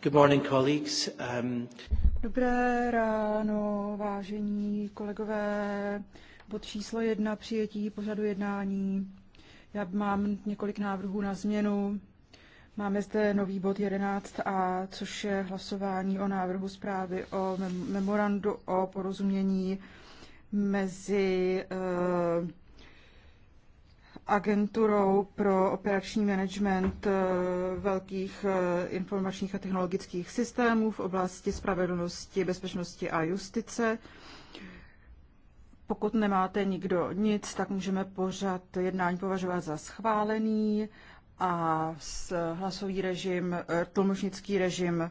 Good morning, colleagues. Um... Dobré ráno, vážení kolegové. Bod číslo jedna, přijetí pořadu jednání. Já mám několik návrhů na změnu. Máme zde nový bod 11a, což je hlasování o návrhu zprávy o memorandu o porozumění mezi uh, agenturou pro operační management eh, velkých eh, informačních a technologických systémů v oblasti spravedlnosti, bezpečnosti a justice. Pokud nemáte nikdo nic, tak můžeme pořád jednání považovat za schválený a s eh, hlasový režim, tlumočnický režim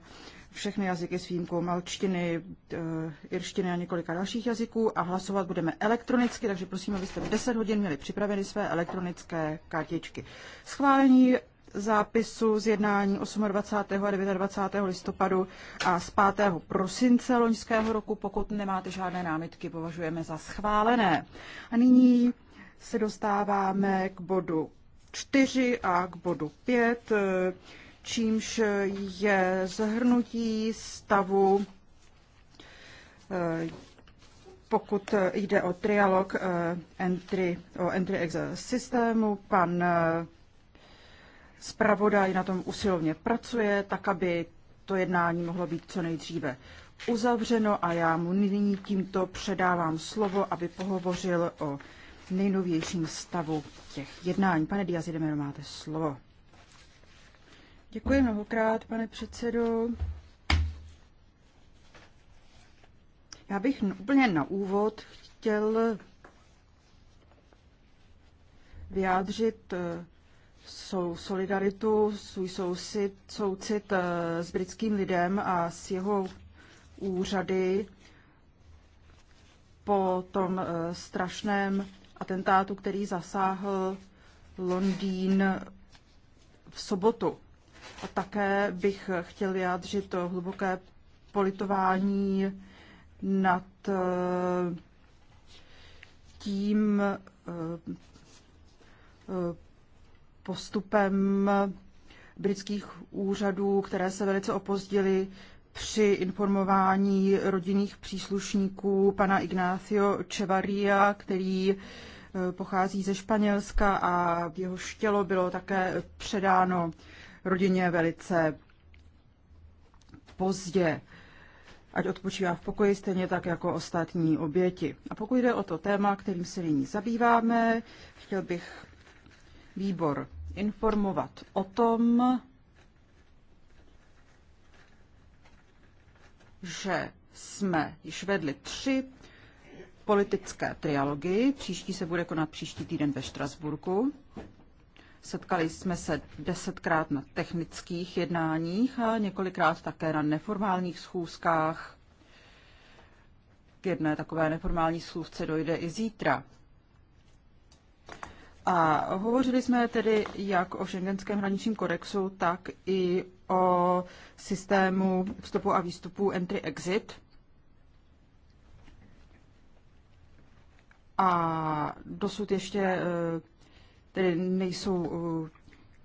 všechny jazyky s výjimkou malčtiny, eh, irštiny a několika dalších jazyků a hlasovat budeme elektronicky, takže prosím, abyste v 10 hodin měli připraveny své elektronické kartičky. Schválení zápisu z jednání 28. a 29. listopadu a z 5. prosince loňského roku. Pokud nemáte žádné námitky, považujeme za schválené. A nyní se dostáváme k bodu 4 a k bodu 5 čímž je zhrnutí stavu, eh, pokud jde o trialog eh, entry, o entry exit systému. Pan eh, zpravodaj na tom usilovně pracuje, tak aby to jednání mohlo být co nejdříve uzavřeno a já mu nyní tímto předávám slovo, aby pohovořil o nejnovějším stavu těch jednání. Pane jdeme, máte slovo. Děkuji mnohokrát, pane předsedo. Já bych úplně na úvod chtěl vyjádřit eh, solidaritu, svůj soucit, soucit eh, s britským lidem a s jeho úřady po tom eh, strašném atentátu, který zasáhl Londýn v sobotu. A také bych chtěl vyjádřit to hluboké politování nad eh, tím eh, postupem britských úřadů, které se velice opozdily při informování rodinných příslušníků pana Ignacio Čevaria, který eh, pochází ze Španělska a jeho štělo bylo také předáno rodině velice pozdě, ať odpočívá v pokoji, stejně tak jako ostatní oběti. A pokud jde o to téma, kterým se nyní zabýváme, chtěl bych výbor informovat o tom, že jsme již vedli tři politické trialogy. Příští se bude konat příští týden ve Štrasburku. Setkali jsme se desetkrát na technických jednáních a několikrát také na neformálních schůzkách. K jedné takové neformální schůzce dojde i zítra. A hovořili jsme tedy jak o šengenském hraničním kodexu, tak i o systému vstupu a výstupu entry-exit. A dosud ještě eh, tedy nejsou eh,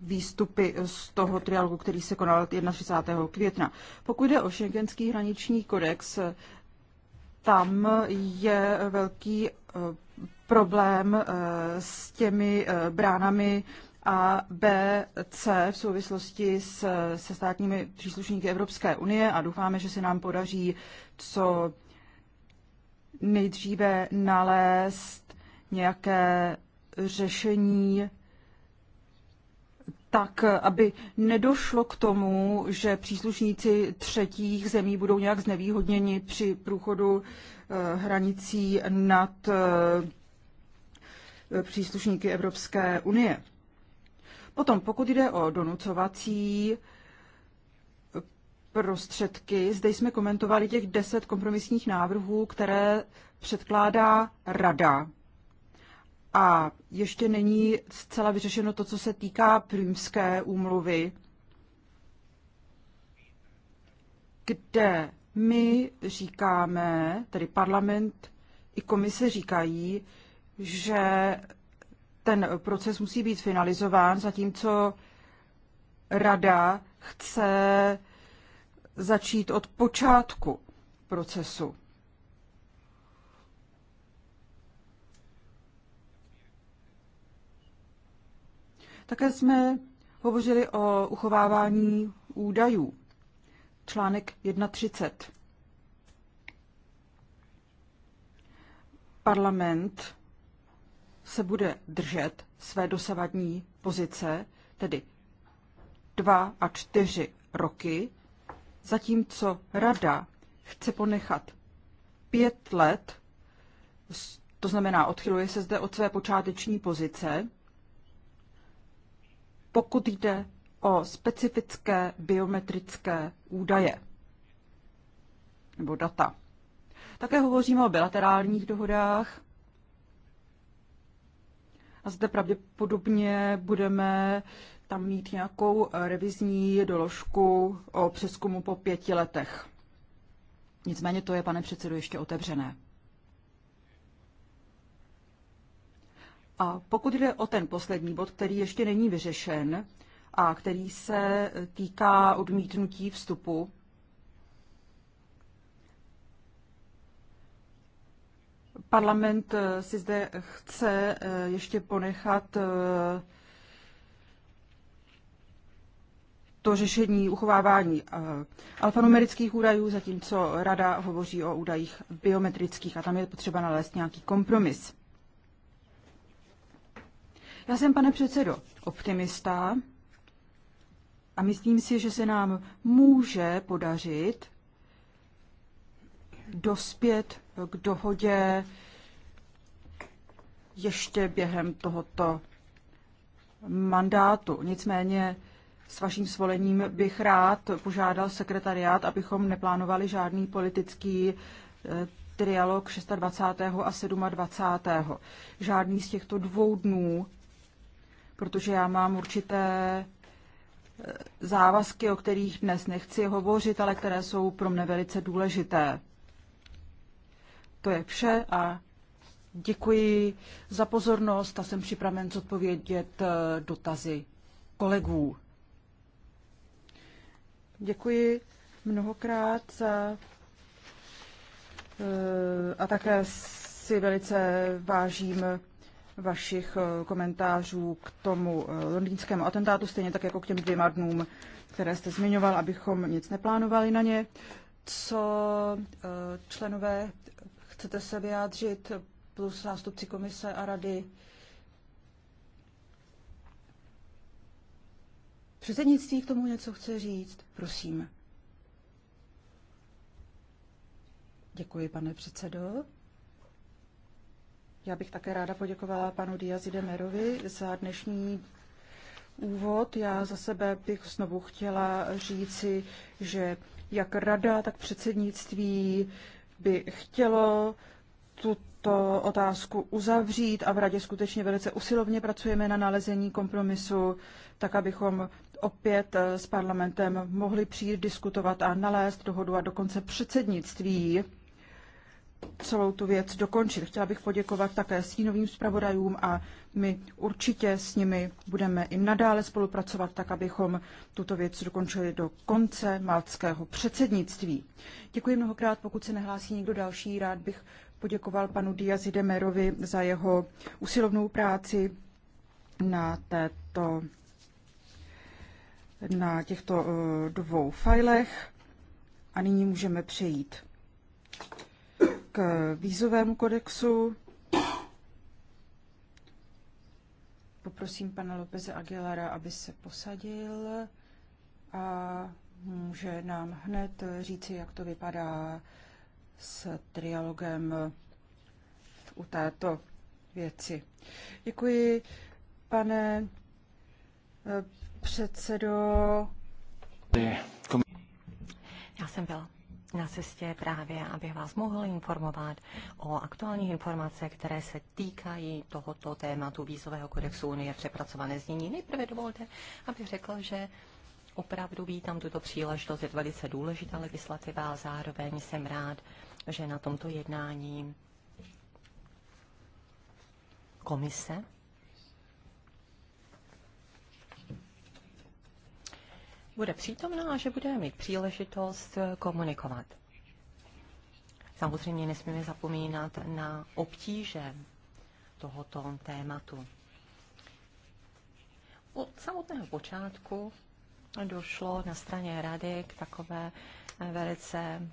výstupy z toho trialogu, který se konal 31. května. Pokud jde o šengenský hraniční kodex, tam je velký eh, problém eh, s těmi bránami a b c v souvislosti s, se státními příslušníky Evropské unie a doufáme, že se nám podaří co nejdříve nalézt nějaké řešení tak, aby nedošlo k tomu, že příslušníci třetích zemí budou nějak znevýhodněni při průchodu eh, hranicí nad eh, příslušníky Evropské unie. Potom, pokud jde o donucovací prostředky, zde jsme komentovali těch deset kompromisních návrhů, které předkládá Rada a ještě není zcela vyřešeno to, co se týká prýmské úmluvy, kde my říkáme, tedy parlament i komise říkají, že ten proces musí být finalizován, zatímco rada chce začít od počátku procesu. Také jsme hovořili o uchovávání údajů. Článek 1.30. Parlament se bude držet své dosavadní pozice, tedy dva a čtyři roky, zatímco rada chce ponechat pět let, to znamená, odchyluje se zde od své počáteční pozice, pokud jde o specifické biometrické údaje nebo data. Také hovoříme o bilaterálních dohodách. A zde pravděpodobně budeme tam mít nějakou revizní doložku o přeskumu po pěti letech. Nicméně to je, pane předsedo, ještě otevřené. A pokud jde o ten poslední bod, který ještě není vyřešen a který se týká odmítnutí vstupu, Parlament si zde chce eh, ještě ponechat eh, to řešení uchovávání eh, alfanumerických údajů, zatímco Rada hovoří o údajích biometrických a tam je potřeba nalézt nějaký kompromis. Já jsem, pane předsedo, optimista a myslím si, že se nám může podařit dospět k dohodě ještě během tohoto mandátu. Nicméně s vaším svolením bych rád požádal sekretariát, abychom neplánovali žádný politický eh, trialog 26. a 27. Žádný z těchto dvou dnů protože já mám určité eh, závazky, o kterých dnes nechci hovořit, ale které jsou pro mne velice důležité. To je vše a děkuji za pozornost a jsem připraven zodpovědět eh, dotazy kolegů. Děkuji mnohokrát za, eh, a také si velice vážím vašich eh, komentářů k tomu eh, londýnskému atentátu, stejně tak jako k těm dvěma dnům, které jste zmiňoval, abychom nic neplánovali na ně. Co eh, členové, chcete se vyjádřit, plus zástupci komise a rady? Předsednictví k tomu něco chce říct? Prosím. Děkuji, pane předsedo. Já bych také ráda poděkovala panu Diazi Demerovi za dnešní úvod. Já za sebe bych znovu chtěla říci, že jak rada, tak předsednictví by chtělo tuto otázku uzavřít a v radě skutečně velice usilovně pracujeme na nalezení kompromisu, tak abychom opět s parlamentem mohli přijít diskutovat a nalézt dohodu a dokonce předsednictví celou tu věc dokončit. Chtěla bych poděkovat také stínovým zpravodajům a my určitě s nimi budeme i nadále spolupracovat, tak abychom tuto věc dokončili do konce maltského předsednictví. Děkuji mnohokrát, pokud se nehlásí někdo další, rád bych poděkoval panu Diazi Demerovi za jeho usilovnou práci na této na těchto eh, dvou filech. A nyní můžeme přejít k vízovému kodexu. Poprosím pana Lopeze Aguilara, aby se posadil a může nám hned říci, jak to vypadá s trialogem u této věci. Děkuji, pane eh, předsedo. Já jsem byla na cestě právě, abych vás mohl informovat o aktuálních informacích, které se týkají tohoto tématu vízového kodexu Unie přepracované znění. Nejprve dovolte, abych řekl, že opravdu vítám tuto příležitost, je to velice důležitá legislativa a zároveň jsem rád, že na tomto jednání komise bude přítomná a že bude mít příležitost komunikovat. Samozřejmě nesmíme zapomínat na obtíže tohoto tématu. Od samotného počátku došlo na straně rady k takové velice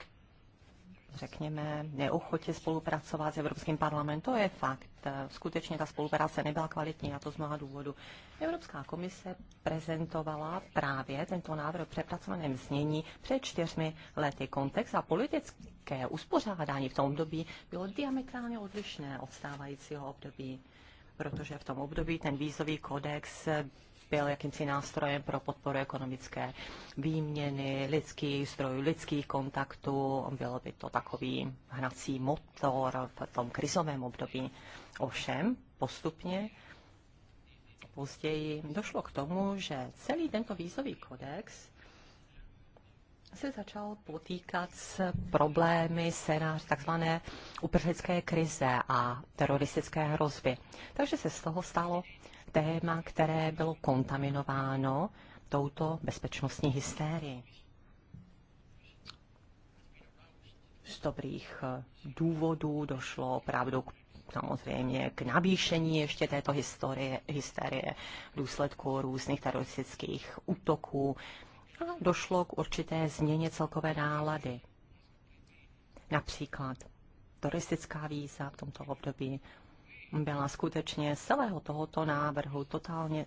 řekněme, neochotě spolupracovat s Evropským parlamentem. To je fakt. Skutečně ta spolupráce nebyla kvalitní a to z mnoha důvodů. Evropská komise prezentovala právě tento návrh o přepracovaném znění před čtyřmi lety. Kontext a politické uspořádání v tom období bylo diametrálně odlišné od stávajícího období protože v tom období ten vízový kodex byl jakýmsi nástrojem pro podporu ekonomické výměny, lidských zdrojů, lidských kontaktů. Bylo by to takový hnací motor v tom krizovém období. Ovšem, postupně později došlo k tomu, že celý tento výzový kodex se začal potýkat s problémy scénář tzv. uprchlické krize a teroristické hrozby. Takže se z toho stalo téma, které bylo kontaminováno touto bezpečnostní hystérii. Z dobrých eh, důvodů došlo opravdu k samozřejmě k navýšení ještě této historie, hysterie v důsledku různých teroristických útoků a došlo k určité změně celkové nálady. Například turistická víza v tomto období byla skutečně z celého tohoto návrhu totálně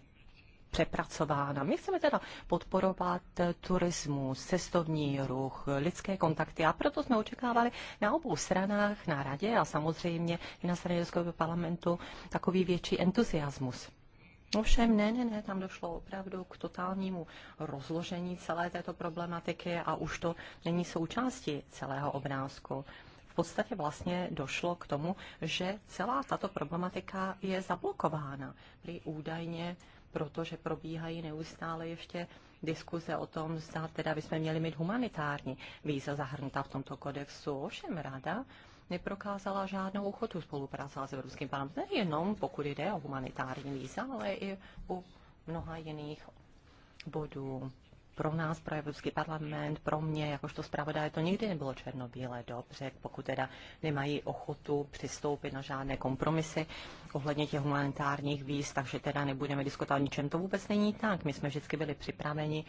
přepracována. My chceme teda podporovat turismus, cestovní ruch, lidské kontakty a proto jsme očekávali na obou stranách, na radě a samozřejmě i na straně Českého parlamentu takový větší entuziasmus. Ovšem, ne, ne, ne, tam došlo opravdu k totálnímu rozložení celé této problematiky a už to není součástí celého obrázku v podstatě vlastně došlo k tomu, že celá tato problematika je zablokována. Prý údajně, protože probíhají neustále ještě diskuze o tom, zda teda bychom měli mít humanitární víza zahrnutá v tomto kodexu. Ovšem rada neprokázala žádnou ochotu spolupracovat s Evropským parlamentem, nejenom pokud jde o humanitární víza, ale i u mnoha jiných bodů pro nás, pro Evropský parlament, pro mě, jakožto zpravodaje, to nikdy nebylo černobílé, dobře, pokud teda nemají ochotu přistoupit na žádné kompromisy ohledně těch humanitárních víz, takže teda nebudeme diskutovat o ničem. To vůbec není tak. My jsme vždycky byli připraveni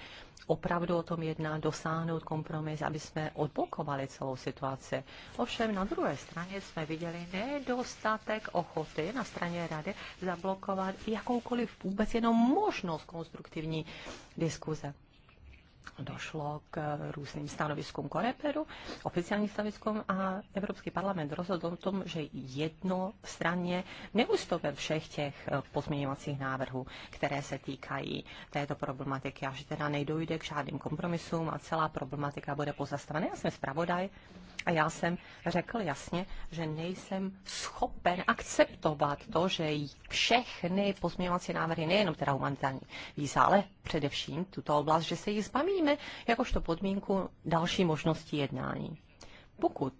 opravdu o tom jednat, dosáhnout kompromis, aby jsme odblokovali celou situaci. Ovšem na druhé straně jsme viděli nedostatek ochoty na straně rady zablokovat jakoukoliv vůbec jenom možnost konstruktivní diskuze došlo k různým stanoviskům Koreperu, oficiálním stanoviskům a Evropský parlament rozhodl o tom, že jednostranně neustoupí všech těch pozměňovacích návrhů, které se týkají této problematiky a že teda nejdojde k žádným kompromisům a celá problematika bude pozastavena. Já jsem zpravodaj a já jsem řekl jasně, že nejsem schopen akceptovat to, že všechny pozměňovací návrhy, nejenom teda humanitární víza, ale především tuto oblast, že se jich zbavíme jakožto podmínku další možnosti jednání. Pokud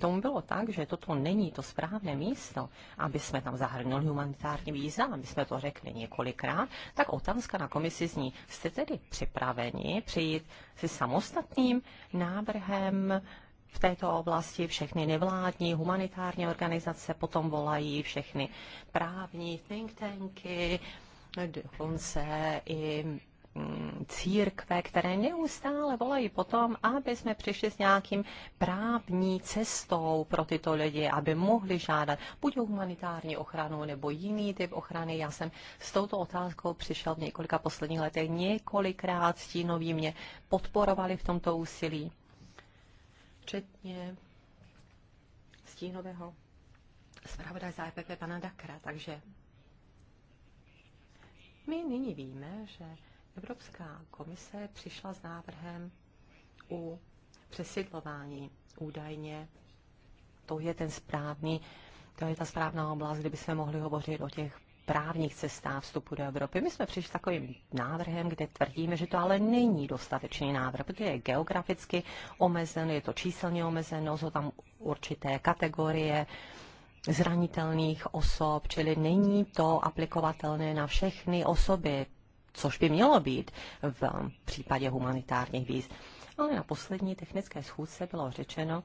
tomu bylo tak, že toto není to správné místo, aby jsme tam zahrnuli humanitární víza, aby jsme to řekli několikrát, tak otázka na komisi zní, jste tedy připraveni přijít si samostatným návrhem v této oblasti, všechny nevládní, humanitární organizace potom volají, všechny právní think tanky, dokonce i mm, církve, které neustále volají potom, aby jsme přišli s nějakým právní cestou pro tyto lidi, aby mohli žádat buď o humanitární ochranu nebo jiný typ ochrany. Já jsem s touto otázkou přišel v několika posledních letech několikrát stínoví mě podporovali v tomto úsilí včetně stínového zpravodaj za EPP pana Dakra. Takže my nyní víme, že Evropská komise přišla s návrhem u přesidlování údajně. To je ten správný, to je ta správná oblast, kdyby se mohli hovořit o těch právních cestách vstupu do Evropy. My jsme přišli s takovým návrhem, kde tvrdíme, že to ale není dostatečný návrh, protože je geograficky omezen, je to číselně omezeno, jsou tam určité kategorie zranitelných osob, čili není to aplikovatelné na všechny osoby, což by mělo být v případě humanitárních víz. Ale na poslední technické schůzce bylo řečeno,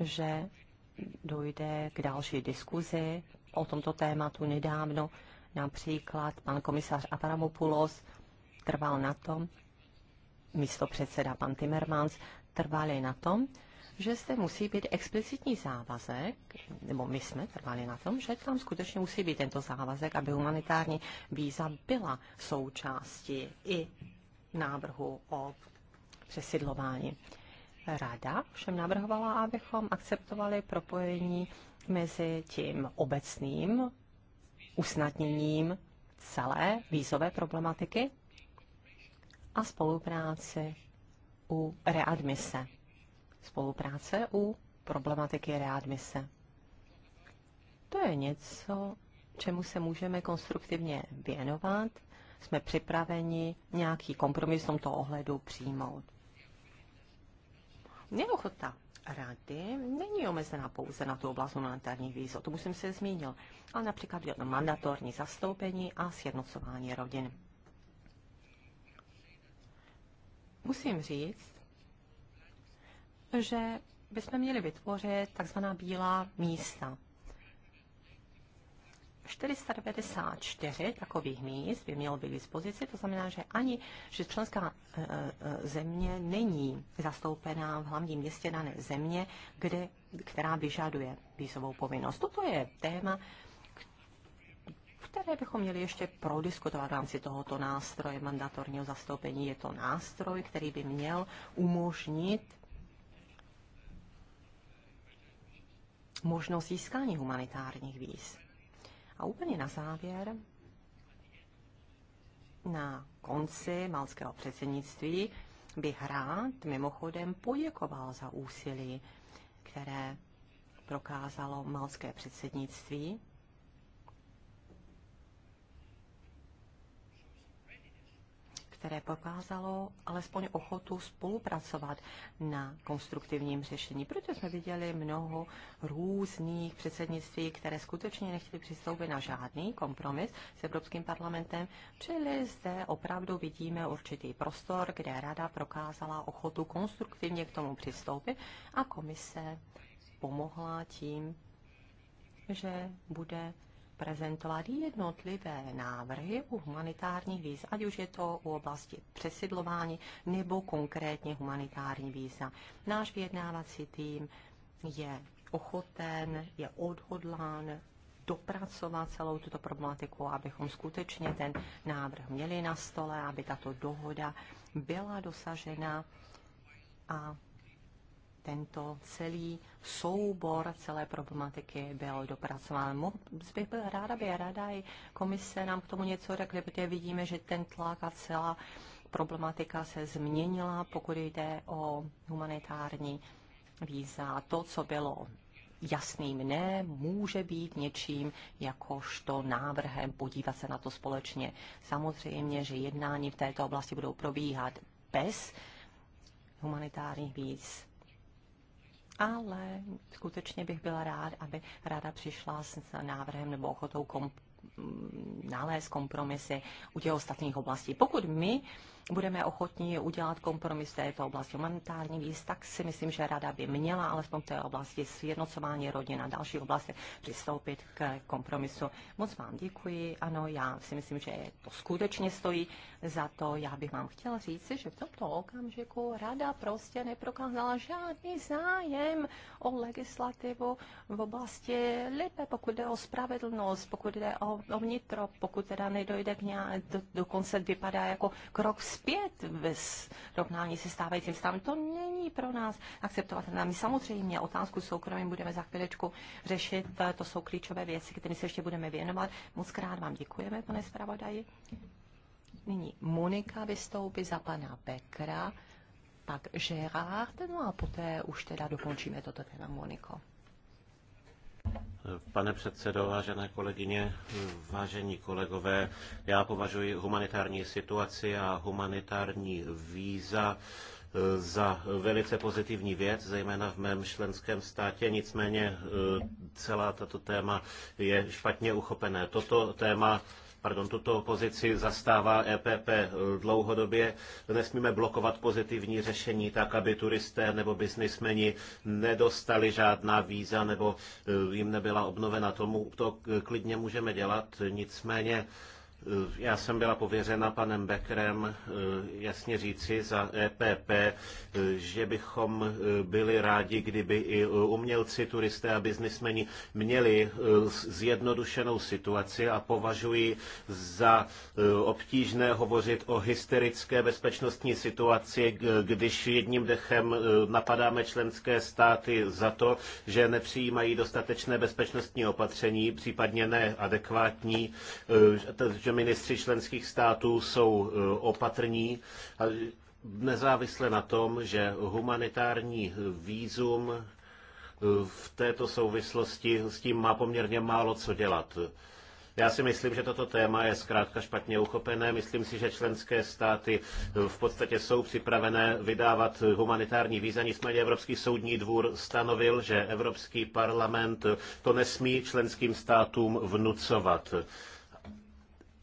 že dojde k další diskuzi o tomto tématu nedávno. Například pan komisař Avramopoulos trval na tom, místo předseda pan Timmermans trvali na tom, že zde musí být explicitní závazek, nebo my jsme trvali na tom, že tam skutečně musí být tento závazek, aby humanitární víza byla součástí i návrhu o přesidlování. Rada všem navrhovala, abychom akceptovali propojení mezi tím obecným usnadněním celé vízové problematiky a spolupráci u readmise. Spolupráce u problematiky readmise. To je něco, čemu se můžeme konstruktivně věnovat. Jsme připraveni nějaký kompromis v tomto ohledu přijmout. Neochota rady není omezená pouze na tu oblast humanitárních víz, o tom už jsem se zmínil, ale například mandatorní zastoupení a sjednocování rodin. Musím říct, že bychom měli vytvořit takzvaná bílá místa. 494 takových míst by mělo být k dispozici, to znamená, že ani, že členská E, e, země není zastoupená v hlavním městě dané země, kde, která vyžaduje vízovou povinnost. Toto je téma, které bychom měli ještě prodiskutovat v rámci tohoto nástroje mandatorního zastoupení. Je to nástroj, který by měl umožnit možnost získání humanitárních víz. A úplně na závěr na konci malského předsednictví bych rád mimochodem poděkoval za úsilí, které prokázalo malské předsednictví které pokázalo alespoň ochotu spolupracovat na konstruktivním řešení. Proto jsme viděli mnoho různých předsednictví, které skutečně nechtěli přistoupit na žádný kompromis s Evropským parlamentem, čili zde opravdu vidíme určitý prostor, kde Rada prokázala ochotu konstruktivně k tomu přistoupit a komise pomohla tím, že bude prezentovat jednotlivé návrhy u humanitárních víz, ať už je to u oblasti přesidlování nebo konkrétně humanitární víza. Náš vyjednávací tým je ochoten, je odhodlán dopracovat celou tuto problematiku, abychom skutečně ten návrh měli na stole, aby tato dohoda byla dosažena a tento celý soubor celé problematiky byl dopracován. Moc bych byl ráda, by ráda i komise nám k tomu něco řekli, protože vidíme, že ten tlak a celá problematika se změnila, pokud jde o humanitární víza. To, co bylo jasným ne, může být něčím jakožto návrhem podívat se na to společně. Samozřejmě, že jednání v této oblasti budou probíhat bez humanitárních víz ale skutečně bych byla rád, aby rada přišla s návrhem nebo ochotou kom- nalézt kompromisy u těch ostatních oblastí. Pokud my budeme ochotní udělat kompromis v této oblasti humanitární víz, tak si myslím, že rada by měla alespoň v té oblasti sjednocování rodin a další oblasti přistoupit k kompromisu. Moc vám děkuji. Ano, já si myslím, že to skutečně stojí za to. Já bych vám chtěla říct, že v tomto okamžiku rada prostě neprokázala žádný zájem o legislativu v oblasti lidé, pokud jde o spravedlnost, pokud jde o, o vnitro, pokud teda nedojde k nějak, do, dokonce vypadá jako krok zpět v srovnání se stávajícím stavem. To není pro nás akceptovatelné. My samozřejmě otázku soukromí budeme za chvíličku řešit. To jsou klíčové věci, které se ještě budeme věnovat. Moc krát vám děkujeme, pane zpravodaji. Nyní Monika vystoupí za pana Bekra, pak Gerard, no a poté už teda dokončíme toto téma Moniko. Pane předsedo, vážené kolegyně, vážení kolegové, já považuji humanitární situaci a humanitární víza eh, za velice pozitivní věc, zejména v mém členském státě, nicméně eh, celá tato téma je špatně uchopené. Toto téma pardon, tuto pozici zastává EPP dlouhodobě. Nesmíme blokovat pozitivní řešení tak, aby turisté nebo biznismeni nedostali žádná víza nebo eh, jim nebyla obnovena. Tomu to klidně můžeme dělat, nicméně Eh, já jsem byla pověřena panem Beckerem eh, jasně říci za EPP, eh, že bychom byli rádi, kdyby i umělci, turisté a biznismeni měli zjednodušenou situaci a považuji za obtížné hovořit o hysterické bezpečnostní situaci, když jedním dechem napadáme členské státy za to, že nepřijímají dostatečné bezpečnostní opatření, případně neadekvátní, že ministři členských států jsou e, opatrní nezávisle na tom, že humanitární výzum e, v této souvislosti s tím má poměrně málo co dělat. Já si myslím, že toto téma je zkrátka špatně uchopené. Myslím si, že členské státy e, v podstatě jsou připravené vydávat humanitární víza. Nicméně Evropský soudní dvůr stanovil, že Evropský parlament to nesmí členským státům vnucovat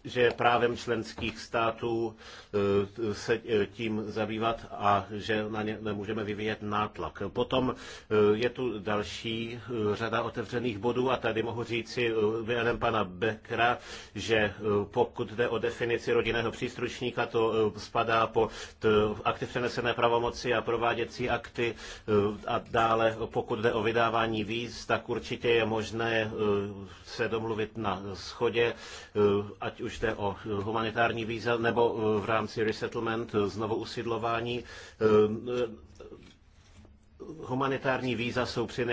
že je právem členských států eh, se eh, tím zabývat a že na ně nemůžeme vyvíjet nátlak. Potom eh, je tu další řada otevřených bodů a tady mohu říci jménem pana Bekra, že pokud jde o definici rodinného přístručníka, to spadá po akty přenesené pravomoci a prováděcí akty a dále pokud jde o vydávání víz, tak určitě je možné se domluvit na schodě, ať už jde o eh, humanitární víza nebo eh, v rámci resettlement eh, znovu usidlování, humanitární víza jsou při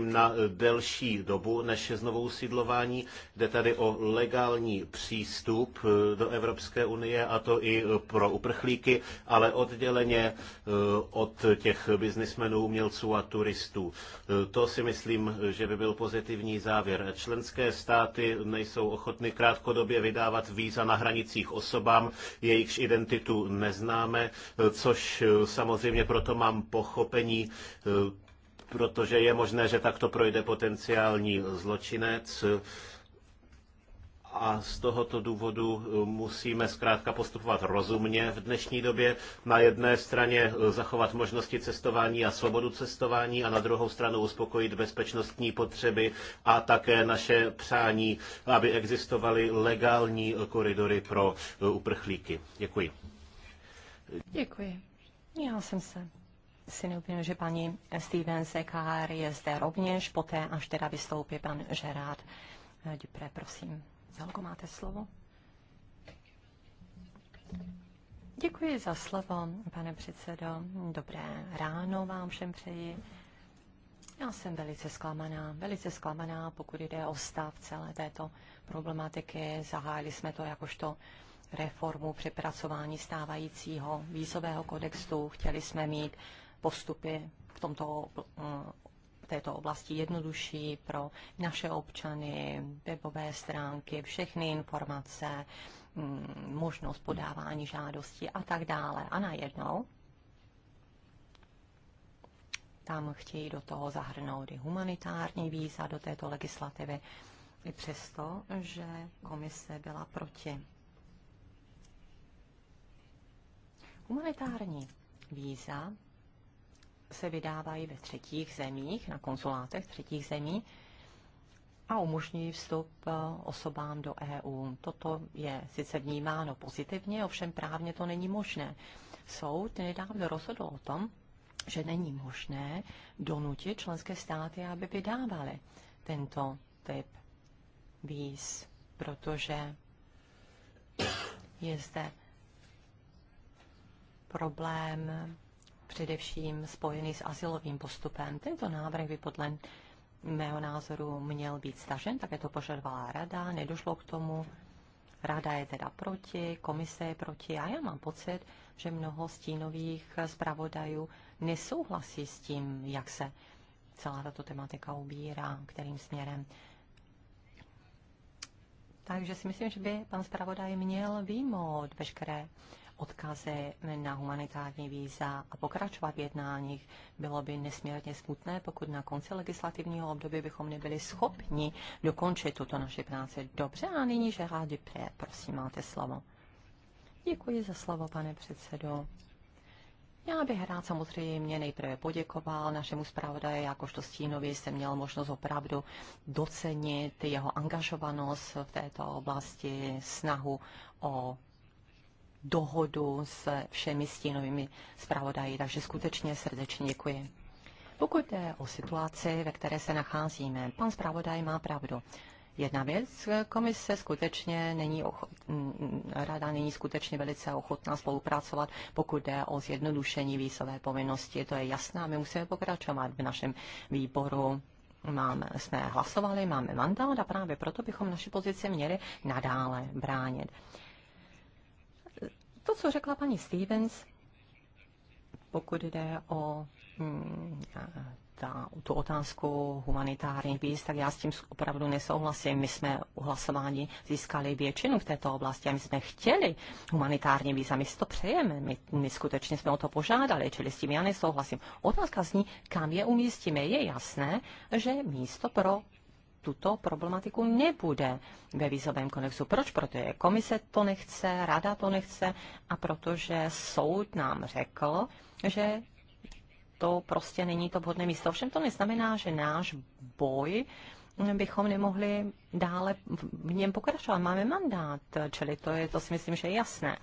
na delší dobu než znovu usídlování. Jde tady o legální přístup eh, do Evropské unie a to i pro uprchlíky, ale odděleně eh, od těch biznismenů, umělců a turistů. Eh, to si myslím, že by byl pozitivní závěr. Členské státy nejsou ochotny krátkodobě vydávat víza na hranicích osobám, jejichž identitu neznáme, což samozřejmě proto mám pochopení, protože je možné, že takto projde potenciální zločinec. A z tohoto důvodu musíme zkrátka postupovat rozumně v dnešní době. Na jedné straně zachovat možnosti cestování a svobodu cestování a na druhou stranu uspokojit bezpečnostní potřeby a také naše přání, aby existovaly legální koridory pro uprchlíky. Děkuji. Děkuji. Já jsem se si neuvědomil, že paní Steven Ekár je zde rovněž, poté až teda vystoupí pan Žerád Dupré, prosím. Zelko, máte slovo? Děkuji za slovo, pane předsedo. Dobré ráno vám všem přeji. Já jsem velice zklamaná, velice zklamaná, pokud jde o stav celé této problematiky. Zahájili jsme to jakožto reformu přepracování stávajícího výzového kodextu. Chtěli jsme mít postupy v tomto eh, této oblasti jednodušší pro naše občany, webové stránky, všechny informace, mm, možnost podávání žádosti a tak dále. A najednou tam chtějí do toho zahrnout i humanitární víza do této legislativy, i přesto, že komise byla proti. Humanitární víza se vydávají ve třetích zemích, na konzulátech třetích zemí a umožňují vstup eh, osobám do EU. Toto je sice vnímáno pozitivně, ovšem právně to není možné. Soud nedávno rozhodl o tom, že není možné donutit členské státy, aby vydávaly tento typ víz, protože je zde problém především spojený s asilovým postupem. Tento návrh by podle mého názoru měl být stažen, také to požadovala rada, nedošlo k tomu. Rada je teda proti, komise je proti a já mám pocit, že mnoho stínových zpravodajů nesouhlasí s tím, jak se celá tato tematika ubírá, kterým směrem. Takže si myslím, že by pan zpravodaj měl výmout veškeré odkazy na humanitární víza a pokračovat v jednáních. Bylo by nesmírně smutné, pokud na konci legislativního období bychom nebyli schopni dokončit tuto naši práci. Dobře, a nyní rádi pré, prosím, máte slovo. Děkuji za slovo, pane předsedo. Já bych rád samozřejmě nejprve poděkoval našemu zpravodaji, jakožto Stínovi jsem měl možnost opravdu docenit jeho angažovanost v této oblasti, snahu o dohodu s všemi stínovými zpravodají. takže skutečně srdečně děkuji. Pokud jde o situaci, ve které se nacházíme, pan zpravodaj má pravdu. Jedna věc, komise skutečně není ochot, rada není skutečně velice ochotná spolupracovat, pokud jde o zjednodušení výsové povinnosti, to je jasné, my musíme pokračovat v našem výboru. Máme, jsme hlasovali, máme mandát a právě proto bychom naši pozici měli nadále bránit. To, co řekla paní Stevens, pokud jde o mm, ta, tu otázku humanitárních víz, tak já s tím opravdu nesouhlasím. My jsme u hlasování získali většinu v této oblasti a my jsme chtěli humanitární víza. My si to přejeme, my, my skutečně jsme o to požádali, čili s tím já nesouhlasím. Otázka zní, kam je umístíme. Je jasné, že místo pro tuto problematiku nebude ve výzovém konexu. Proč? Protože komise to nechce, rada to nechce a protože soud nám řekl, že to prostě není to vhodné místo. Ovšem to neznamená, že náš boj bychom nemohli dále v něm pokračovat. Máme mandát, čili to, je, to si myslím, že je jasné.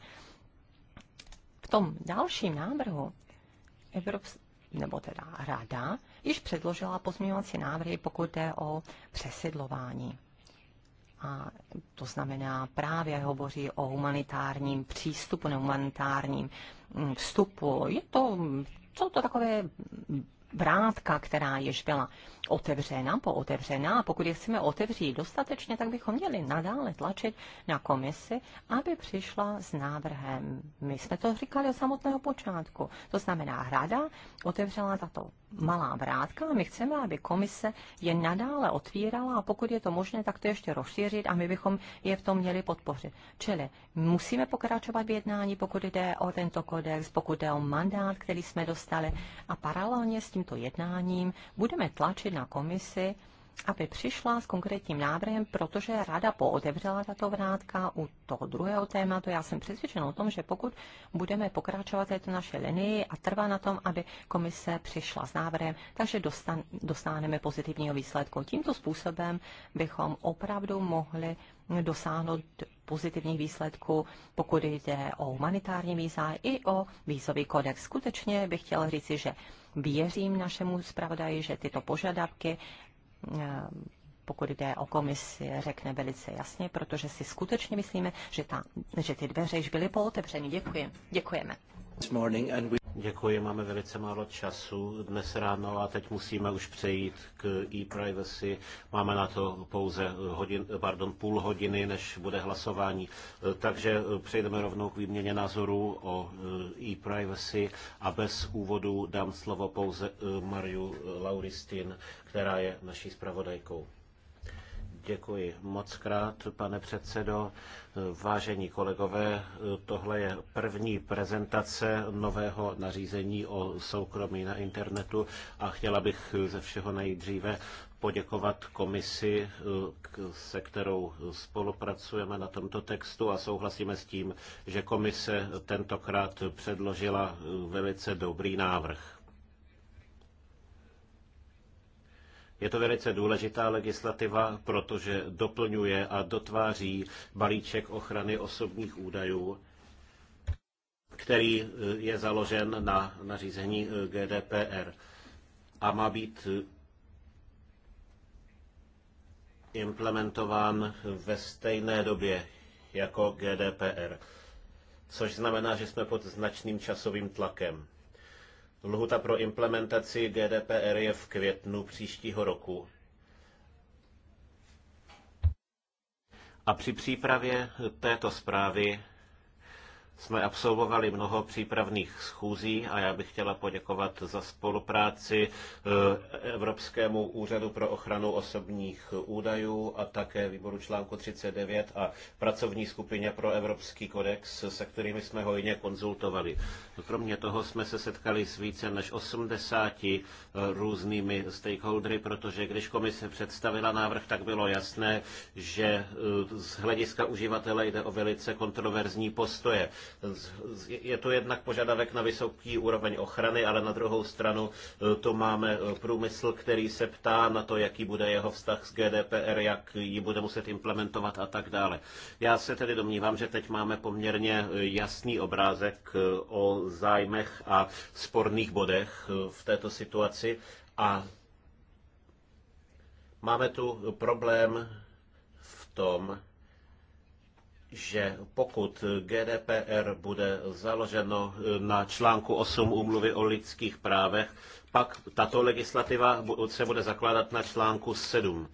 V tom dalším návrhu Evrops- nebo teda Rada již předložila pozměňovací návrhy, pokud jde o přesidlování. A to znamená, právě hovoří o humanitárním přístupu, nehumanitárním mm, vstupu. Je to, jsou to takové vrátka, která již byla otevřena, pootevřena a pokud je chceme otevřít dostatečně, tak bychom měli nadále tlačit na komisi, aby přišla s návrhem. My jsme to říkali od samotného počátku. To znamená, hrada otevřela tato malá vrátka a my chceme, aby komise je nadále otvírala a pokud je to možné, tak to ještě rozšířit a my bychom je v tom měli podpořit. Čili musíme pokračovat v jednání, pokud jde o tento kodex, pokud jde o mandát, který jsme dostali a paralelně s tímto jednáním budeme tlačit na komisi, aby přišla s konkrétním návrhem, protože rada pootevřela tato vrátka u toho druhého tématu. Já jsem přesvědčena o tom, že pokud budeme pokračovat této naše linii a trvá na tom, aby komise přišla s návrhem, takže dostan, dostaneme pozitivního výsledku. Tímto způsobem bychom opravdu mohli dosáhnout pozitivních výsledků, pokud jde o humanitární víza i o vízový kodex. Skutečně bych chtěla říci, že Věřím našemu zpravodaji, že tyto požadavky eh, pokud jde o komisi, řekne velice jasně, protože si skutečně myslíme, že, ta, že ty dveře již byly pootevřeny. Děkuji. Děkujeme. Děkuji, máme velice málo času dnes ráno a teď musíme už přejít k e-privacy. Máme na to pouze hodin, pardon, půl hodiny, než bude hlasování. Takže přejdeme rovnou k výměně názorů o e, e-privacy a bez úvodu dám slovo pouze e, Mariu Lauristin, která je naší zpravodajkou. Děkuji moc krát, pane předsedo. Vážení kolegové, tohle je první prezentace nového nařízení o soukromí na internetu a chtěla bych ze všeho nejdříve poděkovat komisi, se kterou spolupracujeme na tomto textu a souhlasíme s tím, že komise tentokrát předložila velice dobrý návrh. Je to velice důležitá legislativa, protože doplňuje a dotváří balíček ochrany osobních údajů, který eh, je založen na nařízení eh, GDPR a má být eh, implementován ve stejné době jako GDPR, což znamená, že jsme pod značným časovým tlakem. Lhuta pro implementaci GDPR je v květnu příštího roku. A při přípravě této zprávy jsme absolvovali mnoho přípravných schůzí a já bych chtěla poděkovat za spolupráci eh, Evropskému úřadu pro ochranu osobních údajů a také výboru článku 39 a pracovní skupině pro Evropský kodex, se kterými jsme hojně konzultovali. Kromě toho jsme se setkali s více než 80 eh, různými stakeholdery, protože když komise představila návrh, tak bylo jasné, že eh, z hlediska uživatele jde o velice kontroverzní postoje je to jednak požadavek na vysoký úroveň ochrany, ale na druhou stranu eh, tu máme eh, průmysl, který se ptá na to, jaký bude jeho vztah s GDPR, jak ji bude muset implementovat a tak dále. Já se tedy domnívám, že teď máme poměrně eh, jasný obrázek o zájmech a sporných bodech v této situaci a máme tu problém v tom, že pokud GDPR bude založeno na článku 8 úmluvy o lidských právech, pak tato legislativa se bude zakládat na článku 7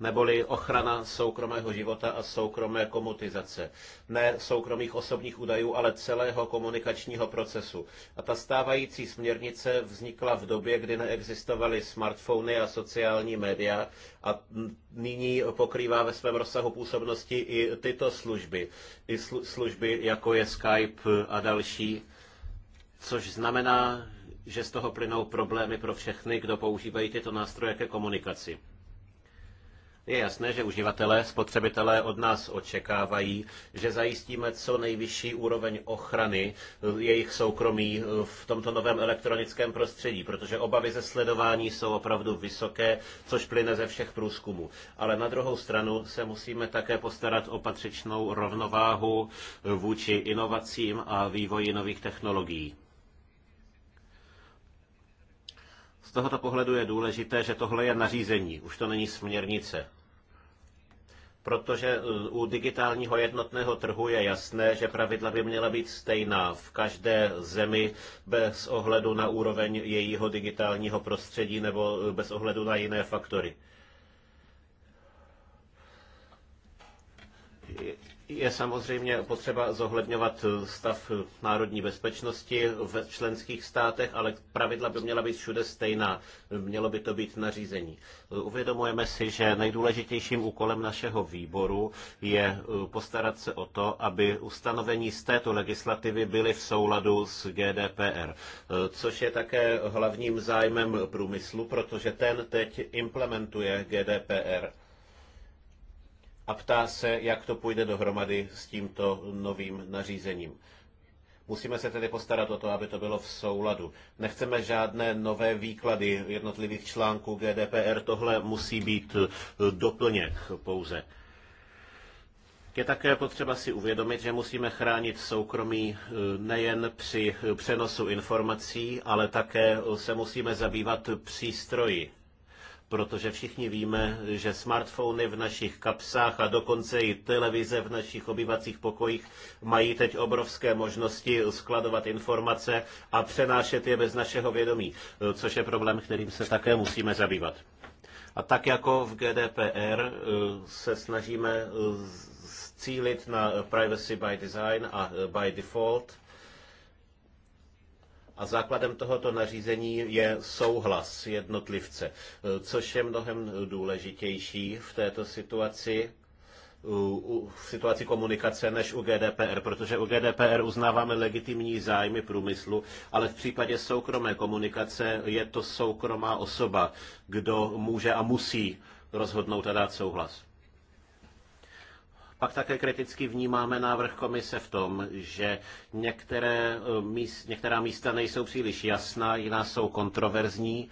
neboli ochrana soukromého života a soukromé komutizace. Ne soukromých osobních údajů, ale celého komunikačního procesu. A ta stávající směrnice vznikla v době, kdy neexistovaly smartfony a sociální média a nyní pokrývá ve svém rozsahu působnosti i tyto služby. I slu služby, jako je Skype a další, což znamená, že z toho plynou problémy pro všechny, kdo používají tyto nástroje ke komunikaci. Je jasné, že uživatelé, spotřebitelé od nás očekávají, že zajistíme co nejvyšší úroveň ochrany eh, jejich soukromí eh, v tomto novém elektronickém prostředí, protože obavy ze sledování jsou opravdu vysoké, což plyne ze všech průzkumů. Ale na druhou stranu se musíme také postarat o patřičnou rovnováhu eh, vůči inovacím a vývoji nových technologií. Z tohoto pohledu je důležité, že tohle je nařízení, už to není směrnice protože eh, u digitálního jednotného trhu je jasné, že pravidla by měla být stejná v každé zemi bez ohledu na úroveň jejího digitálního prostředí nebo eh, bez ohledu na jiné faktory. Je samozřejmě potřeba zohledňovat stav národní bezpečnosti v členských státech, ale pravidla by měla být všude stejná. Mělo by to být nařízení. Uvědomujeme si, že nejdůležitějším úkolem našeho výboru je postarat se o to, aby ustanovení z této legislativy byly v souladu s GDPR, což je také hlavním zájmem průmyslu, protože ten teď implementuje GDPR a ptá se, jak to půjde dohromady s tímto novým nařízením. Musíme se tedy postarat o to, aby to bylo v souladu. Nechceme žádné nové výklady jednotlivých článků GDPR, tohle musí být eh, doplněk pouze. Je také potřeba si uvědomit, že musíme chránit soukromí eh, nejen při přenosu informací, ale také se musíme zabývat přístroji protože všichni víme, že smartfony v našich kapsách a dokonce i televize v našich obyvacích pokojích mají teď obrovské možnosti skladovat informace a přenášet je bez našeho vědomí, což je problém, kterým se také musíme zabývat. A tak jako v GDPR eh, se snažíme eh, cílit na privacy by design a eh, by default, a základem tohoto nařízení je souhlas jednotlivce, což je mnohem důležitější v této situaci, v situaci komunikace než u GDPR, protože u GDPR uznáváme legitimní zájmy průmyslu, ale v případě soukromé komunikace je to soukromá osoba, kdo může a musí rozhodnout a dát souhlas. Pak také kriticky vnímáme návrh komise v tom, že některé, eh, některá místa nejsou příliš jasná, jiná jsou kontroverzní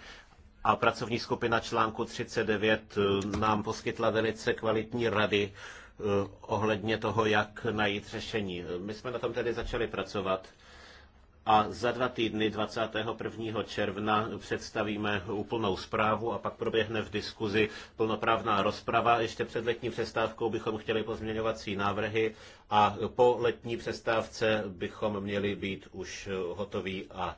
a pracovní skupina článku 39 eh, nám poskytla velice kvalitní rady eh, ohledně toho, jak najít řešení. My jsme na tom tedy začali pracovat a za dva týdny 21. června představíme úplnou zprávu a pak proběhne v diskuzi plnoprávná rozprava. Ještě před letní přestávkou bychom chtěli pozměňovací návrhy a po letní přestávce bychom měli být už hotoví a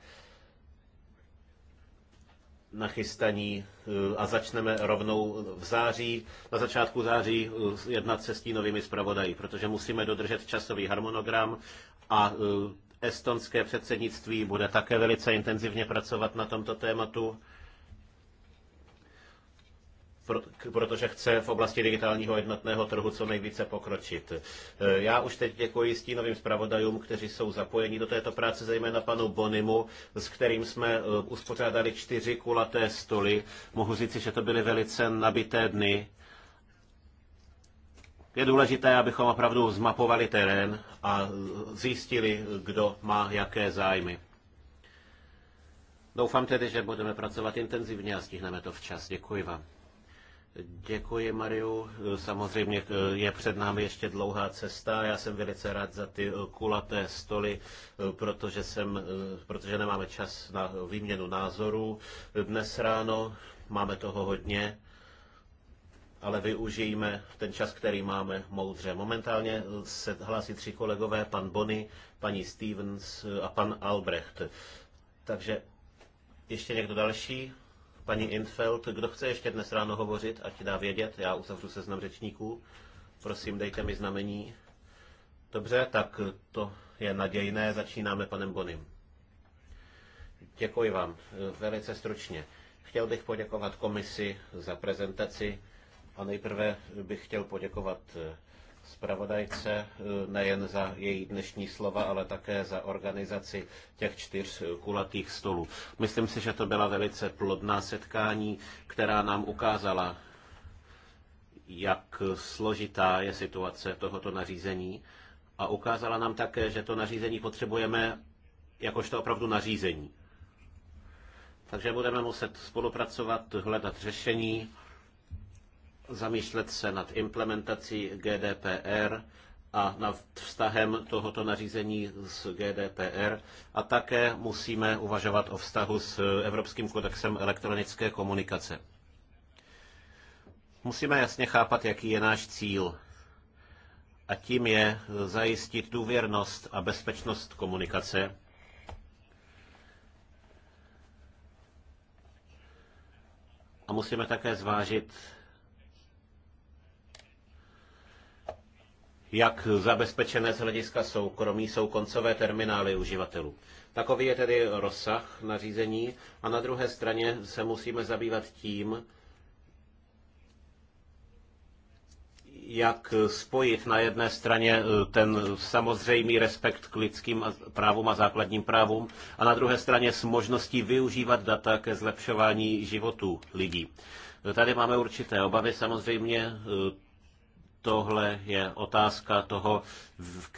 nachystaní eh, a začneme rovnou v září, na začátku září eh, jednat se stínovými zpravodají, protože musíme dodržet časový harmonogram a eh, Estonské předsednictví bude také velice intenzivně pracovat na tomto tématu, protože chce v oblasti digitálního jednotného trhu co nejvíce pokročit. E, já už teď děkuji stínovým zpravodajům, kteří jsou zapojeni do této práce, zejména panu Bonimu, s kterým jsme e, uspořádali čtyři kulaté stoly. Mohu říci, že to byly velice nabité dny je důležité, abychom opravdu zmapovali terén a zjistili, kdo má jaké zájmy. Doufám tedy, že budeme pracovat intenzivně a stihneme to včas. Děkuji vám. Děkuji, Mariu. Samozřejmě eh, je před námi ještě dlouhá cesta. Já jsem velice rád za ty eh, kulaté stoly, eh, protože, jsem, protože nemáme čas na výměnu názorů. Dnes ráno máme toho hodně ale využijeme ten čas, který máme moudře. Momentálně se hlásí tři kolegové, pan Bonny, paní Stevens a pan Albrecht. Takže ještě někdo další? Paní Infeld, kdo chce ještě dnes ráno hovořit, ať dá vědět, já uzavřu seznam řečníků. Prosím, dejte mi znamení. Dobře, tak to je nadějné, začínáme panem Bonim. Děkuji vám, velice stručně. Chtěl bych poděkovat komisi za prezentaci a nejprve bych chtěl poděkovat eh, zpravodajce eh, nejen za její dnešní slova, ale také za organizaci těch čtyř eh, kulatých stolů. Myslím si, že to byla velice plodná setkání, která nám ukázala, jak složitá je situace tohoto nařízení a ukázala nám také, že to nařízení potřebujeme jakožto opravdu nařízení. Takže budeme muset spolupracovat, hledat řešení zamýšlet se nad implementací GDPR a nad vztahem tohoto nařízení s GDPR a také musíme uvažovat o vztahu s Evropským kodexem elektronické komunikace. Musíme jasně chápat, jaký je náš cíl. A tím je zajistit důvěrnost a bezpečnost komunikace. A musíme také zvážit jak zabezpečené z hlediska soukromí jsou koncové terminály uživatelů. Takový je tedy rozsah nařízení a na druhé straně se musíme zabývat tím, jak spojit na jedné straně eh, ten samozřejmý respekt k lidským právům a základním právům a na druhé straně s možností využívat data ke zlepšování životů lidí. Tady máme určité obavy, samozřejmě eh, tohle je otázka toho, v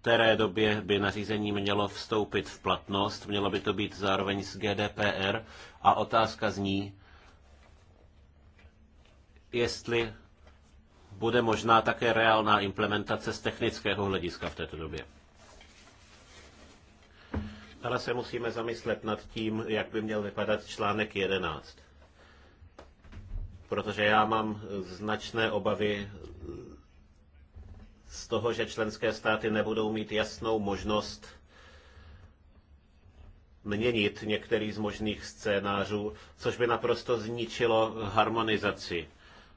které době by nařízení mělo vstoupit v platnost. Mělo by to být zároveň s GDPR. A otázka zní, jestli bude možná také reálná implementace z technického hlediska v této době. Ale se musíme zamyslet nad tím, jak by měl vypadat článek 11. Protože já mám značné obavy z toho, že členské státy nebudou mít jasnou možnost měnit některý z možných scénářů, což by naprosto zničilo harmonizaci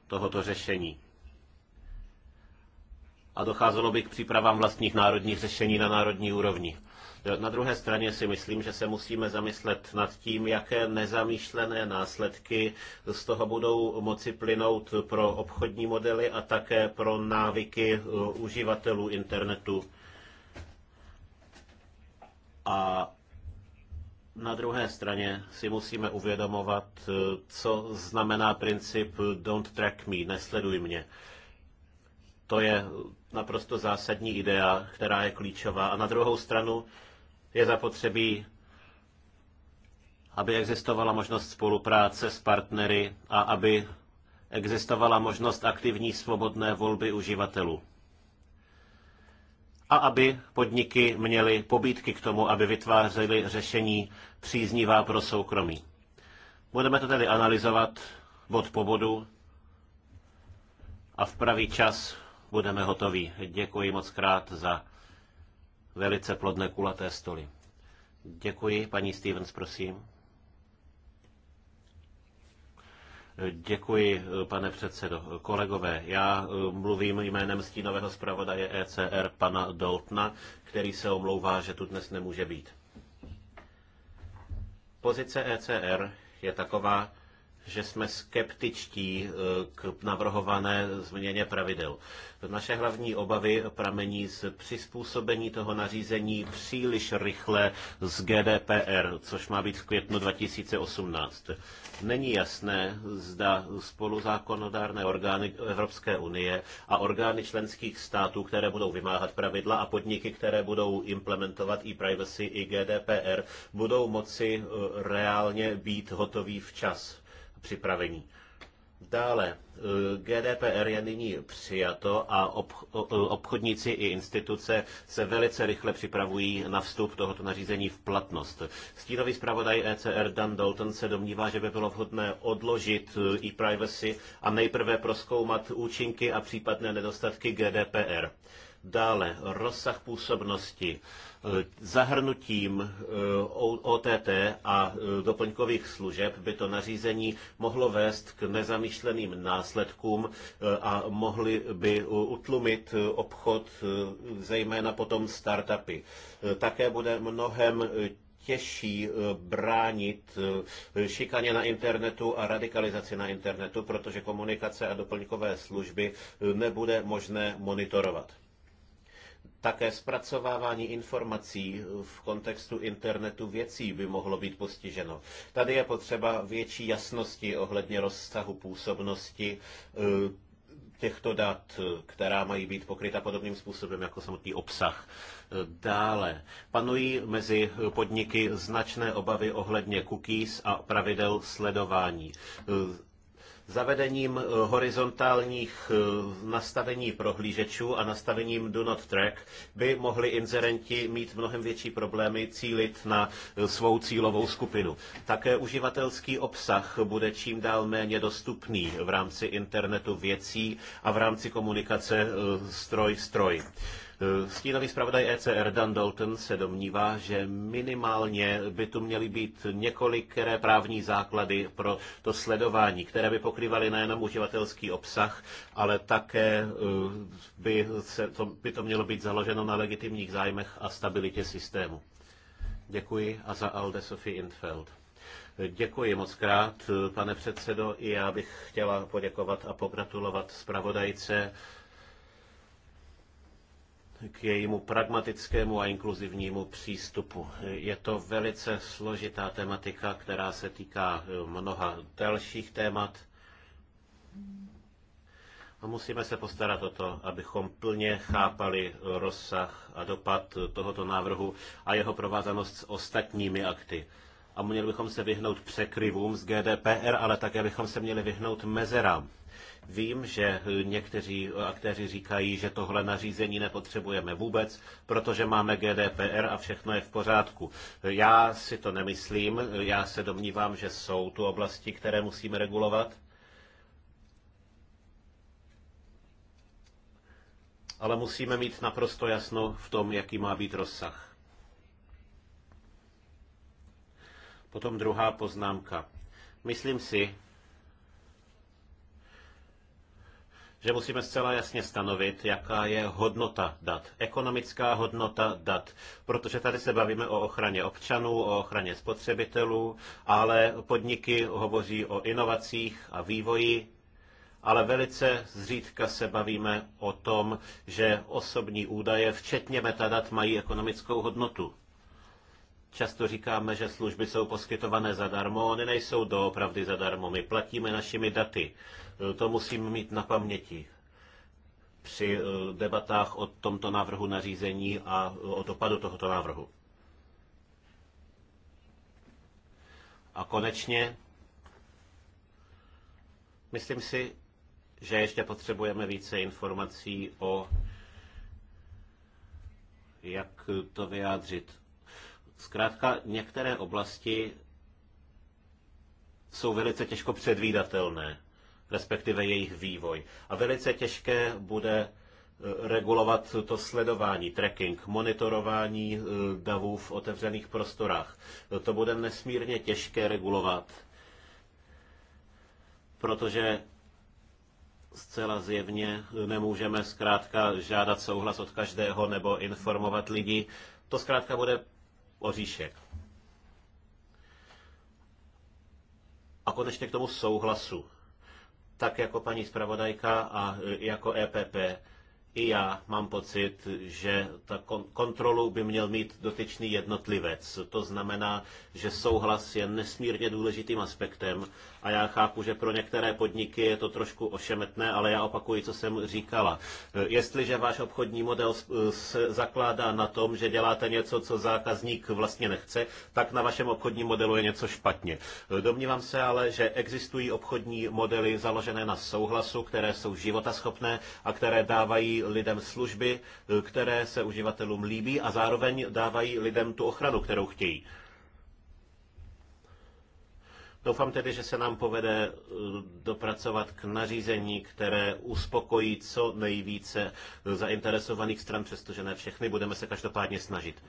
tohoto řešení. A docházelo by k přípravám vlastních národních řešení na národní úrovni. Na druhé straně si myslím, že se musíme zamyslet nad tím, jaké nezamýšlené následky z toho budou moci plynout pro obchodní modely a také pro návyky eh, uživatelů internetu. A na druhé straně si musíme uvědomovat, eh, co znamená princip eh, don't track me, nesleduj mě. To je naprosto zásadní idea, která je klíčová. A na druhou stranu je zapotřebí, aby existovala možnost spolupráce s partnery a aby existovala možnost aktivní svobodné volby uživatelů. A aby podniky měly pobídky k tomu, aby vytvářely řešení příznivá pro soukromí. Budeme to tedy analyzovat bod po bodu a v pravý čas budeme hotoví. Děkuji moc krát za velice plodné kulaté stoly. Děkuji, paní Stevens, prosím. Děkuji, pane předsedo. Kolegové, já eh, mluvím jménem stínového zpravodaje ECR pana Doltna, který se omlouvá, že tu dnes nemůže být. Pozice ECR je taková, že jsme skeptičtí eh, k navrhované změně pravidel. Naše hlavní obavy pramení z přizpůsobení toho nařízení příliš rychle z GDPR, což má být v květnu 2018. Není jasné, zda spoluzákonodárné orgány Evropské unie a orgány členských států, které budou vymáhat pravidla a podniky, které budou implementovat i privacy, i GDPR, budou moci eh, reálně být hotový včas připravení. Dále, eh, GDPR je nyní přijato a ob, obchodníci i instituce se velice rychle připravují na vstup tohoto nařízení v platnost. Stínový zpravodaj ECR Dan Dalton se domnívá, že by bylo vhodné odložit eh, e-privacy a nejprve proskoumat účinky a případné nedostatky GDPR. Dále rozsah působnosti eh, zahrnutím eh, OTT a eh, doplňkových služeb by to nařízení mohlo vést k nezamýšleným následkům a mohly by utlumit obchod, zejména potom startupy. Také bude mnohem těžší bránit šikaně na internetu a radikalizaci na internetu, protože komunikace a doplňkové služby nebude možné monitorovat. Také zpracovávání informací v kontextu internetu věcí by mohlo být postiženo. Tady je potřeba větší jasnosti ohledně rozsahu působnosti e, těchto dat, která mají být pokryta podobným způsobem jako samotný obsah. E, dále panují mezi podniky značné obavy ohledně cookies a pravidel sledování. E, Zavedením eh, horizontálních eh, nastavení prohlížečů a nastavením do not track by mohli inzerenti mít mnohem větší problémy cílit na eh, svou cílovou skupinu. Také uživatelský obsah bude čím dál méně dostupný v rámci internetu věcí a v rámci komunikace stroj-stroj. Eh, stínový zpravodaj ECR Dan Dalton se domnívá, že minimálně by tu měly být několikeré právní základy pro to sledování, které by pokrývaly nejenom uživatelský obsah, ale také eh, by, se to, by to mělo být založeno na legitimních zájmech a stabilitě systému. Děkuji a za Alde Sophie Infeld. Eh, děkuji moc krát, pane předsedo, i já bych chtěla poděkovat a pogratulovat zpravodajce k jejímu pragmatickému a inkluzivnímu přístupu. Je to velice složitá tematika, která se týká eh, mnoha dalších témat. A musíme se postarat o to, abychom plně chápali rozsah a dopad tohoto návrhu a jeho provázanost s ostatními akty. A měli bychom se vyhnout překryvům z GDPR, ale také bychom se měli vyhnout mezerám. Vím, že někteří aktéři říkají, že tohle nařízení nepotřebujeme vůbec, protože máme GDPR a všechno je v pořádku. Já si to nemyslím, já se domnívám, že jsou tu oblasti, které musíme regulovat. Ale musíme mít naprosto jasno v tom, jaký má být rozsah. Potom druhá poznámka. Myslím si, že musíme zcela jasně stanovit, jaká je hodnota dat, ekonomická hodnota dat, protože tady se bavíme o ochraně občanů, o ochraně spotřebitelů, ale podniky hovoří o inovacích a vývoji, ale velice zřídka se bavíme o tom, že osobní údaje, včetně metadat, mají ekonomickou hodnotu. Často říkáme, že služby jsou poskytované zadarmo, ony nejsou doopravdy zadarmo. My platíme našimi daty. To musím mít na paměti při eh, debatách o tomto návrhu nařízení a eh, o dopadu tohoto návrhu. A konečně, myslím si, že ještě potřebujeme více informací o, jak to vyjádřit, Zkrátka některé oblasti jsou velice těžko předvídatelné, respektive jejich vývoj. A velice těžké bude eh, regulovat to sledování, tracking, monitorování eh, davů v otevřených prostorách. To bude nesmírně těžké regulovat, protože zcela zjevně nemůžeme zkrátka žádat souhlas od každého nebo informovat lidi. To zkrátka bude oříšek. A konečně k tomu souhlasu. Tak jako paní zpravodajka a jako EPP i já mám pocit, že ta kontrolu by měl mít dotyčný jednotlivec. To znamená, že souhlas je nesmírně důležitým aspektem a já chápu, že pro některé podniky je to trošku ošemetné, ale já opakuji, co jsem říkala. Jestliže váš obchodní model se zakládá na tom, že děláte něco, co zákazník vlastně nechce, tak na vašem obchodním modelu je něco špatně. Domnívám se ale, že existují obchodní modely založené na souhlasu, které jsou životaschopné a které dávají lidem služby, které se uživatelům líbí a zároveň dávají lidem tu ochranu, kterou chtějí. Doufám tedy, že se nám povede eh, dopracovat k nařízení, které uspokojí co nejvíce eh, zainteresovaných stran, přestože ne všechny. Budeme se každopádně snažit.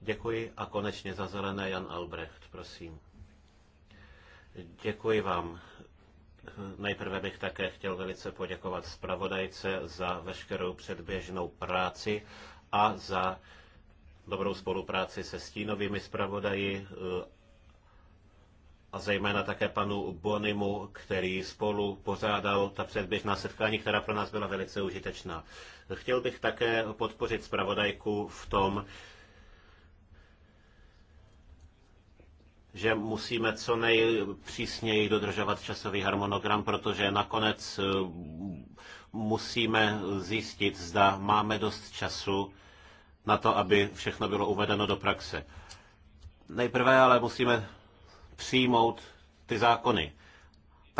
Děkuji a konečně za zelené Jan Albrecht, prosím. Děkuji vám. Nejprve bych také chtěl velice poděkovat zpravodajce za veškerou předběžnou práci a za dobrou spolupráci se stínovými zpravodaji eh, a zejména také panu Bonimu, který spolu pořádal ta předběžná setkání, která pro nás byla velice užitečná. Chtěl bych také podpořit zpravodajku v tom, že musíme co nejpřísněji dodržovat časový harmonogram, protože nakonec eh, musíme zjistit, zda máme dost času na to, aby všechno bylo uvedeno do praxe. Nejprve ale musíme přijmout ty zákony.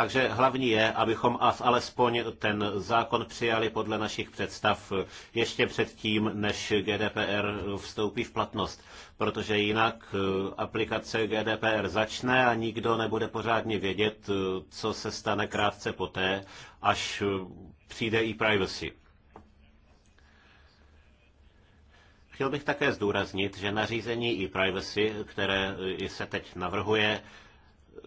Takže hlavní je, abychom alespoň ten zákon přijali podle našich představ ještě předtím, než GDPR vstoupí v platnost, protože jinak eh, aplikace GDPR začne a nikdo nebude pořádně vědět, eh, co se stane krátce poté, až eh, přijde i privacy. Chtěl bych také zdůraznit, že nařízení e-privacy, které se teď navrhuje,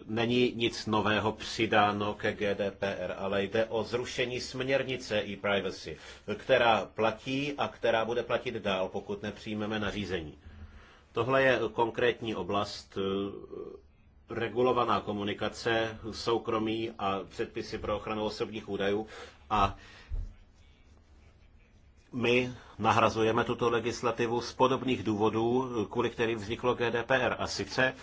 není nic nového přidáno ke GDPR, ale jde o zrušení směrnice e-privacy, která platí a která bude platit dál, pokud nepřijmeme nařízení. Tohle je konkrétní oblast eh, regulovaná komunikace, soukromí a předpisy pro ochranu osobních údajů a my nahrazujeme tuto legislativu z podobných důvodů, kvůli kterým vzniklo GDPR. A sice,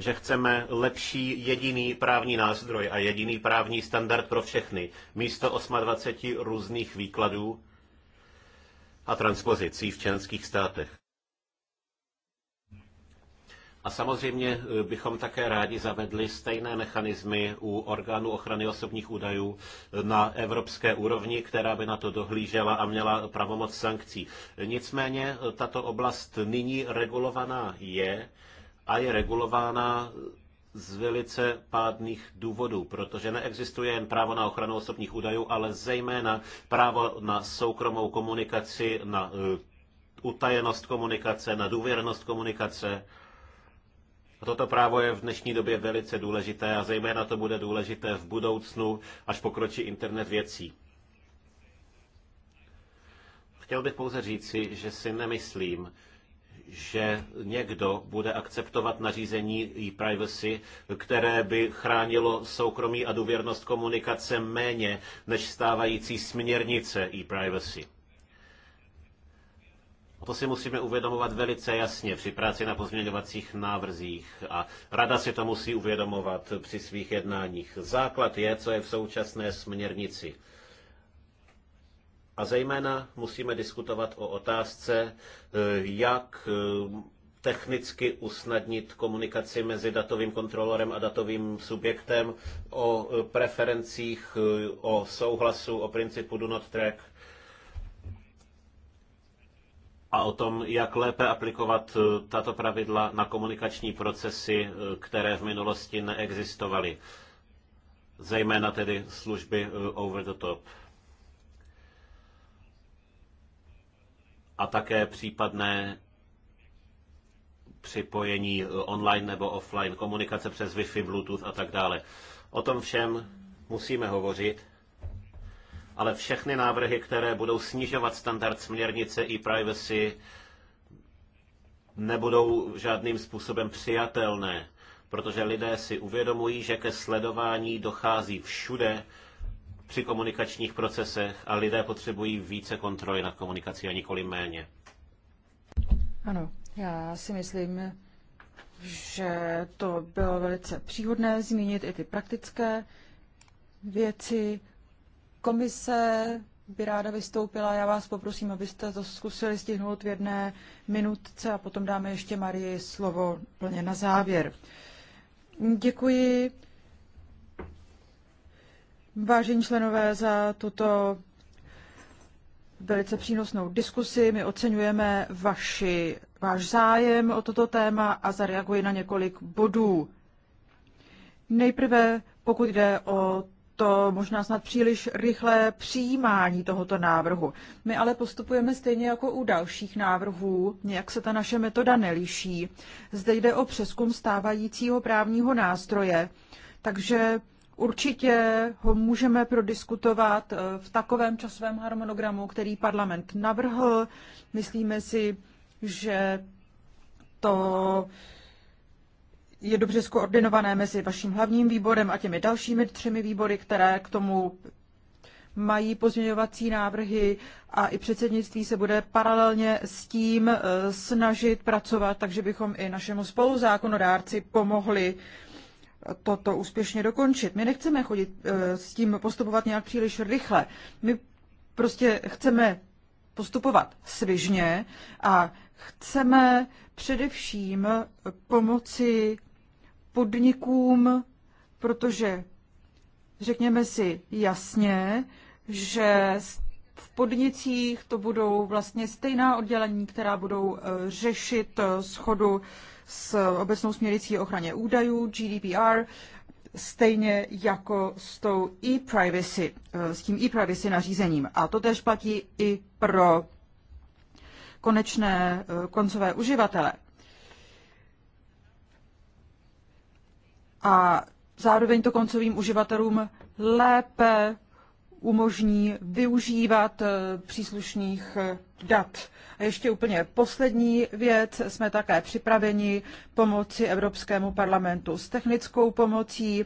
že chceme lepší jediný právní nástroj a jediný právní standard pro všechny, místo 28 různých výkladů a transpozicí v členských státech. A samozřejmě eh, bychom také rádi zavedli stejné mechanismy u orgánu ochrany osobních údajů eh, na evropské úrovni, která by na to dohlížela a měla pravomoc sankcí. Nicméně eh, tato oblast nyní regulovaná je a je regulována z velice pádných důvodů, protože neexistuje jen právo na ochranu osobních údajů, ale zejména právo na soukromou komunikaci, na eh, utajenost komunikace, na důvěrnost komunikace. Toto právo je v dnešní době velice důležité a zejména to bude důležité v budoucnu, až pokročí internet věcí. Chtěl bych pouze říci, že si nemyslím, že někdo bude akceptovat nařízení e-privacy, které by chránilo soukromí a důvěrnost komunikace méně než stávající směrnice e-privacy. To si musíme uvědomovat velice jasně při práci na pozměňovacích návrzích a rada si to musí uvědomovat při svých jednáních. Základ je, co je v současné směrnici. A zejména musíme diskutovat o otázce, eh, jak eh, technicky usnadnit komunikaci mezi datovým kontrolorem a datovým subjektem o eh, preferencích, o souhlasu, o principu do not track a o tom, jak lépe aplikovat tato pravidla na komunikační procesy, které v minulosti neexistovaly. Zejména tedy služby over the top. a také případné připojení eh, online nebo offline, komunikace přes Wi-Fi, Bluetooth a tak dále. O tom všem musíme hovořit, ale všechny návrhy, které budou snižovat standard směrnice i privacy, nebudou žádným způsobem přijatelné, protože lidé si uvědomují, že ke sledování dochází všude, při komunikačních procesech a lidé potřebují více kontroly nad komunikací a nikoli méně. Ano, já si myslím, že to bylo velice příhodné zmínit i ty praktické věci. Komise by ráda vystoupila. Já vás poprosím, abyste to zkusili stihnout v jedné minutce a potom dáme ještě Marii slovo plně na závěr. Děkuji vážení členové, za tuto velice přínosnou diskusi. My oceňujeme vaši, váš zájem o toto téma a zareaguji na několik bodů. Nejprve, pokud jde o to možná snad příliš rychlé přijímání tohoto návrhu. My ale postupujeme stejně jako u dalších návrhů, nějak se ta naše metoda neliší. Zde jde o přeskum stávajícího právního nástroje, takže Určitě ho můžeme prodiskutovat eh, v takovém časovém harmonogramu, který parlament navrhl. Myslíme si, že to je dobře skoordinované mezi vaším hlavním výborem a těmi dalšími třemi výbory, které k tomu mají pozměňovací návrhy a i předsednictví se bude paralelně s tím eh, snažit pracovat, takže bychom i našemu spoluzákonodárci pomohli toto úspěšně dokončit. My nechceme chodit eh, s tím postupovat nějak příliš rychle. My prostě chceme postupovat svižně a chceme především pomoci podnikům, protože řekněme si jasně, že v podnicích to budou vlastně stejná oddělení, která budou eh, řešit eh, schodu s obecnou směrnicí o ochraně údajů, GDPR, stejně jako s tou e-privacy, eh, s tím e-privacy nařízením. A to tež platí i pro konečné eh, koncové uživatele. A zároveň to koncovým uživatelům lépe umožní využívat eh, příslušných eh, dat. A ještě úplně poslední věc, jsme také připraveni pomoci Evropskému parlamentu s technickou pomocí.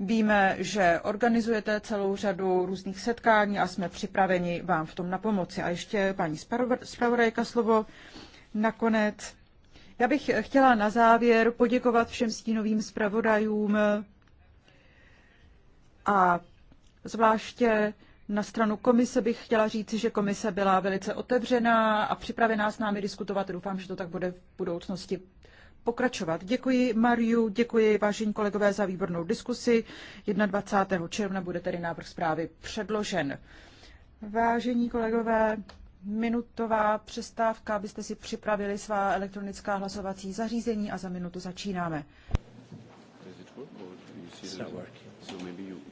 Víme, že organizujete celou řadu různých setkání a jsme připraveni vám v tom na pomoci. A ještě paní zpravodajka slovo nakonec. Já bych chtěla na závěr poděkovat všem stínovým zpravodajům a Zvláště na stranu komise bych chtěla říci, že komise byla velice otevřená a připravená s námi diskutovat. Doufám, že to tak bude v budoucnosti pokračovat. Děkuji Mariu, děkuji vážení kolegové za výbornou diskusi. 21. června bude tedy návrh zprávy předložen. Vážení kolegové, minutová přestávka, abyste si připravili svá elektronická hlasovací zařízení a za minutu začínáme. Is it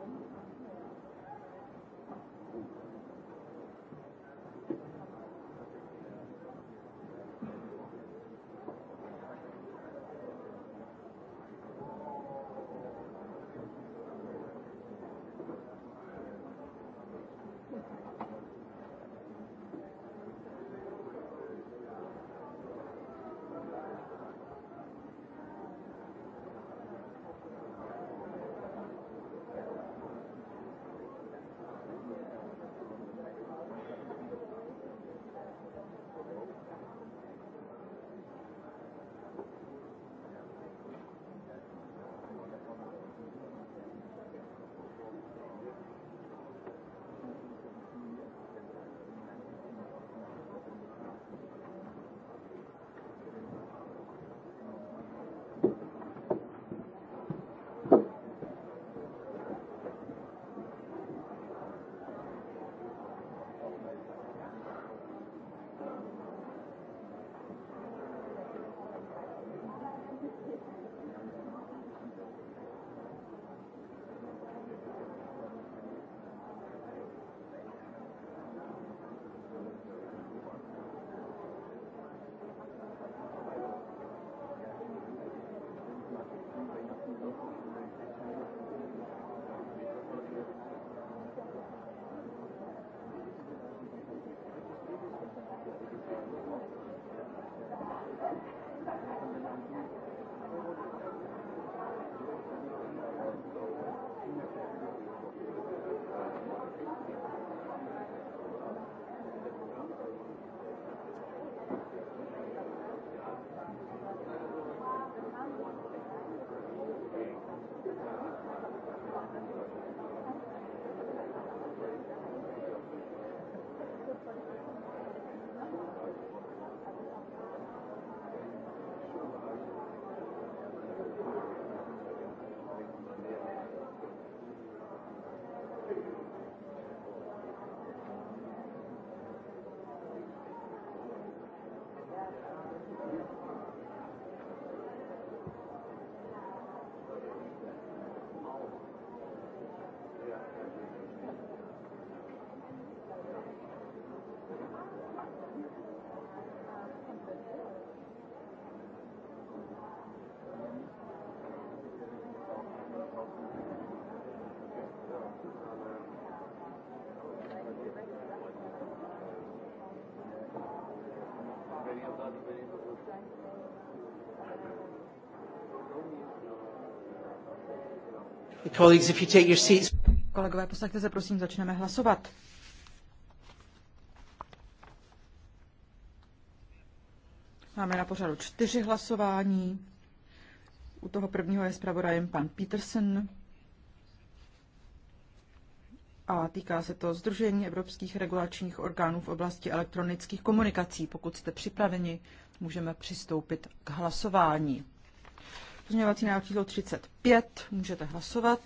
Colleagues, if you take your seats. Kolegové, posaďte se prosím, začneme hlasovat. Máme na pořadu čtyři hlasování. U toho prvního je zpravodajem pan Peterson a týká se to Združení evropských regulačních orgánů v oblasti elektronických komunikací. Pokud jste připraveni, můžeme přistoupit k hlasování. Pozměňovací návrh číslo 35, můžete hlasovat.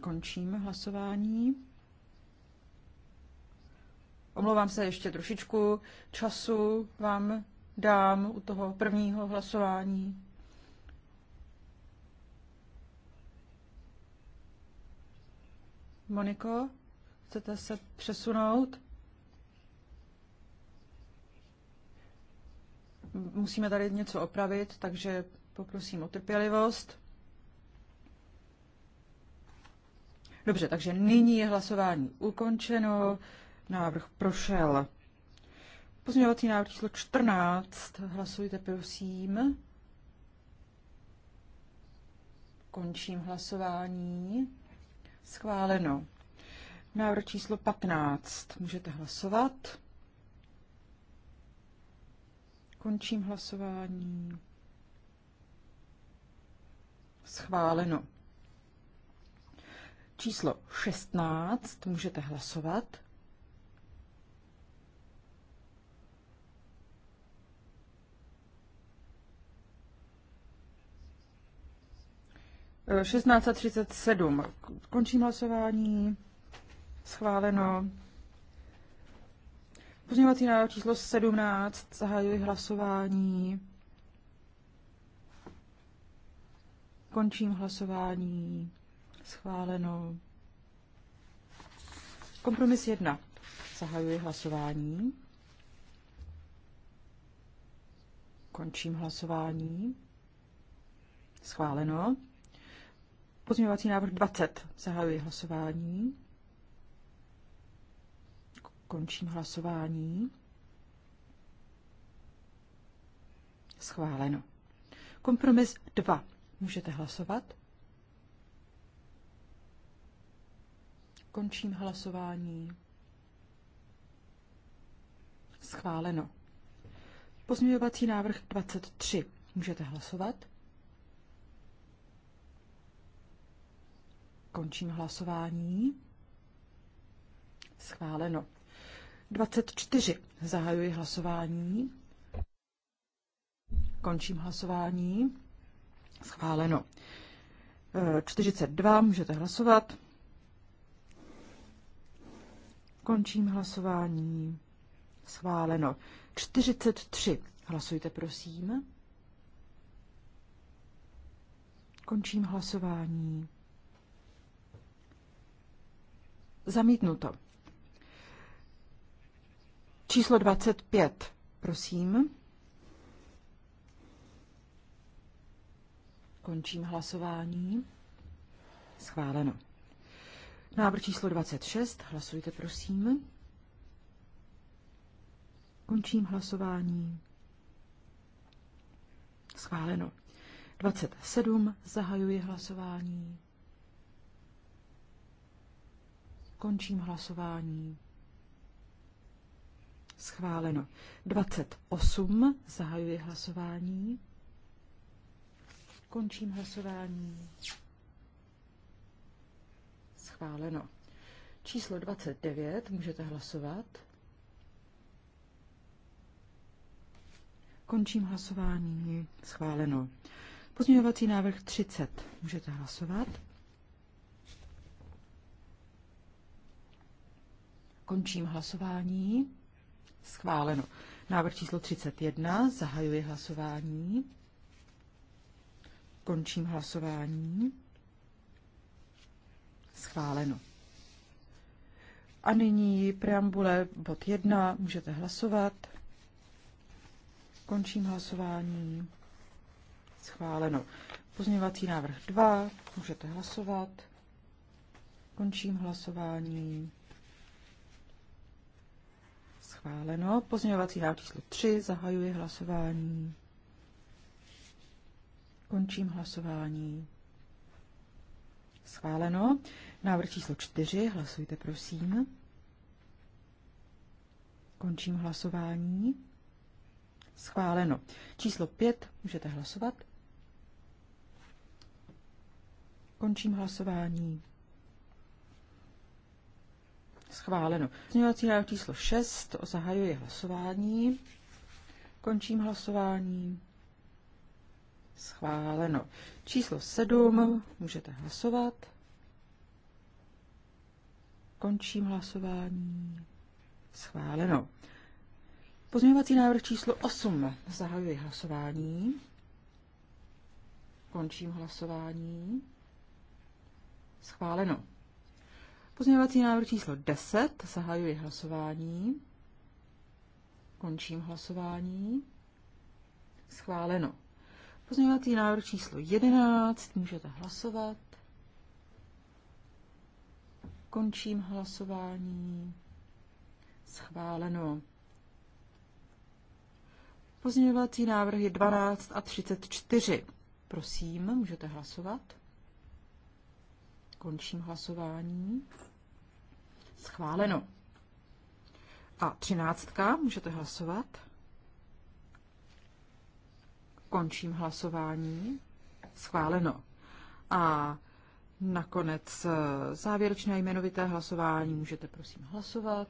Končím hlasování. Omlouvám se ještě trošičku času vám dám u toho prvního hlasování. Moniko, chcete se přesunout? Musíme tady něco opravit, takže poprosím o trpělivost. Dobře, takže nyní je hlasování ukončeno. Návrh prošel. Pozměňovací návrh číslo 14. Hlasujte, prosím. Končím hlasování. Schváleno. Návrh číslo 15. Můžete hlasovat. Končím hlasování. Schváleno. Číslo 16. Můžete hlasovat. 1637. Končím hlasování. Schváleno. Pozměňovací návrh číslo 17. Zahajuji hlasování. Končím hlasování. Schváleno. Kompromis 1. Zahajuji hlasování. Končím hlasování. Schváleno. Pozměňovací návrh 20. Zahajuji hlasování. Končím hlasování. Schváleno. Kompromis 2. Můžete hlasovat. Končím hlasování. Schváleno. Pozměňovací návrh 23. Můžete hlasovat. Končím hlasování. Schváleno. 24. Zahajuji hlasování. Končím hlasování. Schváleno. 42. E, Můžete hlasovat. Končím hlasování. Schváleno. 43. Hlasujte, prosím. Končím hlasování. Zamítnuto. Číslo 25, prosím. Končím hlasování. Schváleno. Návrh číslo 26, hlasujte prosím. Končím hlasování. Schváleno. 27, zahajuji hlasování. Končím hlasování. Schváleno. 28. Zahajuji hlasování. Končím hlasování. Schváleno. Číslo 29. Můžete hlasovat. Končím hlasování. Schváleno. Pozměňovací návrh 30. Můžete hlasovat. Končím hlasování. Schváleno. Návrh číslo 31. Zahajuji hlasování. Končím hlasování. Schváleno. A nyní preambule bod 1. Můžete hlasovat. Končím hlasování. Schváleno. Pozměňovací návrh 2. Můžete hlasovat. Končím hlasování schváleno. Pozměňovací návrh číslo 3, zahajuji hlasování. Končím hlasování. Schváleno. Návrh číslo 4, hlasujte prosím. Končím hlasování. Schváleno. Číslo 5, můžete hlasovat. Končím hlasování. Schváleno. Pozměňovací návrh číslo 6. zahajuje hlasování. Končím hlasování. Schváleno. Číslo 7. Můžete hlasovat. Končím hlasování. Schváleno. Pozměňovací návrh číslo 8. zahajuje hlasování. Končím hlasování. Schváleno. Pozměňovací návrh číslo 10. Zahajuji hlasování. Končím hlasování. Schváleno. Pozměňovací návrh číslo 11. Můžete hlasovat. Končím hlasování. Schváleno. Pozměňovací návrh je 12 a 34. Prosím, můžete hlasovat. Končím hlasování. Schváleno. A třináctka, můžete hlasovat. Končím hlasování. Schváleno. A nakonec eh, závěrečné jmenovité hlasování můžete prosím hlasovat.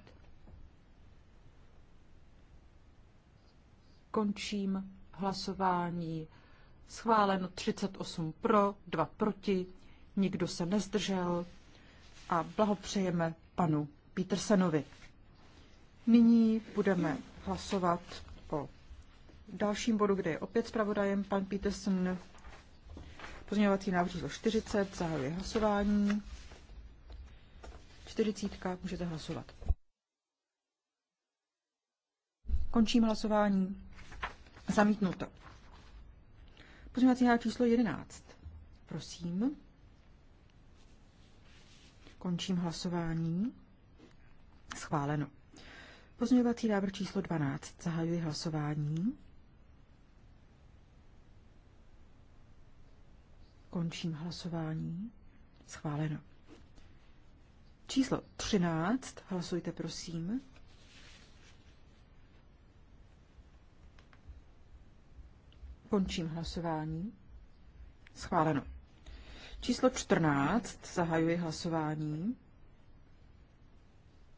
Končím hlasování. Schváleno 38 pro, 2 proti, nikdo se nezdržel a blahopřejeme panu Petersenovi. Nyní budeme hlasovat o dalším bodu, kde je opět zpravodajem pan Peterson. Pozměňovací návrh číslo 40, zahajuje hlasování. 40, můžete hlasovat. Končím hlasování. Zamítnuto. Pozměňovací návrh číslo 11. Prosím. Končím hlasování. Schváleno. Pozměňovací návrh číslo 12. Zahajuji hlasování. Končím hlasování. Schváleno. Číslo 13. Hlasujte, prosím. Končím hlasování. Schváleno. Číslo 14. Zahajuji hlasování.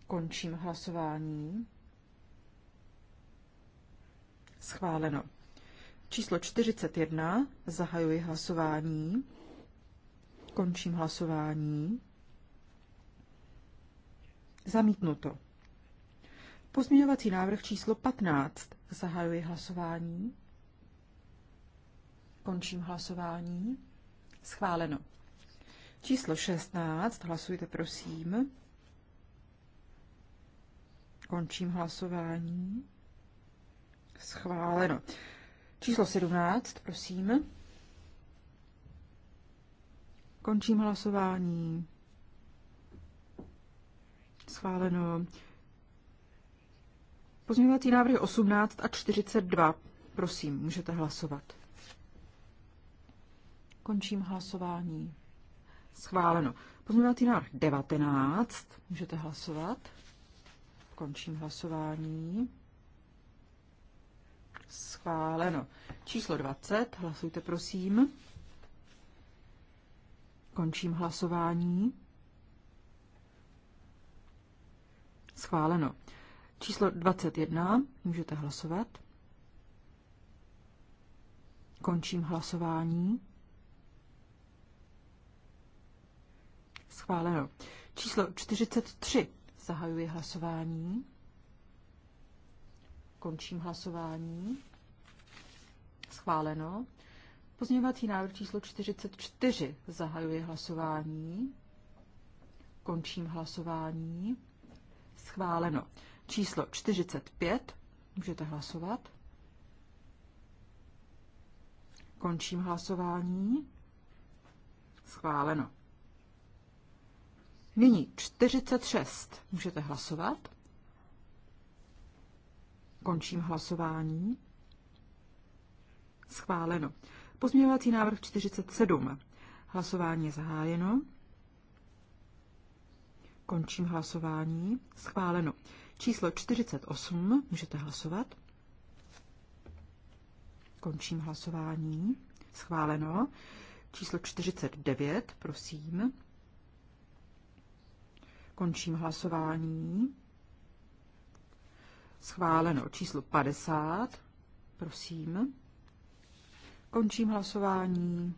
Končím hlasování. Schváleno. Číslo 41. Zahajuji hlasování. Končím hlasování. Zamítnuto. Pozměňovací návrh číslo 15. Zahajuji hlasování. Končím hlasování. Schváleno. Číslo 16. Hlasujte, prosím. Končím hlasování. Schváleno. Číslo 17, prosím. Končím hlasování. Schváleno. Pozměňovací návrhy 18 a 42. Prosím, můžete hlasovat. Končím hlasování. Schváleno. Pozměňovací návrh 19. Můžete hlasovat. Končím hlasování. Schváleno. Číslo 20. Hlasujte, prosím. Končím hlasování. Schváleno. Číslo 21. Můžete hlasovat. Končím hlasování. Schváleno. Číslo 43. Zahajuji hlasování. Končím hlasování. Schváleno. Pozměňovací návrh číslo 44. Zahajuji hlasování. Končím hlasování. Schváleno. Číslo 45. Můžete hlasovat. Končím hlasování. Schváleno. Nyní 46. Můžete hlasovat. Končím hlasování. Schváleno. Pozměňovací návrh 47. Hlasování je zahájeno. Končím hlasování. Schváleno. Číslo 48. Můžete hlasovat. Končím hlasování. Schváleno. Číslo 49. Prosím. Končím hlasování. Schváleno číslo 50. Prosím. Končím hlasování.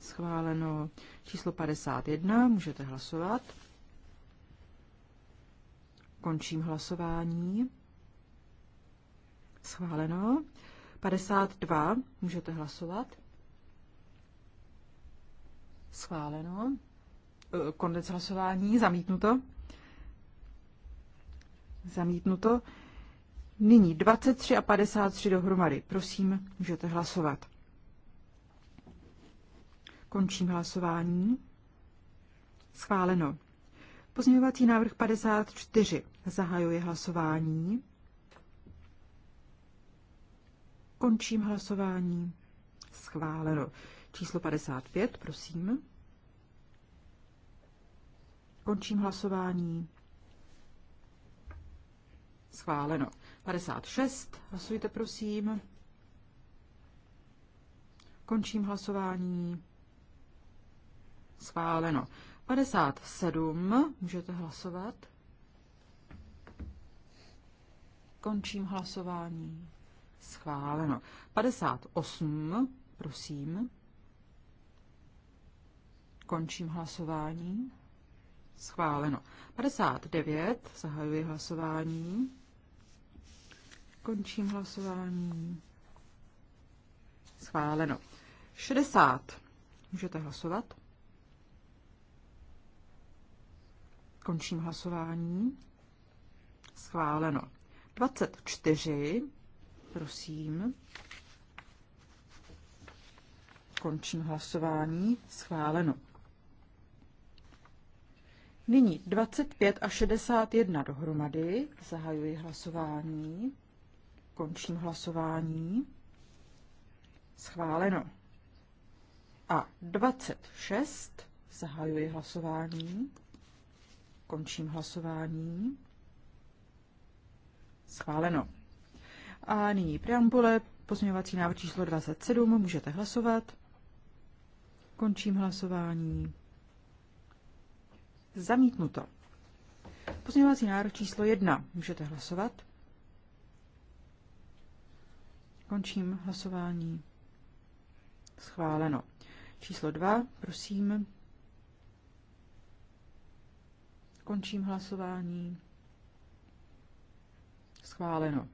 Schváleno číslo 51. Můžete hlasovat. Končím hlasování. Schváleno. 52. Můžete hlasovat. Schváleno. Eh, konec hlasování, zamítnuto. Zamítnuto. Nyní 23 a 53 dohromady. Prosím, můžete hlasovat. Končím hlasování. Schváleno. Pozměňovací návrh 54. Zahajuji hlasování. Končím hlasování. Schváleno. Číslo 55, prosím. Končím hlasování. Schváleno. 56. Hlasujte, prosím. Končím hlasování. Schváleno. 57. Můžete hlasovat. Končím hlasování. Schváleno. 58. Prosím. Končím hlasování. Schváleno. 59. Zahajuji hlasování. Končím hlasování. Schváleno. 60. Můžete hlasovat. Končím hlasování. Schváleno. 24. Prosím. Končím hlasování. Schváleno. Nyní 25 a 61 dohromady. Zahajuji hlasování. Končím hlasování. Schváleno. A 26. Zahajuji hlasování. Končím hlasování. Schváleno. A nyní preambule, pozměňovací návrh číslo 27, můžete hlasovat. Končím hlasování. Zamítnuto. Pozměňovací návrh číslo 1. Můžete hlasovat. Končím hlasování. Schváleno. Číslo 2, prosím. Končím hlasování. Schváleno.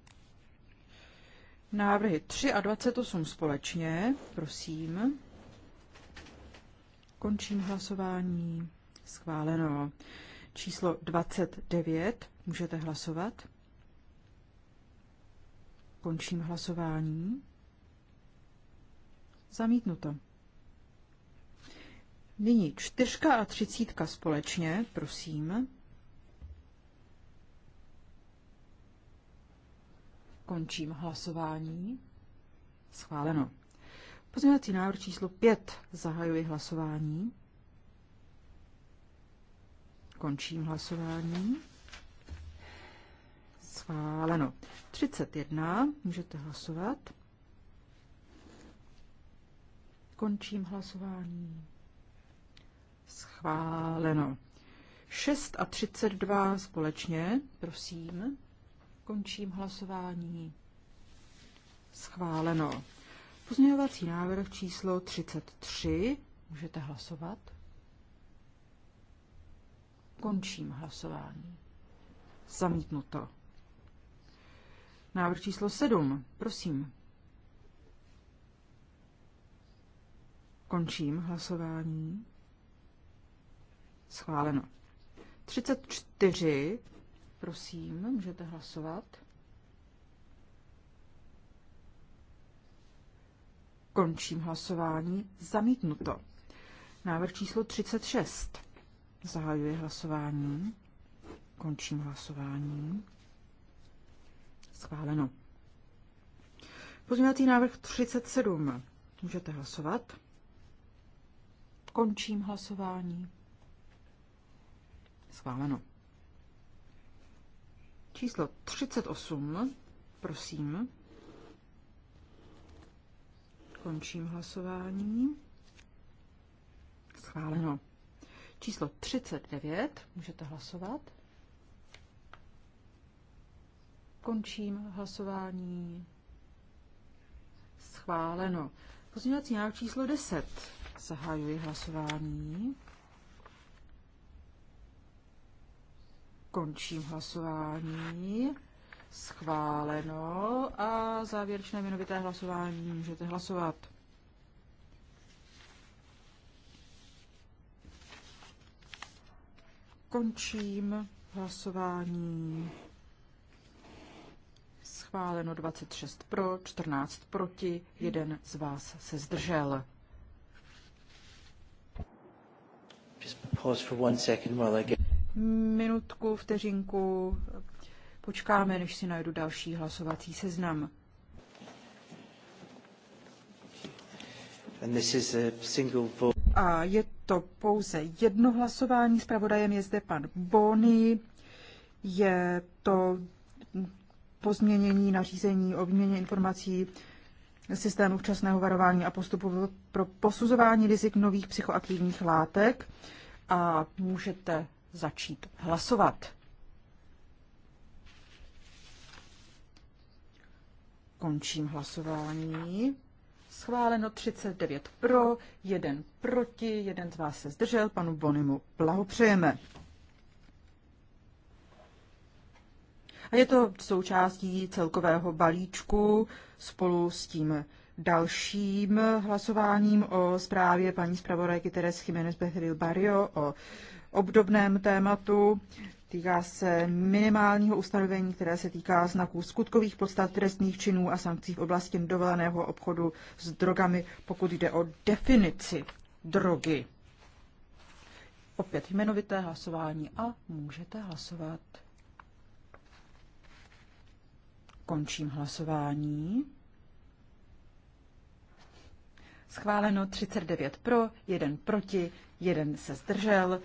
Návrhy 3 a 28 společně, prosím. Končím hlasování. Schváleno. Číslo 29. Můžete hlasovat. Končím hlasování. Zamítnuto. Nyní čtyřka a třicítka společně, prosím. Končím hlasování. Schváleno. Pozměňovací návrh číslo 5. Zahajuji hlasování. Končím hlasování. Schváleno. 31. Můžete hlasovat. Končím hlasování. Schváleno. 6 a 32 společně, prosím. Končím hlasování. Schváleno. Pozměňovací návrh číslo 33. Můžete hlasovat. Končím hlasování. Zamítnuto. Návrh číslo 7. Prosím. Končím hlasování. Schváleno. 34. Prosím, můžete hlasovat. Končím hlasování. Zamítnuto. Návrh číslo 36. Zahajuji hlasování. Končím hlasování. Schváleno. Pozměňovací návrh 37. Můžete hlasovat. Končím hlasování. Schváleno. Číslo 38. Prosím. Končím hlasování. Schváleno. Číslo 39, můžete hlasovat. Končím hlasování. Schváleno. Pozměňovací návrh číslo 10. Zahajuji hlasování. Končím hlasování. Schváleno. A závěrečné minovité hlasování můžete hlasovat. Končím hlasování. Schváleno 26 pro, 14 proti, jeden z vás se zdržel. Minutku, vteřinku, počkáme, než si najdu další hlasovací seznam. A je to pouze jedno hlasování. Spravodajem je zde pan Bony. Je to pozměnění nařízení o výměně informací systému včasného varování a postupu pro posuzování rizik nových psychoaktivních látek a můžete začít hlasovat. Končím hlasování schváleno 39 pro, jeden proti, jeden z vás se zdržel, panu Bonimu blahopřejeme. A je to součástí celkového balíčku spolu s tím dalším hlasováním o zprávě paní zpravodajky Teres Jiménez Behril Barrio o obdobném tématu. Týká se minimálního ustanovení, které se týká znaků skutkových podstat trestných činů a sankcí v oblasti dovoleného obchodu s drogami, pokud jde o definici drogy. Opět jmenovité hlasování a můžete hlasovat. Končím hlasování. Schváleno 39 pro, 1 proti, 1 se zdržel.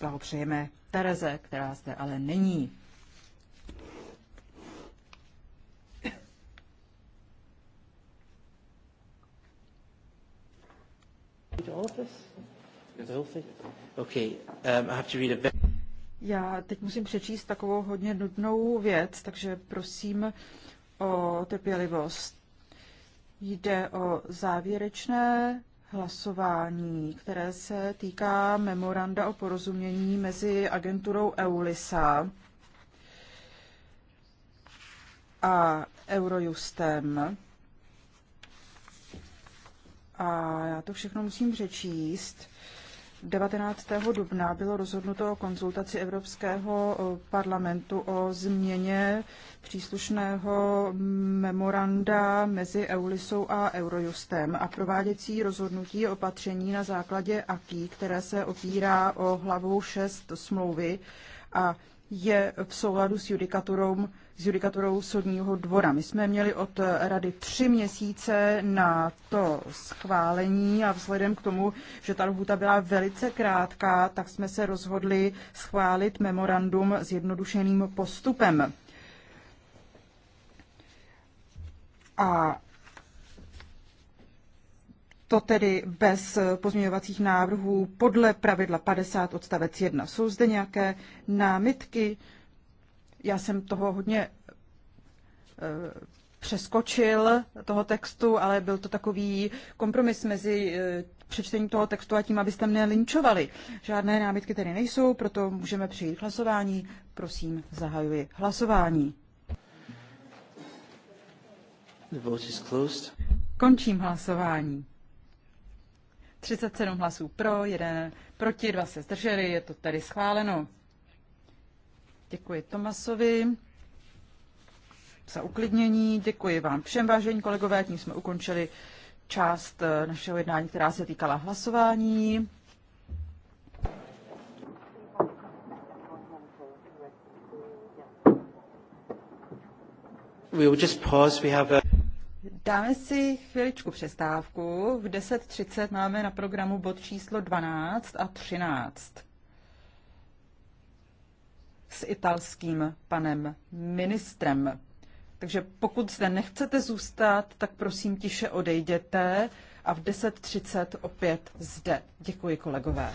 Blahopřejeme Tereze, která zde ale není. Um, Já teď musím přečíst takovou hodně nudnou věc, takže prosím o trpělivost. Jde o závěrečné hlasování, které se týká memoranda o porozumění mezi agenturou EULISA a Eurojustem. A já to všechno musím přečíst. 19. dubna bylo rozhodnuto o konzultaci Evropského eh, parlamentu o změně příslušného memoranda mezi Eulisou a Eurojustem a prováděcí rozhodnutí opatření na základě AKI, které se opírá o hlavu 6 smlouvy a je v souladu s judikaturou s judikaturou soudního dvora. My jsme měli od rady tři měsíce na to schválení a vzhledem k tomu, že ta lhůta byla velice krátká, tak jsme se rozhodli schválit memorandum s jednodušeným postupem. A to tedy bez pozměňovacích návrhů podle pravidla 50 odstavec 1. Jsou zde nějaké námitky? já jsem toho hodně eh, přeskočil toho textu, ale byl to takový kompromis mezi eh, přečtením toho textu a tím, abyste mě linčovali. Žádné námitky tedy nejsou, proto můžeme přijít k hlasování. Prosím, zahajuji hlasování. The vote is closed. Končím hlasování. 37 hlasů pro, jeden proti, dva se zdrželi, je to tady schváleno. Děkuji Tomasovi za uklidnění. Děkuji vám všem, vážení kolegové. Tím jsme ukončili část eh, našeho jednání, která se týkala hlasování. We will just pause. We have a... Dáme si chviličku přestávku. V 10.30 máme na programu bod číslo 12 a 13 s italským panem ministrem. Takže pokud zde nechcete zůstat, tak prosím tiše odejděte a v 10.30 opět zde. Děkuji kolegové.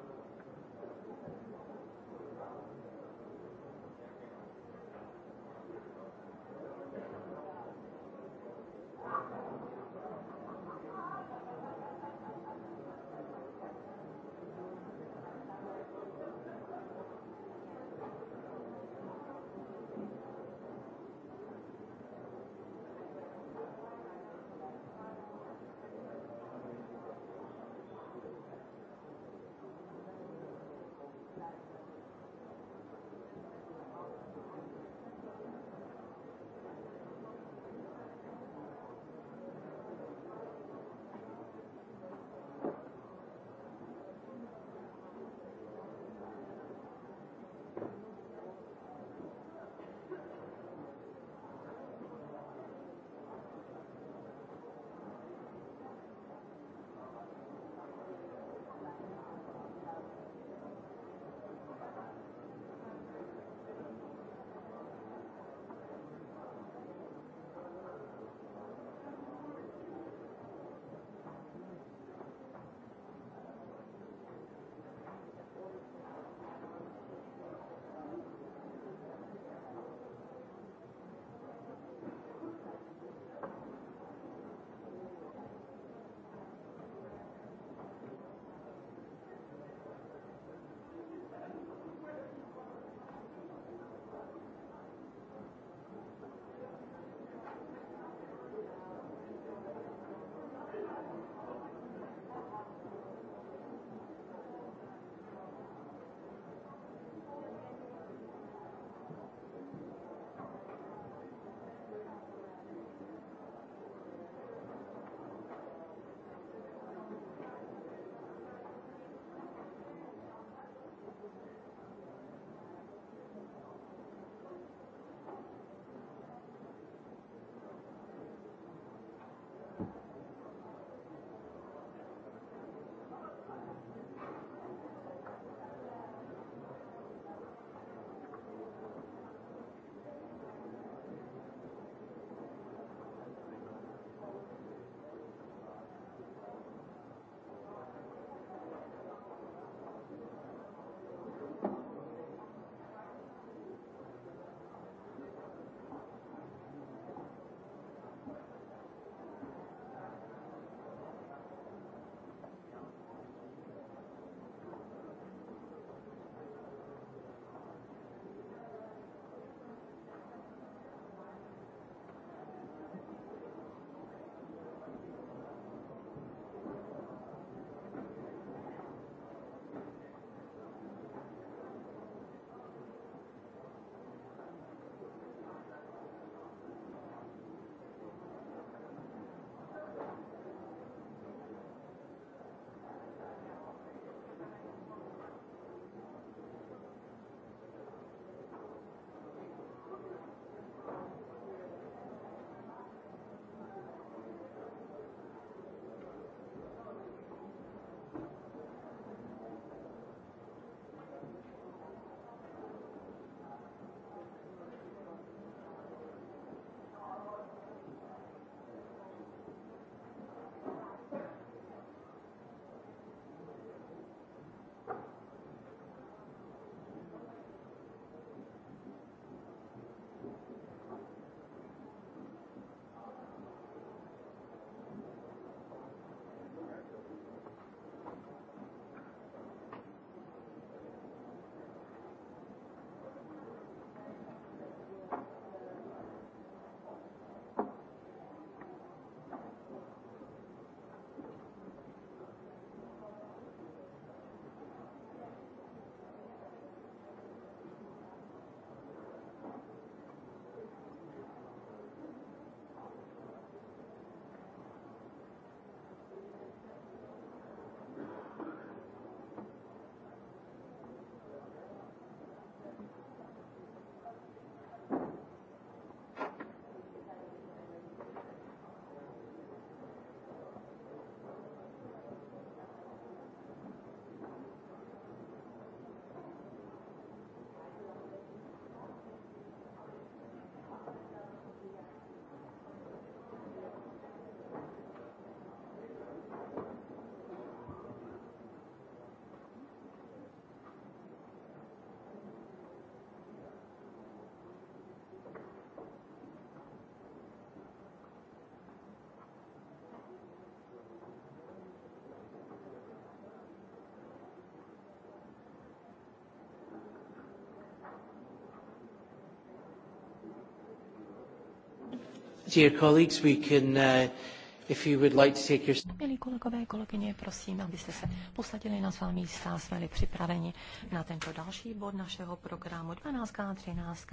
Dear colleagues, we can, uh, if you would like to take your... Milí kolegové, kolegyně, prosím, abyste se posadili na svá místa, jsme připraveni na tento další bod našeho programu 12. a 13.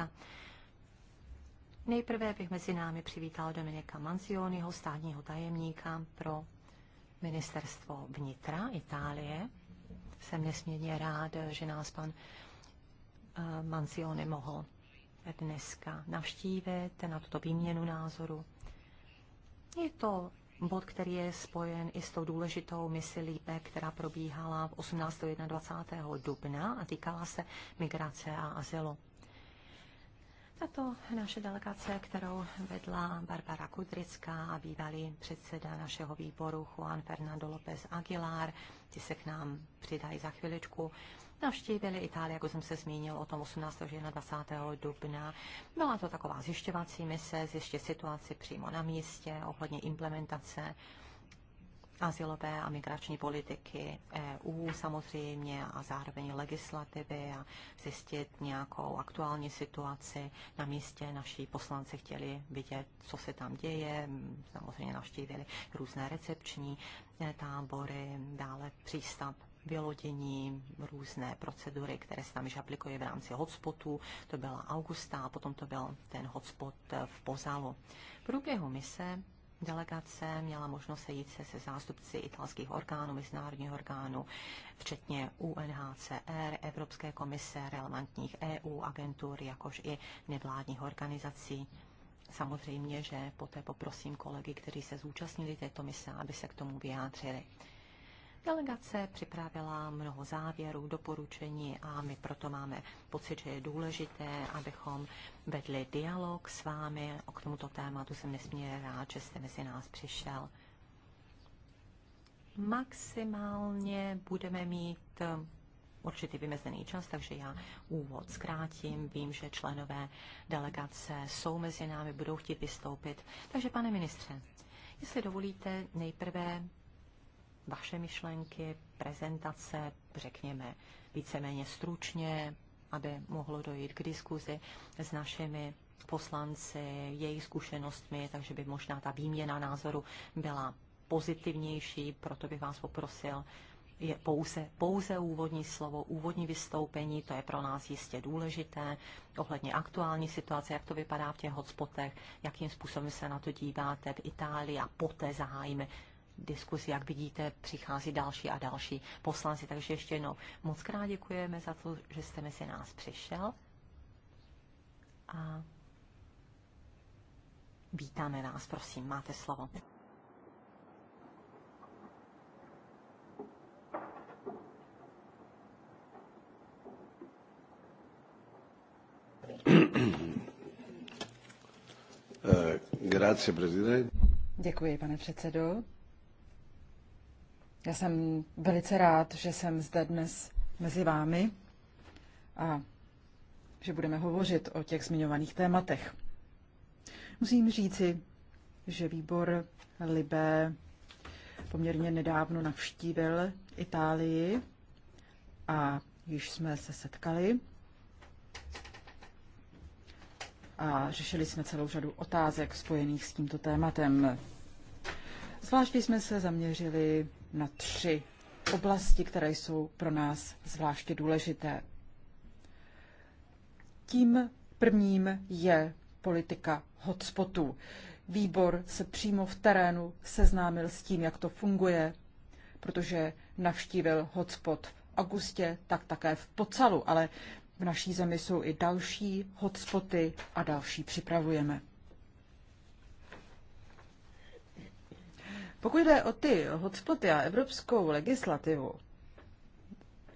Nejprve bych mezi námi přivítal Dominika Manzioniho, státního tajemníka pro ministerstvo vnitra Itálie. Jsem nesmírně rád, že nás pan eh, Manzioni mohl dneska navštívit na tuto výměnu názoru. Je to bod, který je spojen i s tou důležitou misi LIPE, která probíhala v 18. 21. dubna a týkala se migrace a azylu. Tato naše delegace, kterou vedla Barbara Kudrická a bývalý předseda našeho výboru Juan Fernando López Aguilar, ty se k nám přidají za chviličku, navštívili Itálii, jako jsem se zmínil, o tom 18. až 21. dubna. Byla to taková zjišťovací mise, zjiště situaci přímo na místě, ohledně implementace azylové a migrační politiky EU samozřejmě a zároveň legislativy a zjistit nějakou aktuální situaci na místě. Naši poslanci chtěli vidět, co se tam děje, samozřejmě navštívili různé recepční tábory, dále přístav vylodění, různé procedury, které se tam již aplikuje v rámci hotspotu. To byla Augusta a potom to byl ten hotspot v Pozalu. V průběhu mise delegace měla možnost sejít se se zástupci italských orgánů, mezinárodních orgánů, včetně UNHCR, Evropské komise, relevantních EU agentur, jakož i nevládních organizací. Samozřejmě, že poté poprosím kolegy, kteří se zúčastnili této mise, aby se k tomu vyjádřili. Delegace připravila mnoho závěrů, doporučení a my proto máme pocit, že je důležité, abychom vedli dialog s vámi. O k tomuto tématu jsem nesmírně rád, že jste mezi nás přišel. Maximálně budeme mít eh, určitý vymezený čas, takže já úvod zkrátím. Vím, že členové delegace jsou mezi námi, budou chtít vystoupit. Takže, pane ministře, jestli dovolíte, nejprve vaše myšlenky, prezentace, řekněme, víceméně stručně, aby mohlo dojít k diskuzi s našimi poslanci, jejich zkušenostmi, takže by možná ta výměna názoru byla pozitivnější, proto bych vás poprosil, je pouze, pouze úvodní slovo, úvodní vystoupení, to je pro nás jistě důležité, ohledně aktuální situace, jak to vypadá v těch hotspotech, jakým způsobem se na to díváte v Itálii a poté zahájíme diskuzi, jak vidíte, přichází další a další poslanci. Takže ještě jednou moc krát děkujeme za to, že jste mezi nás přišel. A vítáme vás, prosím, máte slovo. Eh, grazie, Děkuji, pane předsedo. Já jsem velice rád, že jsem zde dnes mezi vámi a že budeme hovořit o těch zmiňovaných tématech. Musím říci, že výbor Libé poměrně nedávno navštívil Itálii a již jsme se setkali a řešili jsme celou řadu otázek spojených s tímto tématem. Zvlášť jsme se zaměřili na tři oblasti, které jsou pro nás zvláště důležité. Tím prvním je politika hotspotů. Výbor se přímo v terénu seznámil s tím, jak to funguje, protože navštívil hotspot v Augustě, tak také v Pocalu, ale v naší zemi jsou i další hotspoty a další připravujeme. Pokud jde o ty hotspoty a evropskou legislativu,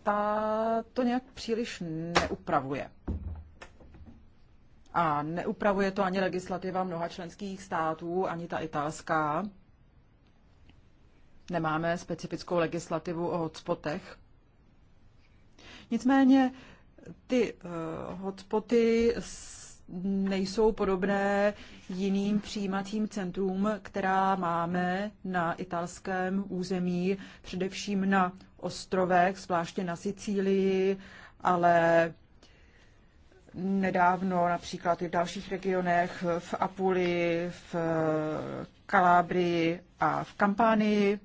ta to nějak příliš neupravuje. A neupravuje to ani legislativa mnoha členských států, ani ta italská. Nemáme specifickou legislativu o hotspotech. Nicméně ty uh, hotspoty nejsou podobné jiným přijímacím centrům, která máme na italském území, především na ostrovech, zvláště na Sicílii, ale nedávno například i v dalších regionech, v Apuli, v Kalábrii a v Kampánii.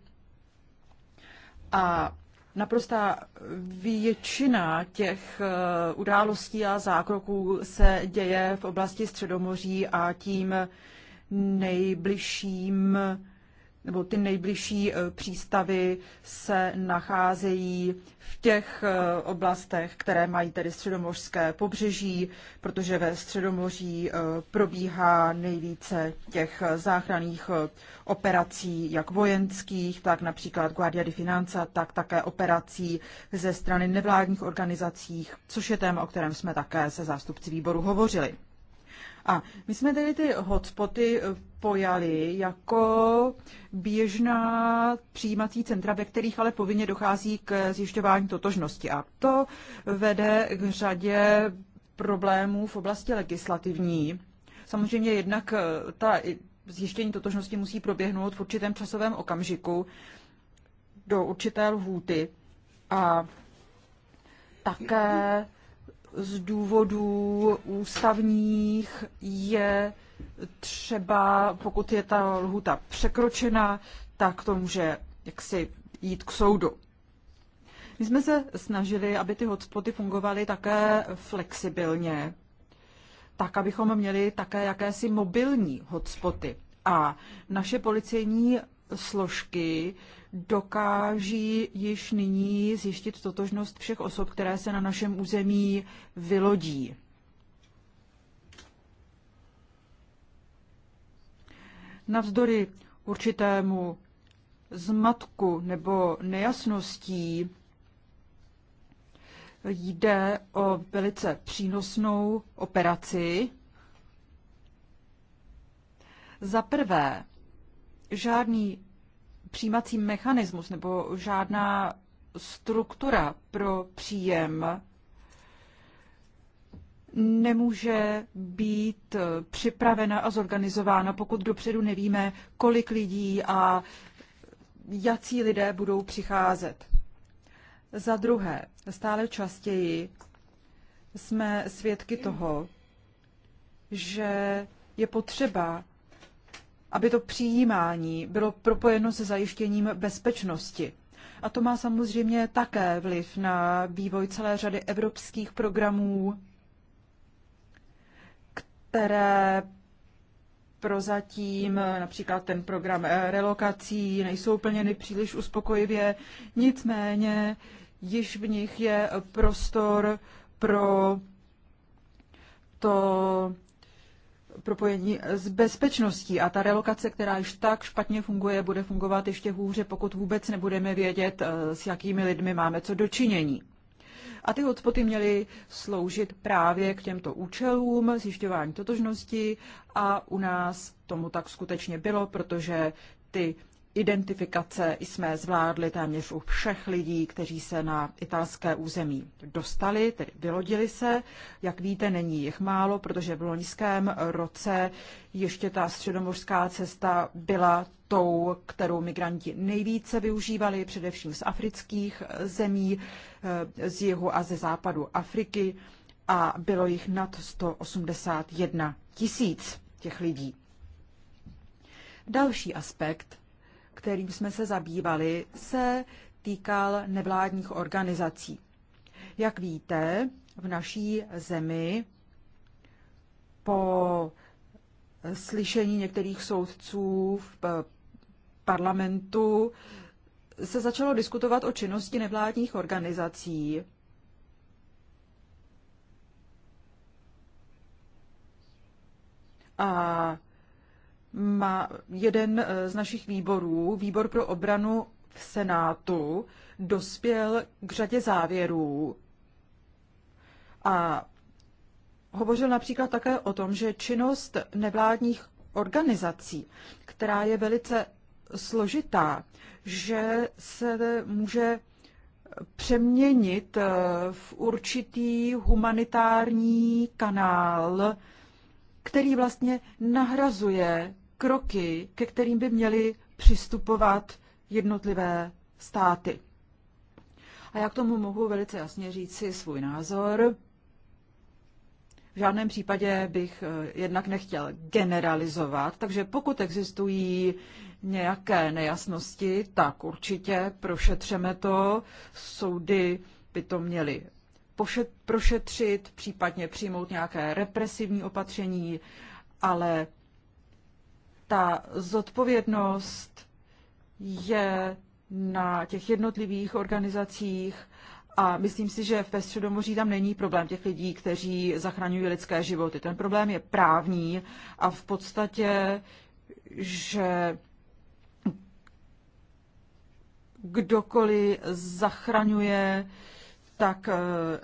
A naprostá většina těch eh, událostí a zákroků se děje v oblasti Středomoří a tím nejbližším nebo ty nejbližší eh, přístavy se nacházejí v těch eh, oblastech, které mají tedy středomořské pobřeží, protože ve středomoří eh, probíhá nejvíce těch záchranných operací, jak vojenských, tak například Guardia di Finanza, tak také operací ze strany nevládních organizací, což je téma, o kterém jsme také se zástupci výboru hovořili. A my jsme tedy ty hotspoty pojali jako běžná přijímací centra, ve kterých ale povinně dochází k zjišťování totožnosti. A to vede k řadě problémů v oblasti legislativní. Samozřejmě jednak eh, ta zjištění totožnosti musí proběhnout v určitém časovém okamžiku do určité lhůty a také z důvodů ústavních je třeba, pokud je ta lhuta překročena, tak to může jaksi jít k soudu. My jsme se snažili, aby ty hotspoty fungovaly také flexibilně, tak abychom měli také jakési mobilní hotspoty. A naše policejní složky dokáží již nyní zjištit totožnost všech osob, které se na našem území vylodí. Navzdory určitému zmatku nebo nejasností jde o velice přínosnou operaci. Za prvé, žádný přijímací mechanismus nebo žádná struktura pro příjem nemůže být připravena a zorganizována, pokud dopředu nevíme, kolik lidí a jací lidé budou přicházet. Za druhé, stále častěji jsme svědky toho, že je potřeba aby to přijímání bylo propojeno se zajištěním bezpečnosti. A to má samozřejmě také vliv na vývoj celé řady evropských programů, které prozatím, například ten program eh, relokací, nejsou plněny příliš uspokojivě. Nicméně již v nich je prostor pro to propojení s bezpečností a ta relokace, která již tak špatně funguje, bude fungovat ještě hůře, pokud vůbec nebudeme vědět, eh, s jakými lidmi máme co dočinění. A ty hotspoty měly sloužit právě k těmto účelům, zjišťování totožnosti a u nás tomu tak skutečně bylo, protože ty identifikace jsme zvládli téměř u všech lidí, kteří se na italské území dostali, tedy vylodili se. Jak víte, není jich málo, protože v loňském roce ještě ta středomořská cesta byla tou, kterou migranti nejvíce využívali, především z afrických zemí, eh, z jihu a ze západu Afriky a bylo jich nad 181 tisíc těch lidí. Další aspekt kterým jsme se zabývali, se týkal nevládních organizací. Jak víte, v naší zemi po slyšení některých soudců v parlamentu se začalo diskutovat o činnosti nevládních organizací. A má jeden eh, z našich výborů, výbor pro obranu v Senátu, dospěl k řadě závěrů a hovořil například také o tom, že činnost nevládních organizací, která je velice složitá, že se může přeměnit eh, v určitý humanitární kanál, který vlastně nahrazuje kroky, ke kterým by měly přistupovat jednotlivé státy. A já k tomu mohu velice jasně říct si svůj názor. V žádném případě bych eh, jednak nechtěl generalizovat, takže pokud existují nějaké nejasnosti, tak určitě prošetřeme to. Soudy by to měly prošetřit, případně přijmout nějaké represivní opatření, ale ta zodpovědnost je na těch jednotlivých organizacích a myslím si, že ve Středomoří tam není problém těch lidí, kteří zachraňují lidské životy. Ten problém je právní a v podstatě, že kdokoliv zachraňuje tak eh,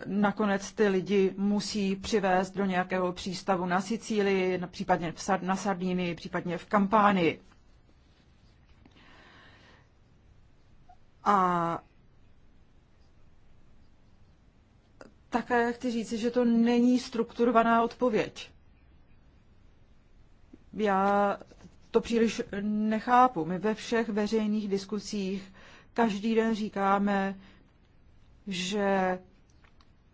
nakonec ty lidi musí přivést do nějakého přístavu na Sicílii, případně na Sardínii, případně v Kampánii. A také chci říci, že to není strukturovaná odpověď. Já to příliš nechápu. My ve všech veřejných diskusích každý den říkáme, že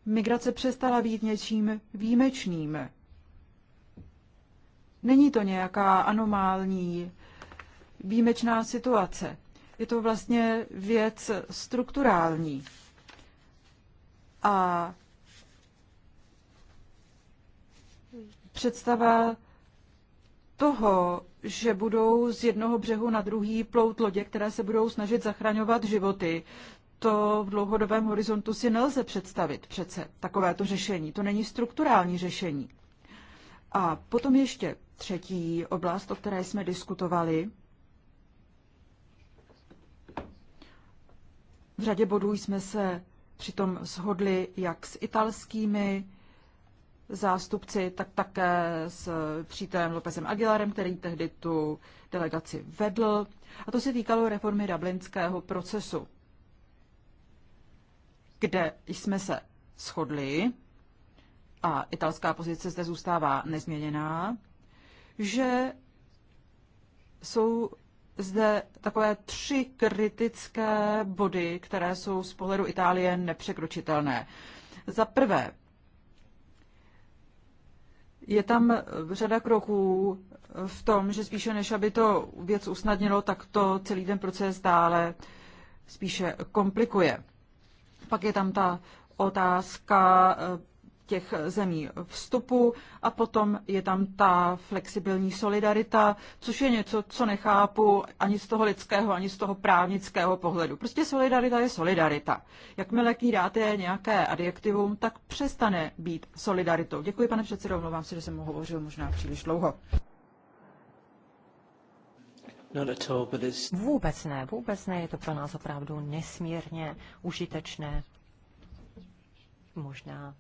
migrace přestala být něčím výjimečným. Není to nějaká anomální výjimečná situace. Je to vlastně věc strukturální. A představa toho, že budou z jednoho břehu na druhý plout lodě, které se budou snažit zachraňovat životy, to v dlouhodobém horizontu si nelze představit přece takovéto řešení. To není strukturální řešení. A potom ještě třetí oblast, o které jsme diskutovali. V řadě bodů jsme se přitom shodli jak s italskými zástupci, tak také s přítelem Lopezem Aguilarem, který tehdy tu delegaci vedl. A to se týkalo reformy dublinského procesu kde jsme se shodli, a italská pozice zde zůstává nezměněná, že jsou zde takové tři kritické body, které jsou z pohledu Itálie nepřekročitelné. Za prvé, je tam řada kroků v tom, že spíše než aby to věc usnadnilo, tak to celý ten proces dále spíše komplikuje. Pak je tam ta otázka eh, těch zemí vstupu a potom je tam ta flexibilní solidarita, což je něco, co nechápu ani z toho lidského, ani z toho právnického pohledu. Prostě solidarita je solidarita. Jakmile k ní dáte nějaké adjektivum, tak přestane být solidaritou. Děkuji, pane předsedo, vám se, že jsem hovořil možná příliš dlouho. Vůbec ne, vůbec ne, je to pro nás opravdu nesmírně užitečné. Možná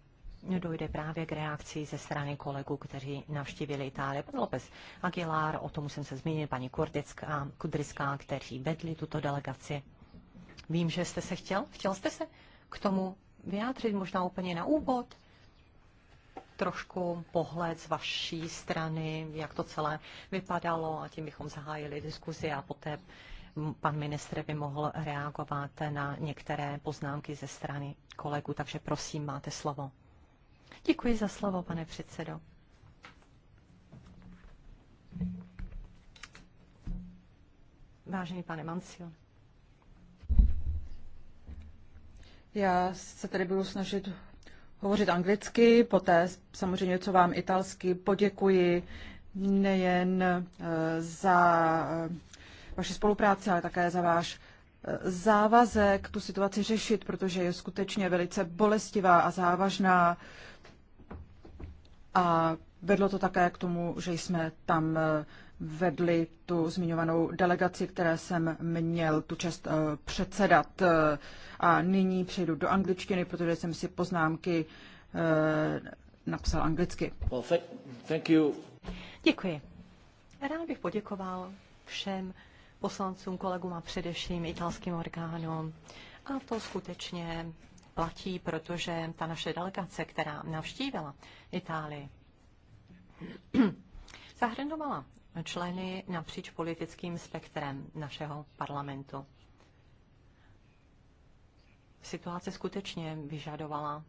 dojde právě k reakci ze strany kolegů, kteří navštívili Itálii. Pan López Aguilar, o tom jsem se zmínil, paní Kurdická, Kudryská, kteří vedli tuto delegaci. Vím, že jste se chtěl, chtěl jste se k tomu vyjádřit možná úplně na úvod trošku pohled z vaší strany, jak to celé vypadalo a tím bychom zahájili diskuzi a poté pan ministr by mohl reagovat na některé poznámky ze strany kolegů, takže prosím, máte slovo. Děkuji za slovo, pane předsedo. Vážený pane Mansion. Já se tady budu snažit hovořit anglicky, poté samozřejmě, co vám italsky poděkuji nejen eh, za eh, vaši spolupráci, ale také za váš eh, závazek tu situaci řešit, protože je skutečně velice bolestivá a závažná. A vedlo to také k tomu, že jsme tam vedli tu zmiňovanou delegaci, které jsem měl tu čest eh, předsedat. Eh, a nyní přejdu do angličtiny, protože jsem si poznámky eh, napsal anglicky. Well, thank you. Děkuji. Rád bych poděkoval všem poslancům, kolegům a především italským orgánům. A to skutečně platí, protože ta naše delegace, která navštívila Itálii, zahrnovala členy napříč politickým spektrem našeho parlamentu. Situace skutečně vyžadovala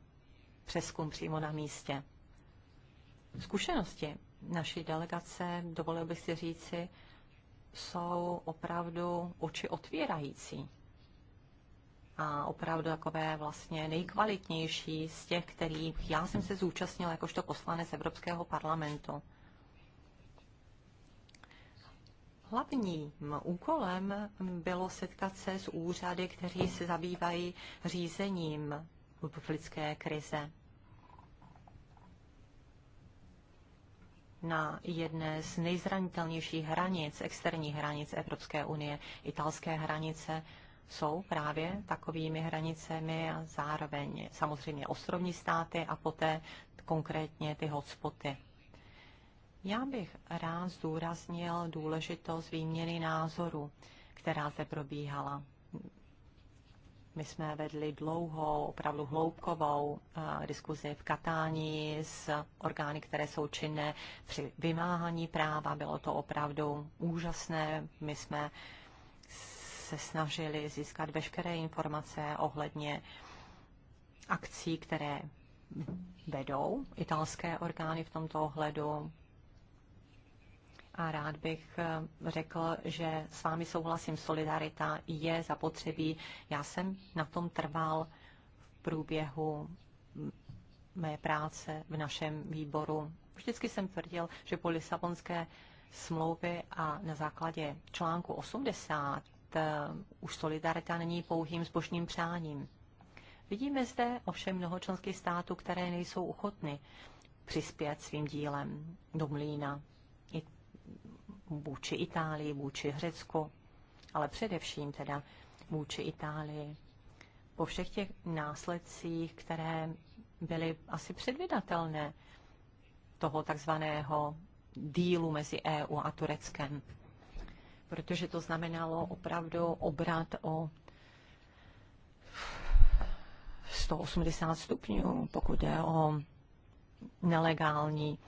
přeskum přímo na místě. Zkušenosti naší delegace, dovolil bych si říci, jsou opravdu oči otvírající a opravdu takové vlastně nejkvalitnější z těch, kterých já jsem se zúčastnila jakožto poslanec Evropského parlamentu. hlavním úkolem bylo setkat se s úřady, kteří se zabývají řízením uprchlické krize. na jedné z nejzranitelnějších hranic, externích hranic Evropské unie, italské hranice, jsou právě takovými hranicemi a zároveň samozřejmě ostrovní státy a poté konkrétně ty hotspoty. Já bych rád zdůraznil důležitost výměny názoru, která se probíhala. My jsme vedli dlouhou, opravdu hloubkovou uh, diskuzi v Katání s orgány, které jsou činné při vymáhání práva. Bylo to opravdu úžasné. My jsme se snažili získat veškeré informace ohledně akcí, které vedou italské orgány v tomto ohledu a rád bych eh, řekl, že s vámi souhlasím, solidarita je zapotřebí. Já jsem na tom trval v průběhu mé práce v našem výboru. Vždycky jsem tvrdil, že po Lisabonské smlouvy a na základě článku 80 eh, už solidarita není pouhým zbožným přáním. Vidíme zde ovšem mnoho členských států, které nejsou ochotny přispět svým dílem do mlína vůči Itálii, vůči Řecku, ale především teda vůči Itálii. Po všech těch následcích, které byly asi předvydatelné toho takzvaného dílu mezi EU a Tureckem. Protože to znamenalo opravdu obrat o 180 stupňů, pokud je o nelegální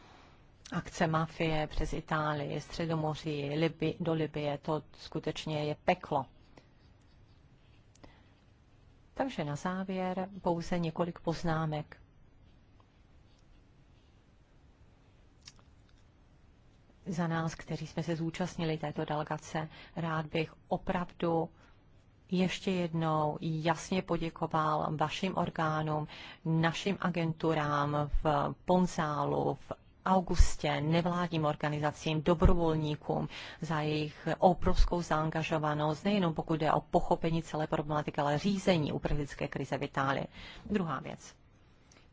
akce mafie přes Itálii, Středomoří, Liby, do Libie, to skutečně je peklo. Takže na závěr pouze několik poznámek. Za nás, kteří jsme se zúčastnili této delegace, rád bych opravdu ještě jednou jasně poděkoval vašim orgánům, našim agenturám v Ponzálu, v Augustě nevládním organizacím, dobrovolníkům za jejich obrovskou zaangažovanost, nejenom pokud jde o pochopení celé problematiky, ale řízení uprchlické krize v Itálii. Druhá věc.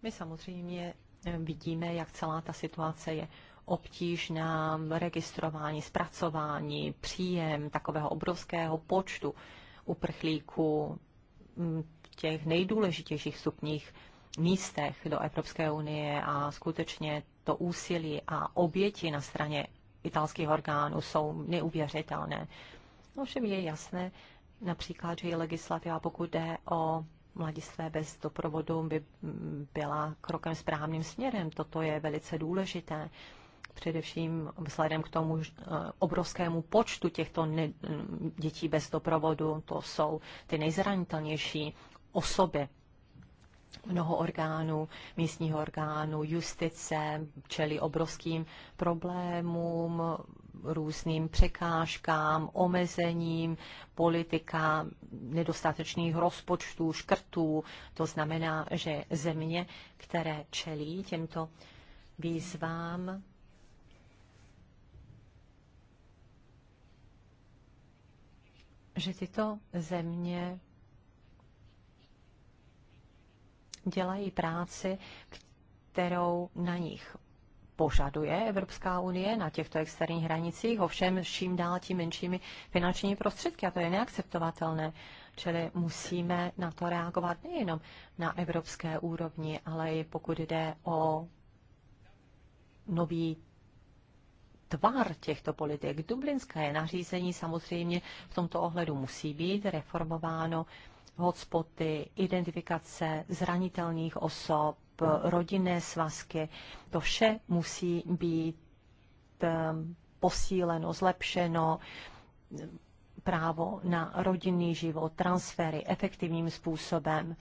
My samozřejmě eh, vidíme, jak celá ta situace je obtížná, registrování, zpracování, příjem takového obrovského počtu uprchlíků v těch nejdůležitějších stupních místech do Evropské unie a skutečně to úsilí a oběti na straně italských orgánů jsou neuvěřitelné. Ovšem je jasné například, že i legislativa, pokud jde o mladistvé bez doprovodu, by byla krokem správným směrem. Toto je velice důležité především vzhledem k tomu eh, obrovskému počtu těchto dětí bez doprovodu, to jsou ty nejzranitelnější osoby mnoho orgánů, místního orgánu, justice, čelí obrovským problémům, různým překážkám, omezením, politika nedostatečných rozpočtů, škrtů. To znamená, že země, které čelí těmto výzvám, že tyto země dělají práci, kterou na nich požaduje Evropská unie na těchto externích hranicích, ovšem s čím dál tím menšími finančními prostředky a to je neakceptovatelné. Čili musíme na to reagovat nejenom na evropské úrovni, ale i pokud jde o nový tvar těchto politik. Dublinské nařízení samozřejmě v tomto ohledu musí být reformováno hotspoty, identifikace zranitelných osob, rodinné svazky. To vše musí být ehm, posíleno, zlepšeno, ehm, právo na rodinný život, transfery efektivním způsobem,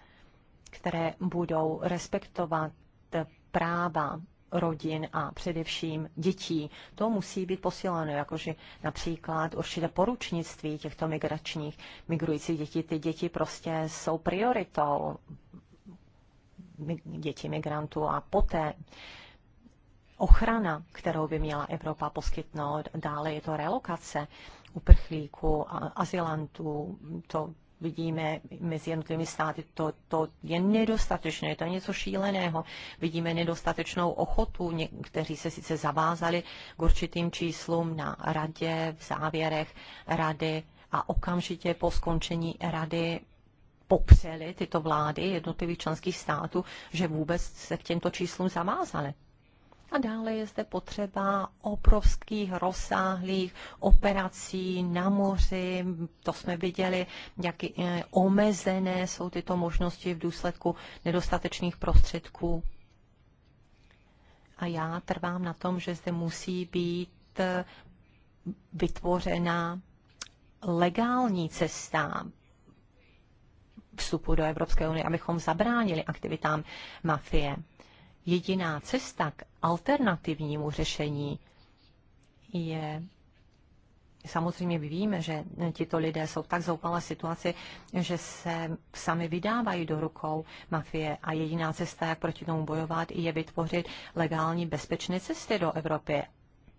které budou respektovat ehm, práva rodin a především dětí. To musí být posíleno, jakože například určité poručnictví těchto migračních, migrujících dětí. Ty děti prostě jsou prioritou děti migrantů a poté ochrana, kterou by měla Evropa poskytnout. Dále je to relokace uprchlíků, azylantů, to vidíme mezi jednotlivými státy, to, to je nedostatečné, to je něco šíleného. Vidíme nedostatečnou ochotu, někteří se sice zavázali k určitým číslům na radě, v závěrech rady a okamžitě po skončení rady popřeli tyto vlády jednotlivých členských států, že vůbec se k těmto číslům zavázali. A dále je zde potřeba obrovských rozsáhlých operací na moři. To jsme viděli, jak e, omezené jsou tyto možnosti v důsledku nedostatečných prostředků. A já trvám na tom, že zde musí být e, vytvořena legální cesta vstupu do Evropské unie, abychom zabránili aktivitám mafie jediná cesta k alternativnímu řešení je Samozřejmě víme, že tito lidé jsou v tak zoupalé situaci, že se sami vydávají do rukou mafie a jediná cesta, jak proti tomu bojovat, je vytvořit legální bezpečné cesty do Evropy.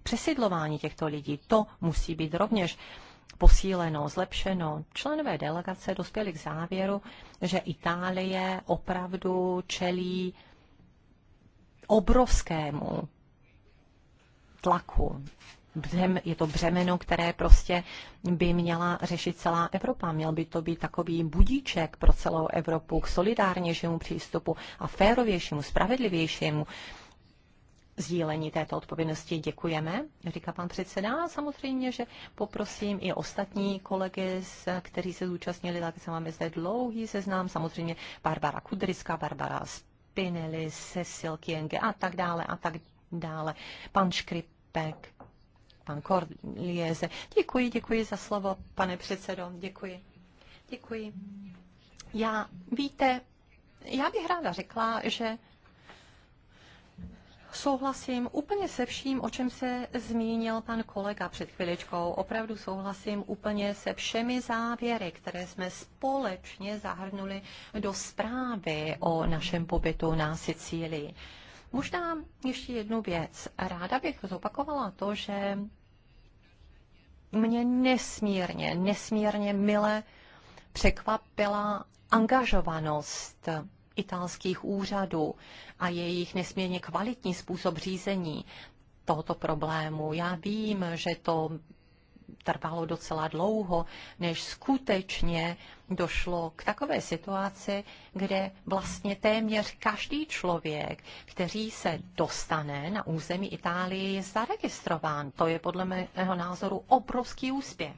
Přesidlování těchto lidí, to musí být rovněž posíleno, zlepšeno. Členové delegace dospěli k závěru, že Itálie opravdu čelí obrovskému tlaku. Břem, je to břemeno, které prostě by měla řešit celá Evropa. Měl by to být takový budíček pro celou Evropu k solidárnějšímu přístupu a férovějšímu, spravedlivějšímu sdílení této odpovědnosti děkujeme, říká pan předseda. A samozřejmě, že poprosím i ostatní kolegy, kteří se zúčastnili, tak se máme zde dlouhý seznam. Samozřejmě Barbara Kudryska, Barbara Spinelli, Cecil Kienge a tak dále a tak dále. Pan Škripek, pan Korlieze. Děkuji, děkuji za slovo, pane předsedo. Děkuji. Děkuji. Já, víte, já bych ráda řekla, že Souhlasím úplně se vším, o čem se zmínil pan kolega před chviličkou. Opravdu souhlasím úplně se všemi závěry, které jsme společně zahrnuli do zprávy o našem pobytu na Sicílii. Možná ještě jednu věc. Ráda bych zopakovala to, že mě nesmírně, nesmírně mile překvapila angažovanost italských úřadů a jejich nesmírně kvalitní způsob řízení tohoto problému. Já vím, že to trvalo docela dlouho, než skutečně došlo k takové situaci, kde vlastně téměř každý člověk, který se dostane na území Itálie, je zaregistrován. To je podle mého názoru obrovský úspěch.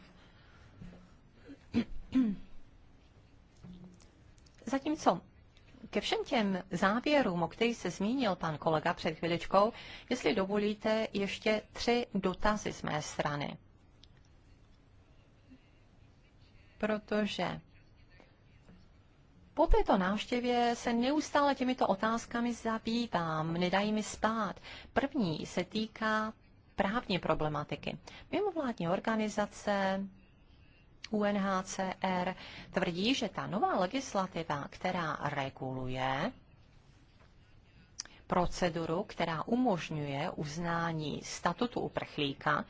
Zatímco ke všem těm závěrům, o kterých se zmínil pan kolega před chviličkou, jestli dovolíte ještě tři dotazy z mé strany. Protože po této návštěvě se neustále těmito otázkami zabývám, nedají mi spát. První se týká právní problematiky. Mimo organizace, UNHCR tvrdí, že ta nová legislativa, která reguluje proceduru, která umožňuje uznání statutu uprchlíka,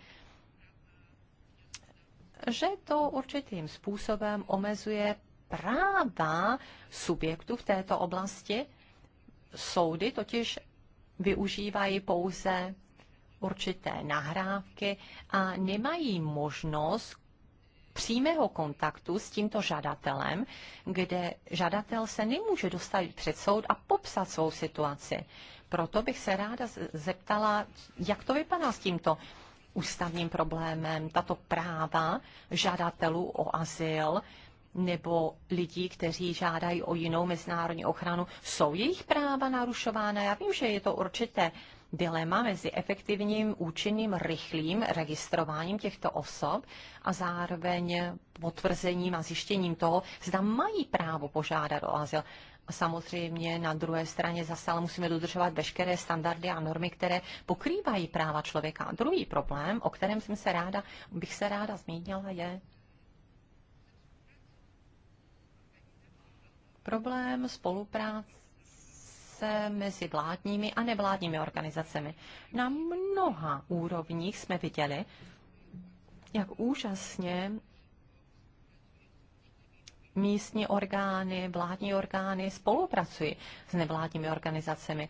že to určitým způsobem omezuje práva subjektu v této oblasti. Soudy totiž využívají pouze určité nahrávky a nemají možnost přímého kontaktu s tímto žadatelem, kde žadatel se nemůže dostat před soud a popsat svou situaci. Proto bych se ráda zeptala, jak to vypadá s tímto ústavním problémem, tato práva žadatelů o azyl, nebo lidí, kteří žádají o jinou mezinárodní ochranu, jsou jejich práva narušována? Já vím, že je to určité dilema mezi efektivním, účinným, rychlým registrováním těchto osob a zároveň potvrzením a zjištěním toho, zda mají právo požádat o azyl. A samozřejmě na druhé straně zase ale musíme dodržovat veškeré standardy a normy, které pokrývají práva člověka. A druhý problém, o kterém jsem se ráda, bych se ráda zmínila, je problém spolupráce mezi vládními a nevládními organizacemi. Na mnoha úrovních jsme viděli, jak úžasně místní orgány, vládní orgány spolupracují s nevládními organizacemi.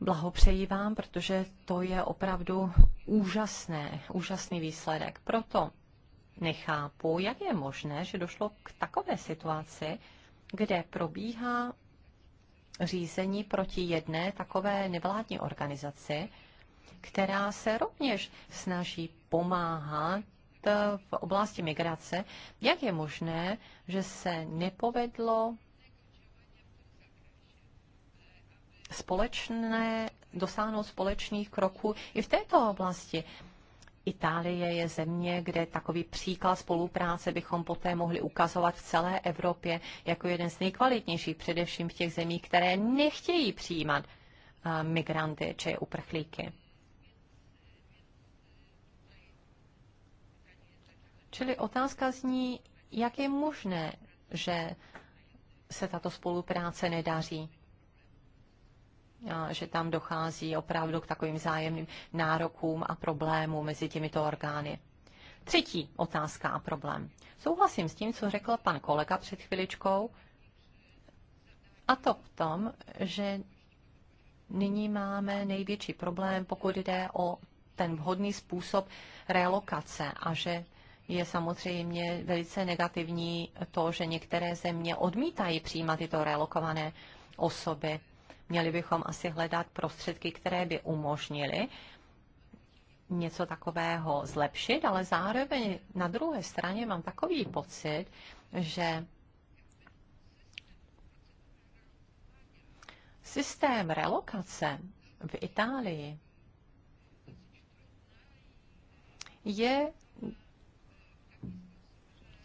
Blahopřeji vám, protože to je opravdu úžasné, úžasný výsledek. Proto nechápu, jak je možné, že došlo k takové situaci, kde probíhá řízení proti jedné takové nevládní organizaci, která se rovněž snaží pomáhat v oblasti migrace. Jak je možné, že se nepovedlo společné, dosáhnout společných kroků i v této oblasti? Itálie je země, kde takový příklad spolupráce bychom poté mohli ukazovat v celé Evropě jako jeden z nejkvalitnějších, především v těch zemích, které nechtějí přijímat eh, migranty či uprchlíky. Čili otázka zní, jak je možné, že se tato spolupráce nedaří že tam dochází opravdu k takovým zájemným nárokům a problémům mezi těmito orgány. Třetí otázka a problém. Souhlasím s tím, co řekl pan kolega před chviličkou, a to v tom, že nyní máme největší problém, pokud jde o ten vhodný způsob relokace a že je samozřejmě velice negativní to, že některé země odmítají přijímat tyto relokované osoby. Měli bychom asi hledat prostředky, které by umožnily něco takového zlepšit, ale zároveň na druhé straně mám takový pocit, že systém relokace v Itálii je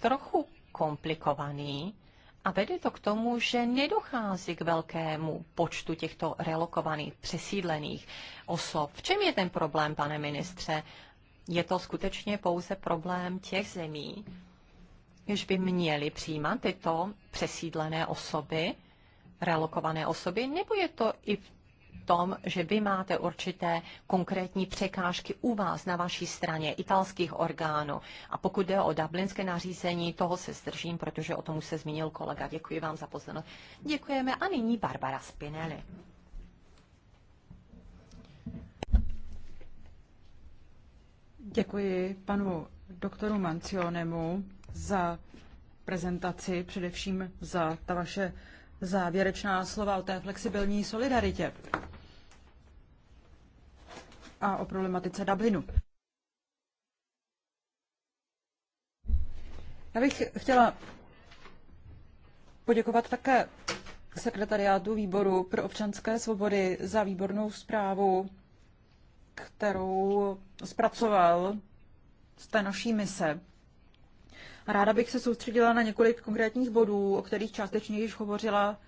trochu komplikovaný, a vede to k tomu, že nedochází k velkému počtu těchto relokovaných, přesídlených osob. V čem je ten problém, pane ministře? Je to skutečně pouze problém těch zemí, jež by měly přijímat tyto přesídlené osoby, relokované osoby, nebo je to i tom, že vy máte určité konkrétní překážky u vás na vaší straně italských orgánů. A pokud jde o dublinské nařízení, toho se zdržím, protože o tom už se zmínil kolega. Děkuji vám za pozornost. Děkujeme a nyní Barbara Spinelli. Děkuji panu doktoru Mancionemu za prezentaci, především za ta vaše závěrečná slova o té flexibilní solidaritě a o problematice Dublinu. Já bych chtěla poděkovat také sekretariátu výboru pro občanské svobody za výbornou zprávu, kterou zpracoval z té naší mise. A ráda bych se soustředila na několik konkrétních bodů, o kterých částečně již hovořila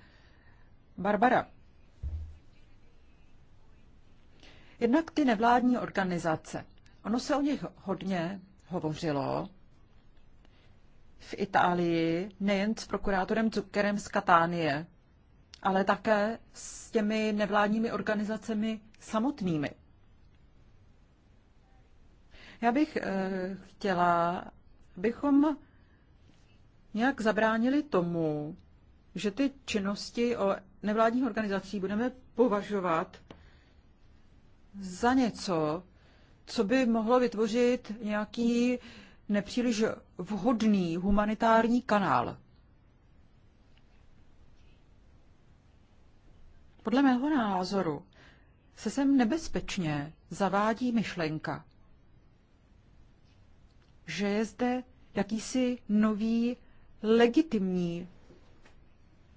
Barbara. Jednak ty nevládní organizace. Ono se o nich hodně hovořilo v Itálii, nejen s prokurátorem Zuckerem z Katánie, ale také s těmi nevládními organizacemi samotnými. Já bych eh, chtěla, abychom nějak zabránili tomu, že ty činnosti o nevládních organizacích budeme považovat za něco, co by mohlo vytvořit nějaký nepříliš vhodný humanitární kanál. Podle mého názoru se sem nebezpečně zavádí myšlenka, že je zde jakýsi nový legitimní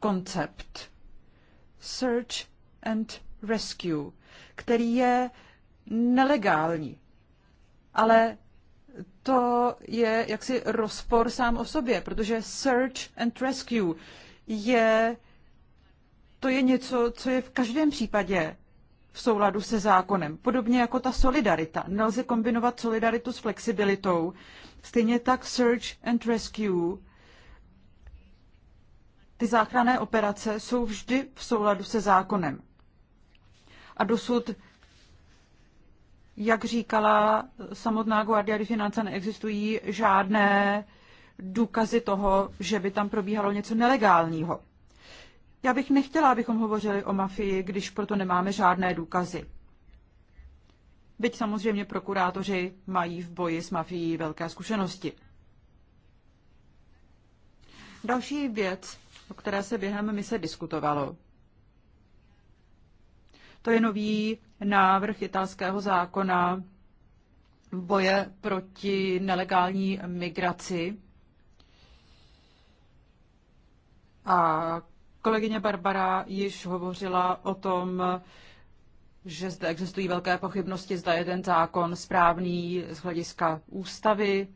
koncept. Search and rescue který je nelegální. Ale to je jaksi rozpor sám o sobě, protože search and rescue je, to je něco, co je v každém případě v souladu se zákonem. Podobně jako ta solidarita. Nelze kombinovat solidaritu s flexibilitou. Stejně tak search and rescue. Ty záchranné operace jsou vždy v souladu se zákonem. A dosud, jak říkala samotná Guardia di Finance, neexistují žádné důkazy toho, že by tam probíhalo něco nelegálního. Já bych nechtěla, abychom hovořili o mafii, když proto nemáme žádné důkazy. Byť samozřejmě prokurátoři mají v boji s mafií velké zkušenosti. Další věc, o které se během mise diskutovalo, to je nový návrh italského zákona boje proti nelegální migraci. A kolegyně Barbara již hovořila o tom, že zde existují velké pochybnosti, zda je ten zákon správný z hlediska ústavy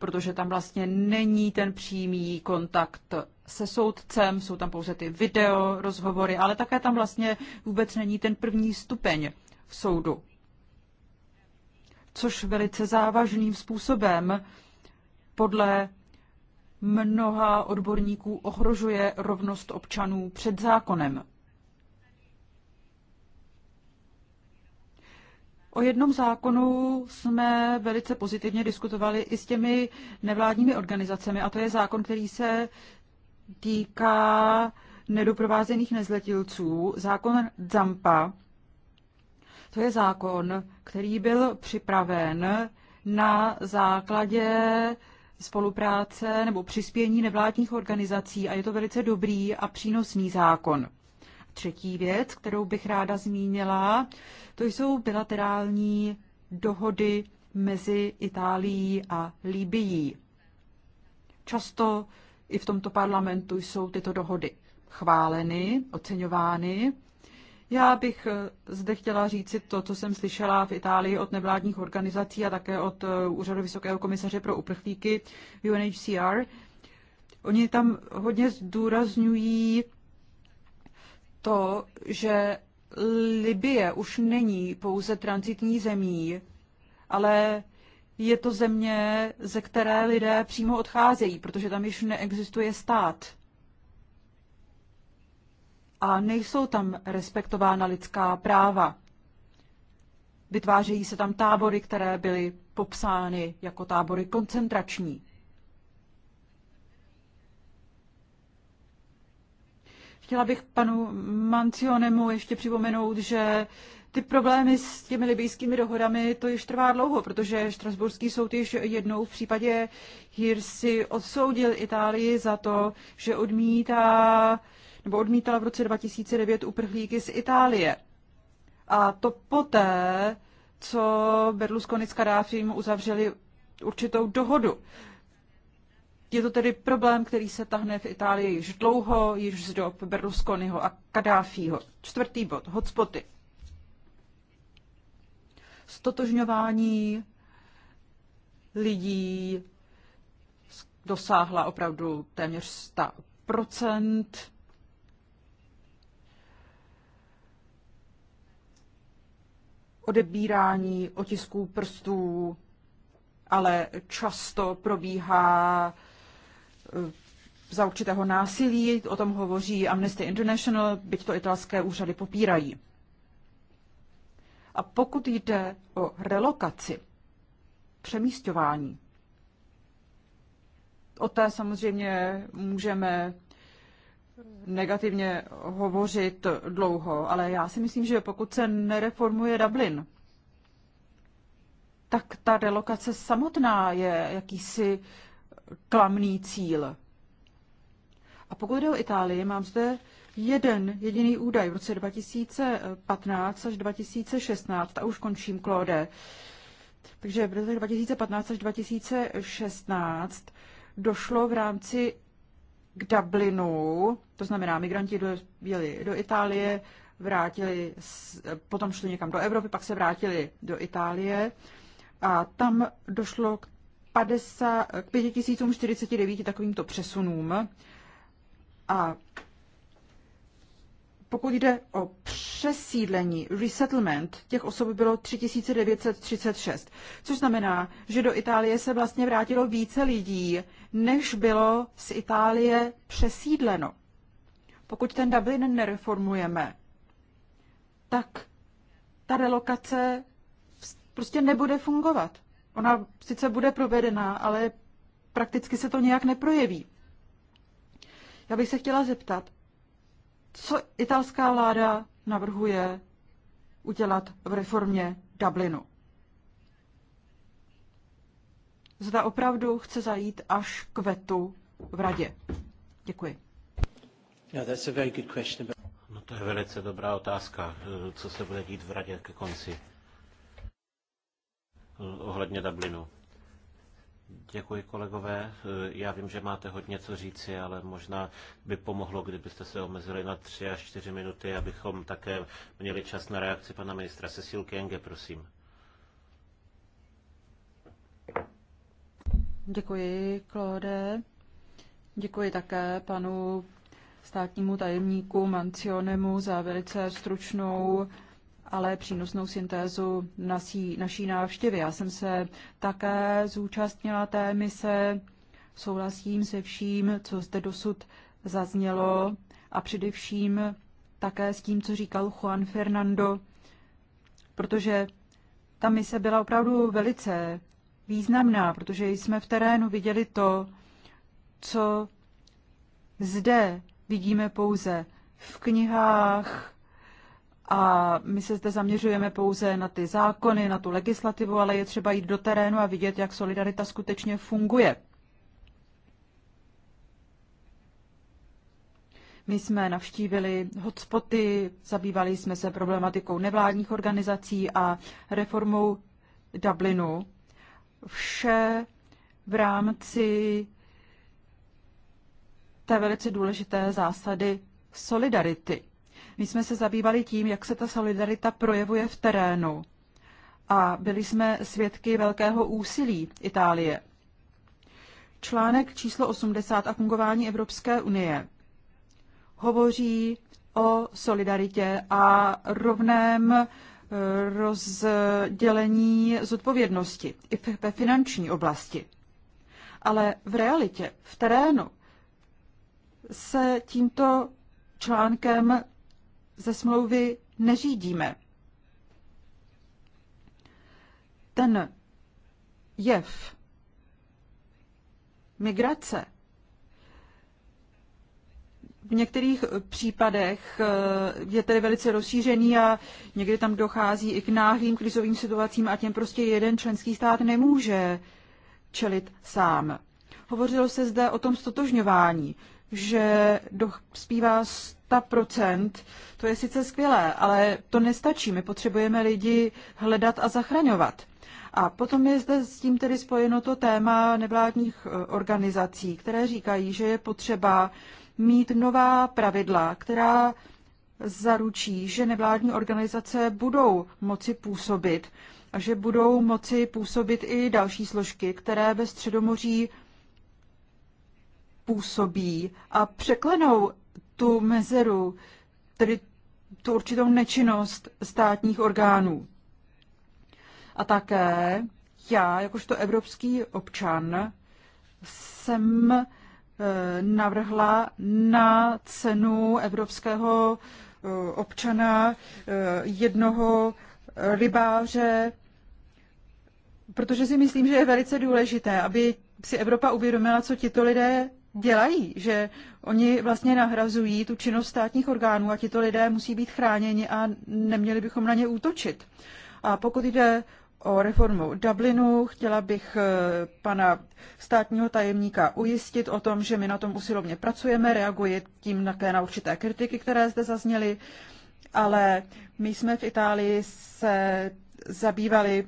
protože tam vlastně není ten přímý kontakt se soudcem, jsou tam pouze ty video rozhovory, ale také tam vlastně vůbec není ten první stupeň v soudu. Což velice závažným způsobem podle mnoha odborníků ohrožuje rovnost občanů před zákonem. O jednom zákonu jsme velice pozitivně diskutovali i s těmi nevládními organizacemi, a to je zákon, který se týká nedoprovázených nezletilců, zákon ZAMPA. To je zákon, který byl připraven na základě spolupráce nebo přispění nevládních organizací a je to velice dobrý a přínosný zákon. Třetí věc, kterou bych ráda zmínila, to jsou bilaterální dohody mezi Itálií a Líbií. Často i v tomto parlamentu jsou tyto dohody chváleny, oceňovány. Já bych eh, zde chtěla říci to, co jsem slyšela v Itálii od nevládních organizací a také od eh, Úřadu Vysokého komisaře pro uprchlíky UNHCR. Oni tam hodně zdůrazňují to, že Libie už není pouze transitní zemí, ale je to země, ze které lidé přímo odcházejí, protože tam již neexistuje stát. A nejsou tam respektována lidská práva. Vytvářejí se tam tábory, které byly popsány jako tábory koncentrační. Chtěla bych panu Mancionemu ještě připomenout, že ty problémy s těmi libijskými dohodami, to již trvá dlouho, protože Štrasburský soud již jednou v případě Hirsi odsoudil Itálii za to, že odmítá nebo odmítala v roce 2009 uprchlíky z Itálie. A to poté, co Berlusconi s Kadáfím uzavřeli určitou dohodu. Je to tedy problém, který se tahne v Itálii již dlouho, již z dob Berlusconiho a Kadáfího. Čtvrtý bod, hotspoty. Stotožňování lidí dosáhla opravdu téměř 100 Odebírání otisků prstů ale často probíhá Eh, za určitého násilí, o tom hovoří Amnesty International, byť to italské úřady popírají. A pokud jde o relokaci, přemístování, o té samozřejmě můžeme negativně hovořit dlouho, ale já si myslím, že pokud se nereformuje Dublin, tak ta relokace samotná je jakýsi klamný cíl. A pokud jde o Itálii, mám zde jeden jediný údaj v roce 2015 až 2016, a už končím, Klode. Takže v roce 2015 až 2016 došlo v rámci k Dublinu, to znamená, migranti dojeli do Itálie, vrátili, potom šli někam do Evropy, pak se vrátili do Itálie a tam došlo k 50, k 5049 takovýmto přesunům. A pokud jde o přesídlení, resettlement, těch osob bylo 3936, což znamená, že do Itálie se vlastně vrátilo více lidí, než bylo z Itálie přesídleno. Pokud ten Dublin nereformujeme, tak ta relokace prostě nebude fungovat ona sice bude provedena, ale prakticky se to nějak neprojeví. Já bych se chtěla zeptat, co italská vláda navrhuje udělat v reformě Dublinu? Zda opravdu chce zajít až k vetu v radě. Děkuji. that's a very good question. no to je velice dobrá otázka, co se bude dít v radě ke konci ohledně Dublinu. Děkuji, kolegové. Já vím, že máte hodně co říci, ale možná by pomohlo, kdybyste se omezili na tři až čtyři minuty, abychom také měli čas na reakci pana ministra. Cecil Kenge, prosím. Děkuji, Claude. Děkuji také panu státnímu tajemníku Mancionemu za velice stručnou ale přínosnou syntézu naší, naší návštěvy. Já jsem se také zúčastnila té mise, souhlasím se vším, co zde dosud zaznělo a především také s tím, co říkal Juan Fernando, protože ta mise byla opravdu velice významná, protože jsme v terénu viděli to, co zde vidíme pouze v knihách, a my se zde zaměřujeme pouze na ty zákony, na tu legislativu, ale je třeba jít do terénu a vidět, jak solidarita skutečně funguje. My jsme navštívili hotspoty, zabývali jsme se problematikou nevládních organizací a reformou Dublinu. Vše v rámci té velice důležité zásady solidarity. My jsme se zabývali tím, jak se ta solidarita projevuje v terénu. A byli jsme svědky velkého úsilí Itálie. Článek číslo 80 a fungování Evropské unie hovoří o solidaritě a rovném eh, rozdělení zodpovědnosti i ve finanční oblasti. Ale v realitě, v terénu, se tímto článkem ze smlouvy neřídíme. Ten jev migrace v některých případech eh, je tedy velice rozšířený a někdy tam dochází i k náhlým krizovým situacím a těm prostě jeden členský stát nemůže čelit sám. Hovořilo se zde o tom stotožňování že dospívá 100%. To je sice skvělé, ale to nestačí. My potřebujeme lidi hledat a zachraňovat. A potom je zde s tím tedy spojeno to téma nevládních e, organizací, které říkají, že je potřeba mít nová pravidla, která zaručí, že nevládní organizace budou moci působit a že budou moci působit i další složky, které ve Středomoří způsobí a překlenou tu mezeru, tedy tu určitou nečinnost státních orgánů. A také já, jakožto evropský občan, jsem eh, navrhla na cenu evropského eh, občana eh, jednoho rybáře, protože si myslím, že je velice důležité, aby si Evropa uvědomila, co tito lidé dělají, že oni vlastně nahrazují tu činnost státních orgánů a tito lidé musí být chráněni a neměli bychom na ně útočit. A pokud jde o reformu Dublinu, chtěla bych eh, pana státního tajemníka ujistit o tom, že my na tom usilovně pracujeme, reaguje tím také na určité kritiky, které zde zazněly, ale my jsme v Itálii se zabývali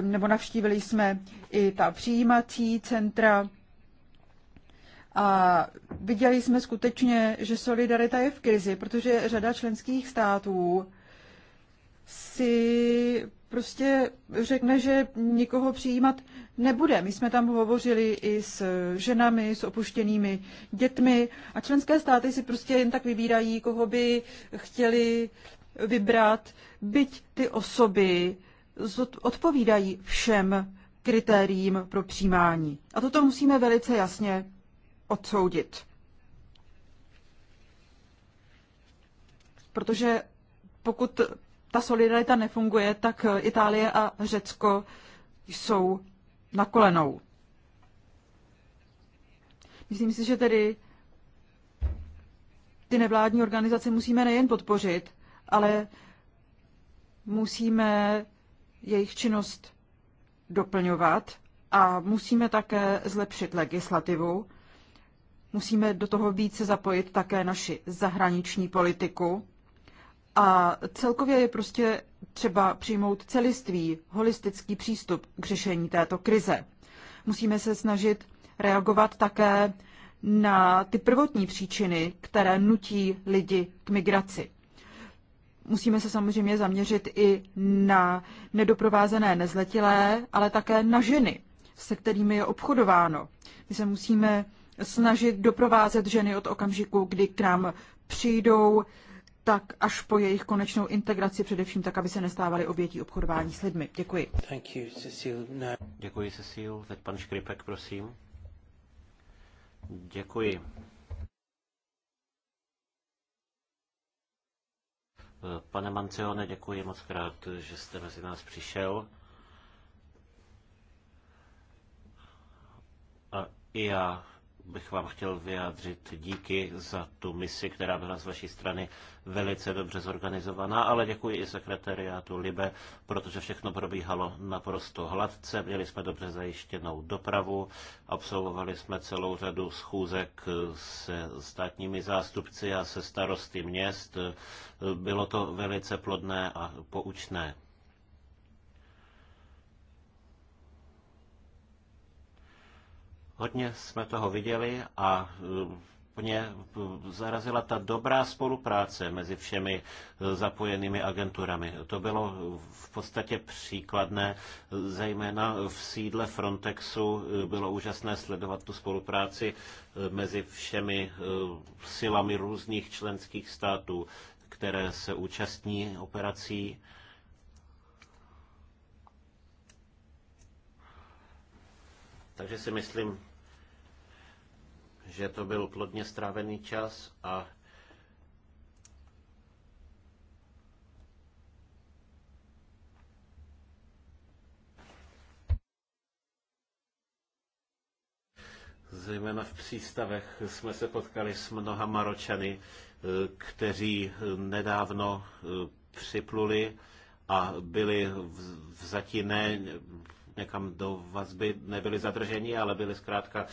nebo navštívili jsme i ta přijímací centra a viděli jsme skutečně, že solidarita je v krizi, protože řada členských států si prostě řekne, že nikoho přijímat nebude. My jsme tam hovořili i s ženami, s opuštěnými dětmi a členské státy si prostě jen tak vybírají, koho by chtěli vybrat, byť ty osoby odpovídají všem kritériím pro přijímání. A toto musíme velice jasně odsoudit. Protože pokud ta solidarita nefunguje, tak Itálie a Řecko jsou na kolenou. Myslím si, že tedy ty nevládní organizace musíme nejen podpořit, ale musíme jejich činnost doplňovat a musíme také zlepšit legislativu, Musíme do toho více zapojit také naši zahraniční politiku. A celkově je prostě třeba přijmout celistvý, holistický přístup k řešení této krize. Musíme se snažit reagovat také na ty prvotní příčiny, které nutí lidi k migraci. Musíme se samozřejmě zaměřit i na nedoprovázené nezletilé, ale také na ženy, se kterými je obchodováno. My se musíme snažit doprovázet ženy od okamžiku, kdy k nám přijdou, tak až po jejich konečnou integraci, především tak, aby se nestávaly obětí obchodování s lidmi. Děkuji. Thank you, Cecil. No. Děkuji, Cecil. Teď pan Škripek, prosím. Děkuji. Pane Mancione, děkuji moc krát, že jste mezi nás přišel. A já bych vám chtěl vyjádřit díky za tu misi, která byla z vaší strany velice dobře zorganizovaná, ale děkuji i sekretariátu Libe, protože všechno probíhalo naprosto hladce, měli jsme dobře zajištěnou dopravu, absolvovali jsme celou řadu schůzek se státními zástupci a se starosty měst. Bylo to velice plodné a poučné. Hodně jsme toho viděli a eh, mě zarazila ta dobrá spolupráce mezi všemi eh, zapojenými agenturami. To bylo v podstatě příkladné, eh, zejména v sídle Frontexu bylo úžasné sledovat tu spolupráci mezi všemi silami různých členských států, které se účastní operací. Takže si myslím, že to byl plodně strávený čas a zejména v přístavech jsme se potkali s mnoha Maročany, eh, kteří nedávno eh, připluli a byli vzati ne někam do vazby, nebyli zadrženi, ale byli zkrátka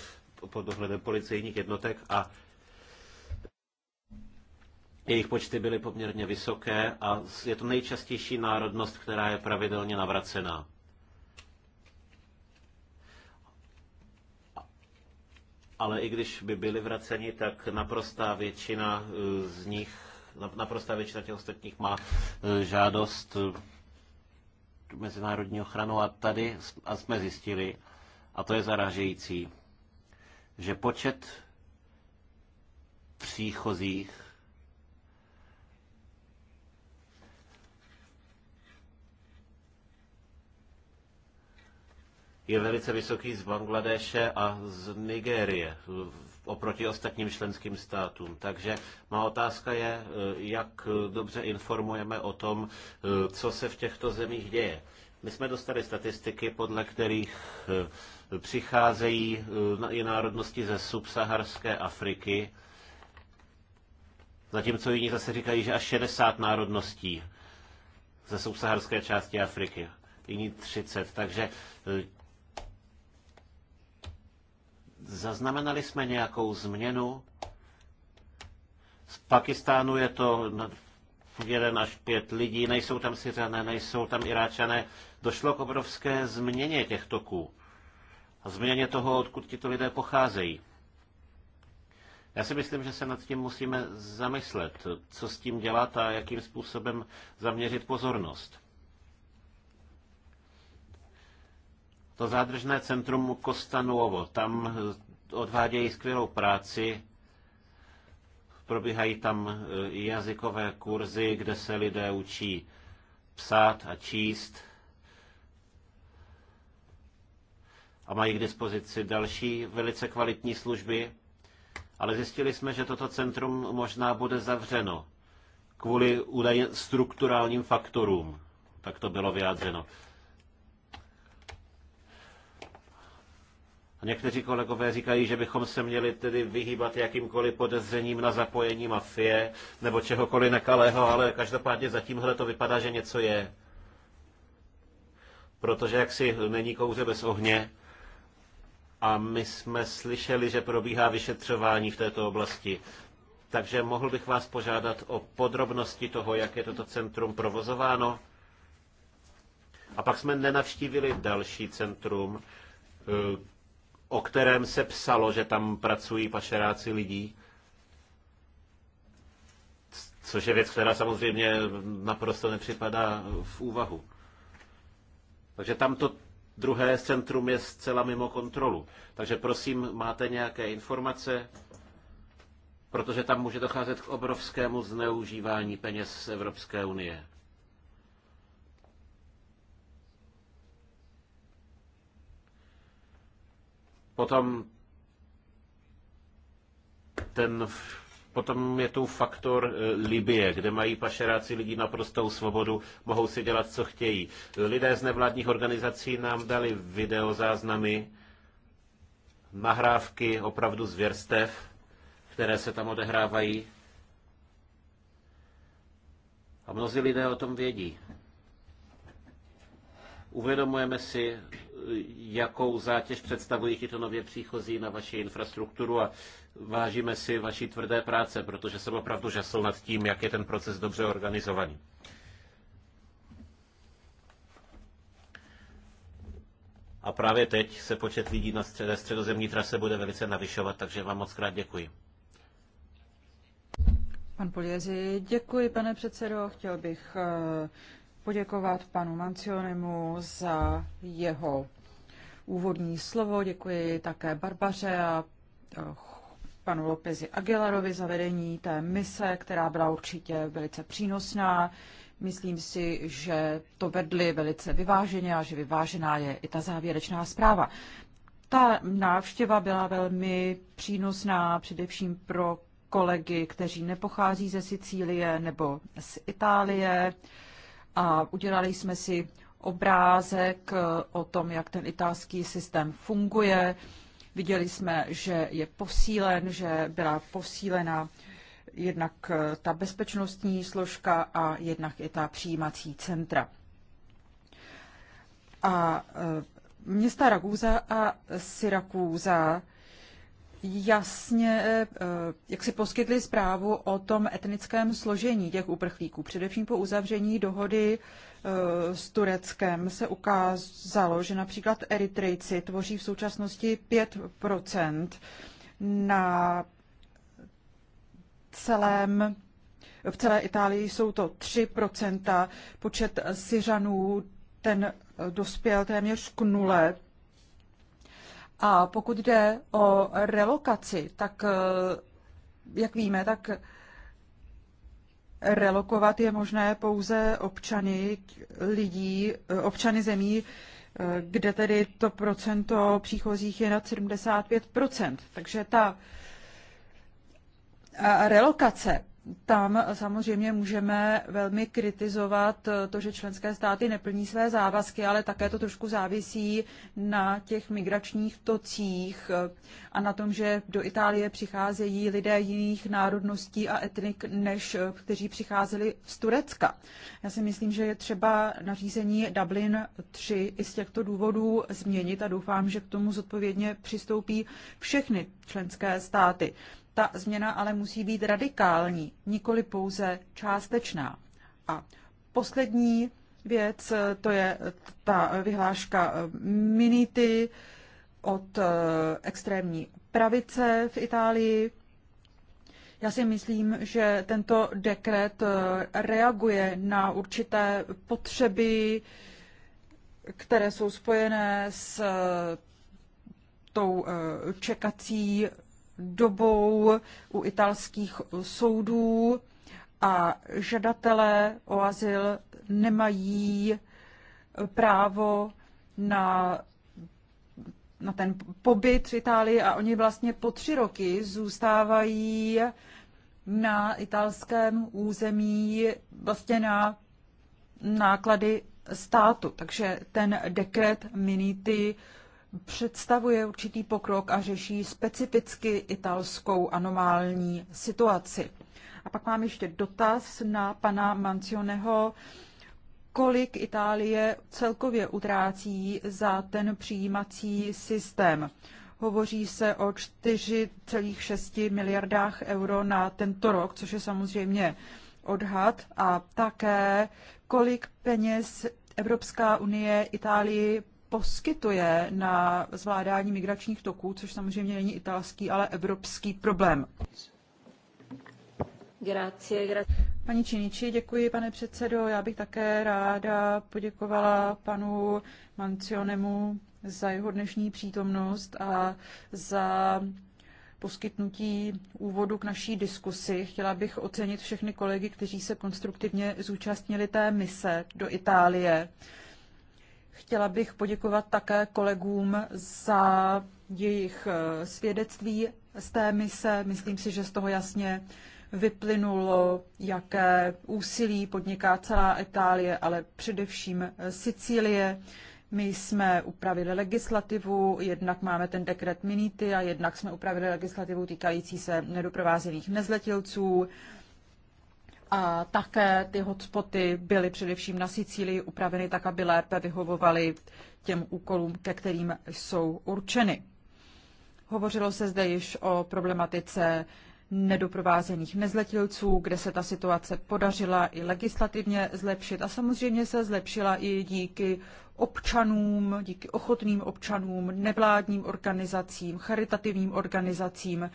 pod dohledem policejních jednotek a jejich počty byly poměrně vysoké a je to nejčastější národnost, která je pravidelně navracená. Ale i když by byli vraceni, tak naprostá většina eh, z nich, naprostá většina těch ostatních má eh, žádost eh, mezinárodní ochranu a tady a jsme zjistili, a to je zaražející, že počet příchozích je velice vysoký z Bangladeše a z Nigérie oproti ostatním členským státům. Takže má otázka je, jak dobře informujeme o tom, co se v těchto zemích děje. My jsme dostali statistiky, podle kterých Přicházejí eh, i národnosti ze subsaharské Afriky, zatímco jiní zase říkají, že až 60 národností ze subsaharské části Afriky, jiní 30. Takže eh, zaznamenali jsme nějakou změnu. Z Pakistánu je to jeden až pět lidí, nejsou tam Syřané, nejsou tam Iráčané. Došlo k obrovské změně těch toků změně toho, odkud to lidé pocházejí. Já si myslím, že se nad tím musíme zamyslet, co s tím dělat a jakým způsobem zaměřit pozornost. To zádržné centrum Kostanuovo, tam eh, odvádějí skvělou práci, probíhají tam eh, jazykové kurzy, kde se lidé učí psát a číst. a mají k dispozici další velice kvalitní služby, ale zjistili jsme, že toto centrum možná bude zavřeno kvůli údajně strukturálním faktorům. Tak to bylo vyjádřeno. A někteří kolegové říkají, že bychom se měli tedy vyhýbat jakýmkoliv podezřením na zapojení mafie nebo čehokoliv nekalého, ale každopádně zatímhle to vypadá, že něco je. Protože jaksi není kouře bez ohně a my jsme slyšeli, že probíhá vyšetřování v této oblasti. Takže mohl bych vás požádat o podrobnosti toho, jak je toto centrum provozováno. A pak jsme nenavštívili další centrum, eh, o kterém se psalo, že tam pracují pašeráci lidí. Což je věc, která samozřejmě naprosto nepřipadá v úvahu. Takže tam to druhé centrum je zcela mimo kontrolu. Takže prosím, máte nějaké informace? Protože tam může docházet k obrovskému zneužívání peněz z Evropské unie. Potom ten Potom je tu faktor e, Libie, kde mají pašeráci lidí naprostou svobodu, mohou si dělat, co chtějí. Lidé z nevládních organizací nám dali videozáznamy, nahrávky opravdu zvěrstev, které se tam odehrávají. A mnozí lidé o tom vědí. Uvědomujeme si, jakou zátěž představují tyto nově příchozí na vaši infrastrukturu a vážíme si vaší tvrdé práce, protože jsem opravdu žasl nad tím, jak je ten proces dobře organizovaný. A právě teď se počet lidí na střed, středozemní trase bude velice navyšovat, takže vám moc krát děkuji. Pan Poljeři, děkuji, pane předsedo. Chtěl bych eh, poděkovat panu Mancionemu za jeho úvodní slovo. Děkuji také Barbaře a panu Lopezi Aguilarovi za vedení té mise, která byla určitě velice přínosná. Myslím si, že to vedli velice vyváženě a že vyvážená je i ta závěrečná zpráva. Ta návštěva byla velmi přínosná především pro kolegy, kteří nepochází ze Sicílie nebo z Itálie a udělali jsme si obrázek eh, o tom, jak ten italský systém funguje. Viděli jsme, že je posílen, že byla posílena jednak eh, ta bezpečnostní složka a jednak i ta přijímací centra. A eh, města Ragusa a Syrakusa jasně, eh, eh, jak si poskytli zprávu o tom etnickém složení těch uprchlíků. Především po uzavření dohody eh, s Tureckem se ukázalo, že například Eritrejci tvoří v současnosti 5 na celém v celé Itálii jsou to 3 Počet Syřanů ten dospěl téměř k nule. A pokud jde o relokaci, tak eh, jak víme, tak relokovat je možné pouze občany lidí, eh, občany zemí, eh, kde tedy to procento příchozích je nad 75%. Takže ta relokace tam samozřejmě můžeme velmi kritizovat to, že členské státy neplní své závazky, ale také to trošku závisí na těch migračních tocích a na tom, že do Itálie přicházejí lidé jiných národností a etnik, než kteří přicházeli z Turecka. Já si myslím, že je třeba nařízení Dublin 3 i z těchto důvodů změnit a doufám, že k tomu zodpovědně přistoupí všechny členské státy. Ta změna ale musí být radikální, nikoli pouze částečná. A poslední věc, to je ta vyhláška Minity od eh, extrémní pravice v Itálii. Já si myslím, že tento dekret eh, reaguje na určité potřeby, které jsou spojené s eh, tou čekací dobou u italských soudů a žadatelé o azyl nemají právo na, na ten pobyt v Itálii a oni vlastně po tři roky zůstávají na italském území vlastně na náklady státu. Takže ten dekret Minity představuje určitý pokrok a řeší specificky italskou anomální situaci. A pak mám ještě dotaz na pana Mancioneho, kolik Itálie celkově utrácí za ten přijímací systém. Hovoří se o 4,6 miliardách euro na tento rok, což je samozřejmě odhad, a také kolik peněz Evropská unie Itálii poskytuje na zvládání migračních toků, což samozřejmě není italský, ale evropský problém. Grazie, grazie. Pani Činiči, děkuji, pane předsedo. Já bych také ráda poděkovala panu Mancionemu za jeho dnešní přítomnost a za poskytnutí úvodu k naší diskusi. Chtěla bych ocenit všechny kolegy, kteří se konstruktivně zúčastnili té mise do Itálie. Chtěla bych poděkovat také kolegům za jejich eh, svědectví z té mise. Myslím si, že z toho jasně vyplynulo, jaké úsilí podniká celá Itálie, ale především eh, Sicílie. My jsme upravili legislativu, jednak máme ten dekret Minity a jednak jsme upravili legislativu týkající se nedoprovázených nezletilců. A také ty hotspoty byly především na Sicílii upraveny tak, aby lépe vyhovovaly těm úkolům, ke kterým jsou určeny. Hovořilo se zde již o problematice nedoprovázených nezletilců, kde se ta situace podařila i legislativně zlepšit a samozřejmě se zlepšila i díky občanům, díky ochotným občanům, nevládním organizacím, charitativním organizacím,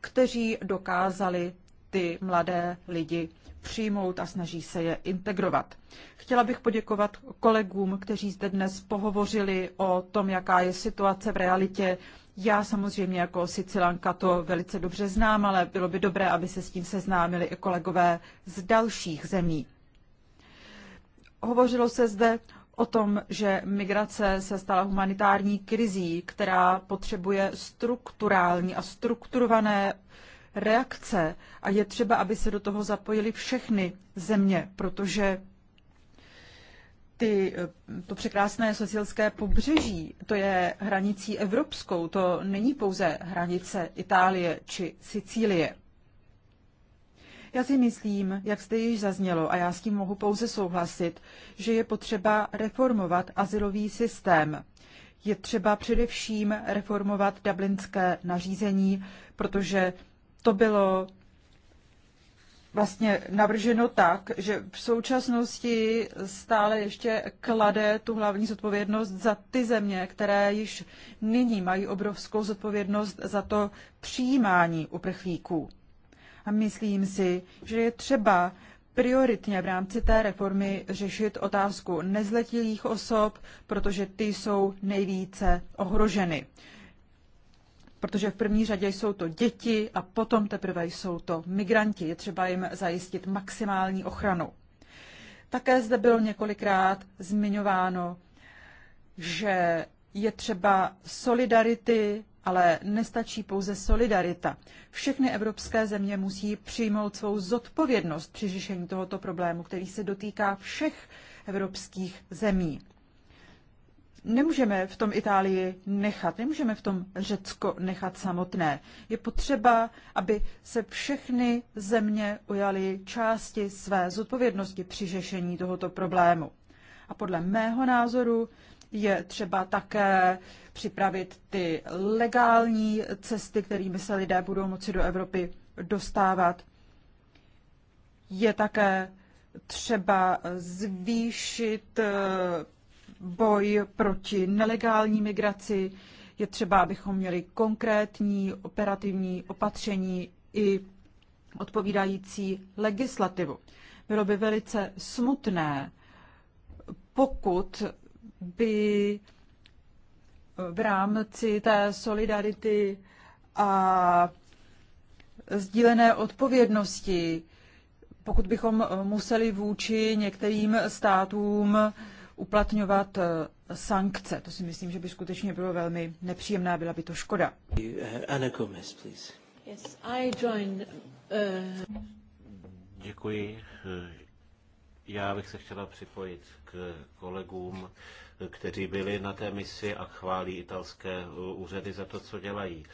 kteří dokázali ty mladé lidi přijmout a snaží se je integrovat. Chtěla bych poděkovat kolegům, kteří zde dnes pohovořili o tom, jaká je situace v realitě. Já samozřejmě jako Sicilanka to velice dobře znám, ale bylo by dobré, aby se s tím seznámili i kolegové z dalších zemí. Hovořilo se zde o tom, že migrace se stala humanitární krizí, která potřebuje strukturální a strukturované reakce a je třeba, aby se do toho zapojili všechny země, protože ty, to překrásné sosilské pobřeží, to je hranicí evropskou, to není pouze hranice Itálie či Sicílie. Já si myslím, jak jste již zaznělo, a já s tím mohu pouze souhlasit, že je potřeba reformovat asilový systém. Je třeba především reformovat dublinské nařízení, protože to bylo vlastně navrženo tak, že v současnosti stále ještě klade tu hlavní zodpovědnost za ty země, které již nyní mají obrovskou zodpovědnost za to přijímání uprchlíků. A myslím si, že je třeba prioritně v rámci té reformy řešit otázku nezletilých osob, protože ty jsou nejvíce ohroženy protože v první řadě jsou to děti a potom teprve jsou to migranti. Je třeba jim zajistit maximální ochranu. Také zde bylo několikrát zmiňováno, že je třeba solidarity, ale nestačí pouze solidarita. Všechny evropské země musí přijmout svou zodpovědnost při řešení tohoto problému, který se dotýká všech evropských zemí. Nemůžeme v tom Itálii nechat, nemůžeme v tom Řecko nechat samotné. Je potřeba, aby se všechny země ujaly části své zodpovědnosti při řešení tohoto problému. A podle mého názoru je třeba také připravit ty legální cesty, kterými se lidé budou moci do Evropy dostávat. Je také třeba zvýšit eh, boj proti nelegální migraci. Je třeba, abychom měli konkrétní operativní opatření i odpovídající legislativu. Bylo by velice smutné, pokud by v rámci té solidarity a sdílené odpovědnosti, pokud bychom museli vůči některým státům uplatňovat eh, sankce. To si myslím, že by skutečně bylo velmi nepříjemné byla by to škoda. Ana Gomez, please. Yes, I join, uh... Děkuji. Já bych se chtěla připojit k kolegům, kteří byli na té misi a chválí italské eh, úřady za to, co dělají.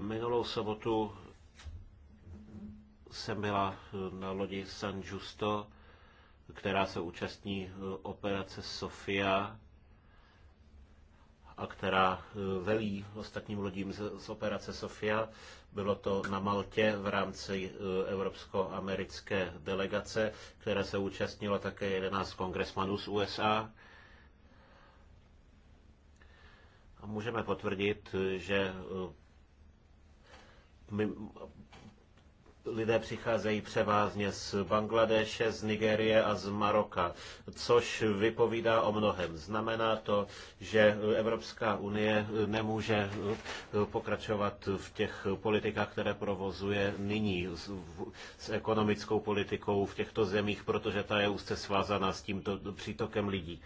Minulou sobotu jsem byla na lodi San Giusto která se účastní eh, operace Sofia a která eh, velí ostatním lodím z, operace Sofia. Bylo to na Maltě v rámci eh, evropsko-americké delegace, která se účastnila také 11 kongresmanů z USA. A můžeme potvrdit, že lidé přicházejí převážně z Bangladeše, z Nigérie a z Maroka, což vypovídá o mnohem. Znamená to, že Evropská unie nemůže pokračovat v těch politikách, které provozuje nyní s, ekonomickou politikou v těchto zemích, protože ta je úzce svázaná s tímto přítokem lidí.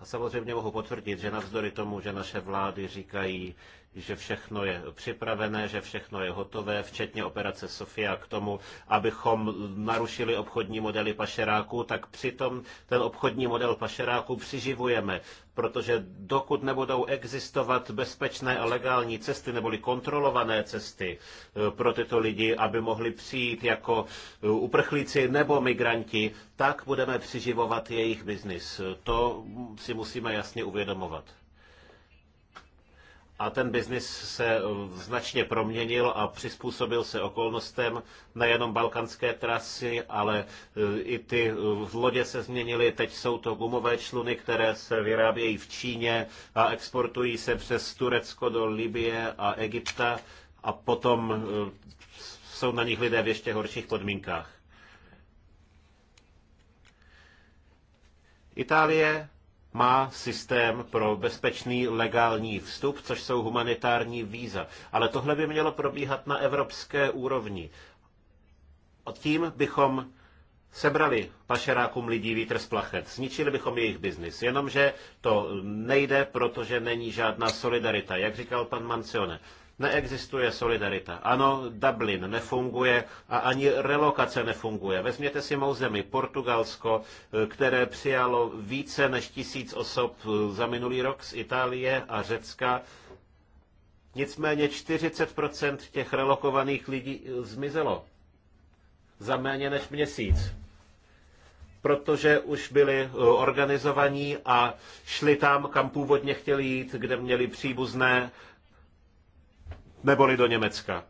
A samozřejmě mohu potvrdit, že navzdory tomu, že naše vlády říkají, že všechno je připravené, že všechno je hotové, včetně operace Sofia k tomu, abychom narušili obchodní modely pašeráků, tak přitom ten obchodní model pašeráků přiživujeme, protože dokud nebudou existovat bezpečné a legální cesty neboli kontrolované cesty eh, pro tyto lidi, aby mohli přijít jako eh, uprchlíci nebo migranti, tak budeme přiživovat jejich biznis. To si musíme jasně uvědomovat a ten biznis se eh, značně proměnil a přizpůsobil se okolnostem nejenom balkanské trasy, ale eh, i ty eh, lodě se změnily. Teď jsou to gumové čluny, které se vyrábějí v Číně a exportují se přes Turecko do Libie a Egypta a potom jsou na nich lidé v ještě horších podmínkách. Itálie má systém pro bezpečný legální vstup, což jsou humanitární víza. Ale tohle by mělo probíhat na evropské úrovni. O tím bychom sebrali pašerákům lidí vítr z plachet, zničili bychom jejich biznis. Jenomže to nejde, protože není žádná solidarita, jak říkal pan Mancione. Neexistuje solidarita. Ano, Dublin nefunguje a ani relokace nefunguje. Vezměte si mou zemi, Portugalsko, eh, které přijalo více než tisíc osob eh, za minulý rok z Itálie a Řecka. Nicméně 40% těch relokovaných lidí eh, zmizelo za méně než měsíc protože už byli organizovaní a šli tam, kam původně chtěli jít, kde měli příbuzné neboli do Německa.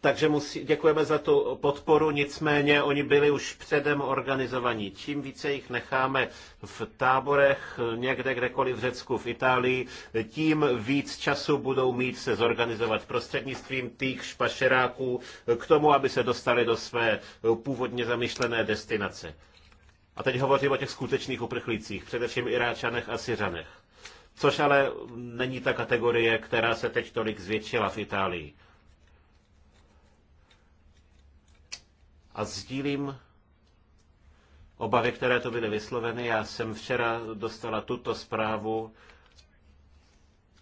Takže musí, děkujeme za tu podporu, nicméně oni byli už předem organizovaní. Čím více jich necháme v táborech, někde kdekoliv v Řecku, v Itálii, tím víc času budou mít se zorganizovat prostřednictvím těch špašeráků k tomu, aby se dostali do své původně zamýšlené destinace. A teď hovořím o těch skutečných uprchlících, především Iráčanech a Syřanech což ale není ta kategorie, která se teď tolik zvětšila v Itálii. A sdílím obavy, které to byly vysloveny. Já jsem včera dostala tuto zprávu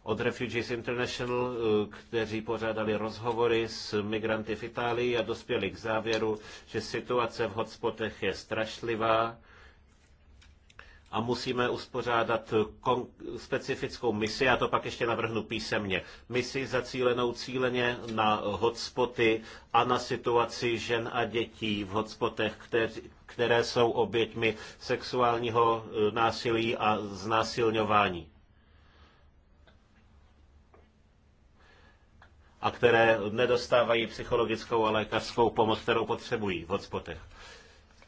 od Refugees International, kteří pořádali rozhovory s migranty v Itálii a dospěli k závěru, že situace v hotspotech je strašlivá a musíme uspořádat specifickou misi, a to pak ještě navrhnu písemně, misi zacílenou cíleně na hotspoty a na situaci žen a dětí v hotspotech, kteří které jsou oběťmi sexuálního eh, násilí a znásilňování. A které nedostávají psychologickou a lékařskou pomoc, kterou potřebují v hotspotech.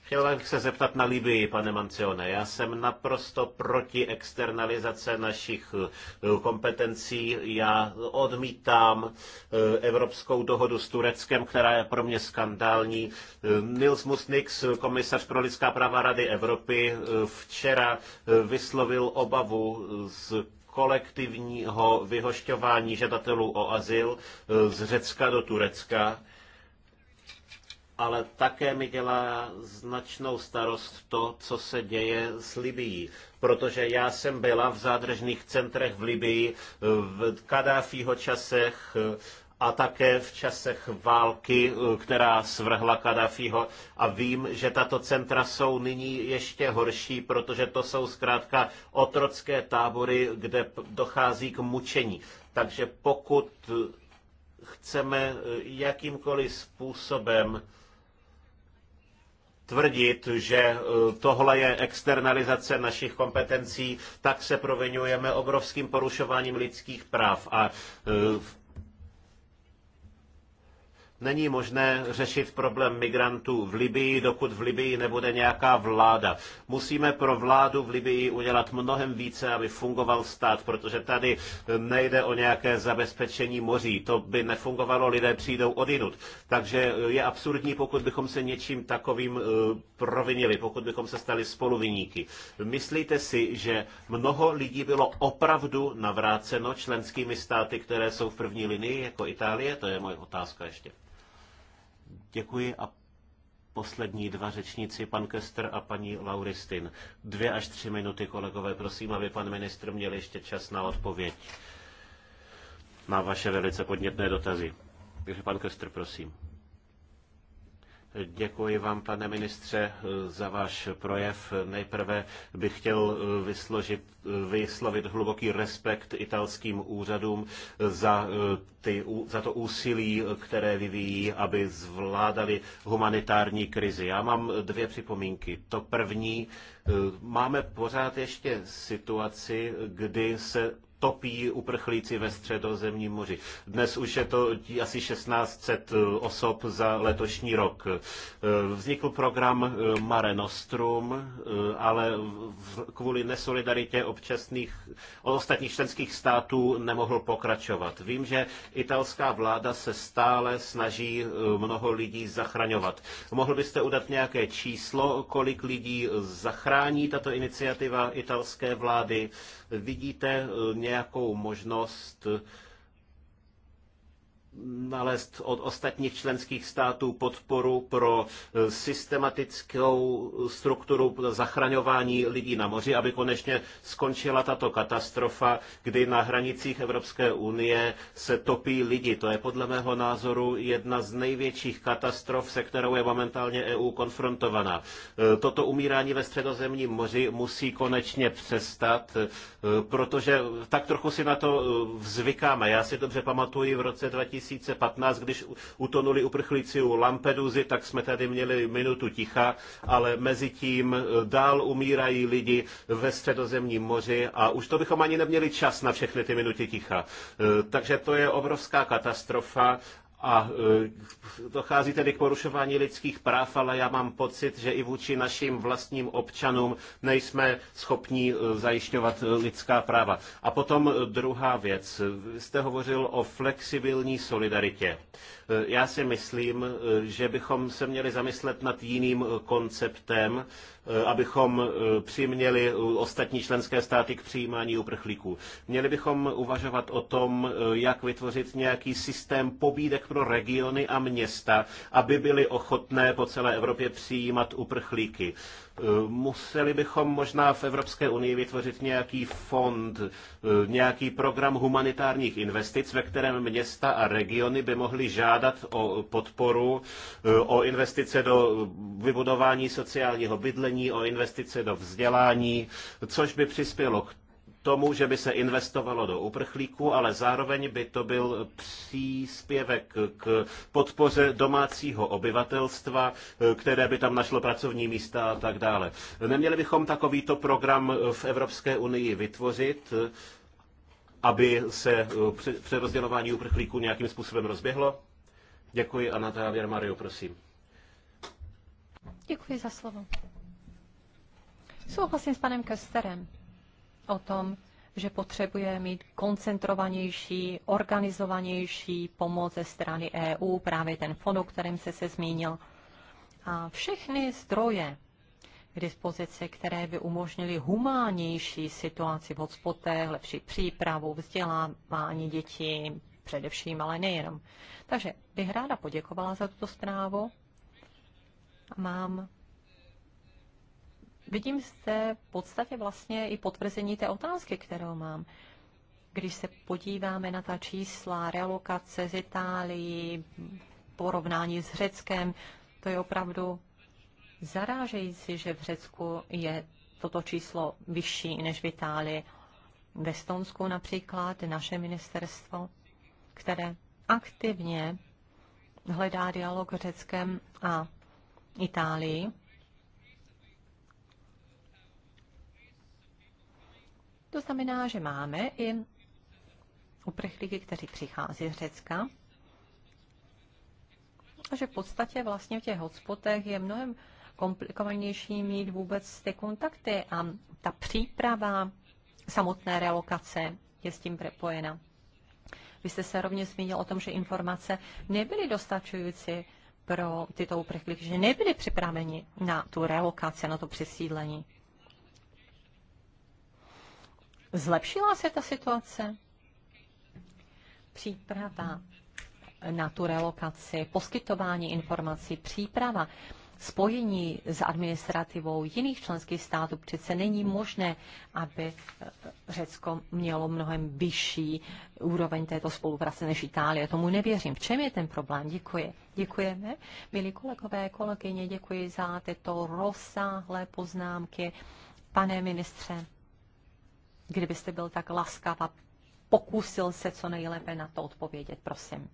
Chtěl bych se zeptat na Libii, pane Mancione. Já jsem naprosto proti externalizace našich eh, kompetencí. Já odmítám eh, Evropskou dohodu s Tureckem, která je pro mě skandální. Eh, Nils Musnix, komisař pro lidská práva Rady Evropy, včera vyslovil obavu z kolektivního vyhošťování žadatelů o azyl z Řecka do Turecka ale také mi dělá značnou starost to, co se děje s Libií. Protože já jsem byla v zádržných centrech v Libii v Kadáfího časech a také v časech války, která svrhla Kadáfího. A vím, že tato centra jsou nyní ještě horší, protože to jsou zkrátka otrocké tábory, kde dochází k mučení. Takže pokud chceme jakýmkoliv způsobem tvrdit, že eh, tohle je externalizace našich kompetencí, tak se provinujeme obrovským porušováním lidských práv. A eh, Není možné řešit problém migrantů v Libii, dokud v Libii nebude nějaká vláda. Musíme pro vládu v Libii udělat mnohem více, aby fungoval stát, protože tady nejde o nějaké zabezpečení moří. To by nefungovalo, lidé přijdou odinut. Takže je absurdní, pokud bychom se něčím takovým eh, provinili, pokud bychom se stali spoluviníky. Myslíte si, že mnoho lidí bylo opravdu navráceno členskými státy, které jsou v první linii, jako Itálie? To je moje otázka ještě. Děkuji a poslední dva řečníci, pan Kester a paní Lauristin. Dvě až tři minuty, kolegové, prosím, aby pan ministr měl ještě čas na odpověď na vaše velice podnětné dotazy. Takže pan Kester, prosím. Děkuji vám, pane ministře, za váš projev. Nejprve bych chtěl vysložit, vyslovit hluboký respekt italským úřadům za, ty, za to úsilí, které vyvíjí, aby zvládali humanitární krizi. Já mám dvě připomínky. To první, máme pořád ještě situaci, kdy se topí uprchlíci ve středozemním moři. Dnes už je to asi 1600 osob za letošní rok. Vznikl program eh, Mare Nostrum, eh, ale kvůli nesolidaritě občasných, ostatních členských států nemohl pokračovat. Vím, že italská vláda se stále snaží eh, mnoho lidí zachraňovat. Mohl byste udat nějaké číslo, kolik lidí zachrání tato iniciativa italské vlády? Vidíte e, nějakou možnost nalézt od ostatních členských států podporu pro eh, systematickou strukturu zachraňování lidí na moři, aby konečně skončila tato katastrofa, kdy na hranicích Evropské unie se topí lidi. To je podle mého názoru jedna z největších katastrof, se kterou je momentálně EU konfrontovaná. Eh, toto umírání ve středozemním moři musí konečně přestat, eh, protože tak trochu si na to vzvykáme. Já si dobře pamatuji v roce 2000 2015, když utonuli uprchlíci u Lampeduzy, tak jsme tady měli minutu ticha, ale mezi tím eh, dál umírají lidi ve středozemním moři a už to bychom ani neměli čas na všechny ty minuty ticha. Eh, takže to je obrovská katastrofa a e, dochází tedy k porušování lidských práv, ale já mám pocit, že i vůči našim vlastním občanům nejsme schopni e, zajišťovat e, lidská práva. A potom druhá věc. Vy jste hovořil o flexibilní solidaritě. Eh, já si myslím, eh, že bychom se měli zamyslet nad jiným eh, konceptem, abychom přiměli ostatní členské státy k přijímání uprchlíků. Měli bychom uvažovat o tom, jak vytvořit nějaký systém pobídek pro regiony a města, aby byly ochotné po celé Evropě přijímat uprchlíky. Museli bychom možná v Evropské unii vytvořit nějaký fond, nějaký program humanitárních investic, ve kterém města a regiony by mohly žádat žádat o podporu, eh, o investice do vybudování sociálního bydlení, o investice do vzdělání, což by přispělo k tomu, že by se investovalo do uprchlíků, ale zároveň by to byl příspěvek k podpoře domácího obyvatelstva, eh, které by tam našlo pracovní místa a tak dále. Neměli bychom takovýto program v Evropské unii vytvořit, eh, aby se přerozdělování uprchlíků nějakým způsobem rozběhlo? Děkuji a na závěr Mario, prosím. Děkuji za slovo. Souhlasím s panem Kösterem o tom, že potřebuje mít koncentrovanější, organizovanější pomoc ze strany EU, právě ten fond, o kterém se se zmínil. A všechny zdroje k dispozici, které by umožnily humánnější situaci v hotspotech, lepší přípravu, vzdělávání dětí, především, ale nejenom. Takže bych ráda poděkovala za tuto zprávu. Mám Vidím zde v podstatě vlastně i potvrzení té otázky, kterou mám. Když se podíváme na ta čísla, relokace z Itálii, porovnání s Řeckem, to je opravdu zarážející, že v Řecku je toto číslo vyšší než v Itálii. V Estonsku například naše ministerstvo které aktivně hledá dialog Řeckem a Itálii. To znamená, že máme i uprchlíky, kteří přichází z Řecka a že v podstatě vlastně v těch hotspotech je mnohem komplikovanější mít vůbec ty kontakty a ta příprava samotné relokace je s tím propojena. Vy jste se rovně zmínil o tom, že informace nebyly dostačující pro tyto uprchlíky, že nebyli připraveni na tu relokaci, na to přesídlení. Zlepšila se ta situace? Příprava na tu relokaci, poskytování informací, příprava spojení s administrativou jiných členských států přece není možné, aby eh, Řecko mělo mnohem vyšší úroveň této spolupráce než Itálie. Tomu nevěřím. V čem je ten problém? Děkuji. Děkujeme. Milí kolegové, kolegyně, děkuji za tyto rozsáhlé poznámky. Pane ministře, kdybyste byl tak laskav a pokusil se co nejlépe na to odpovědět, prosím.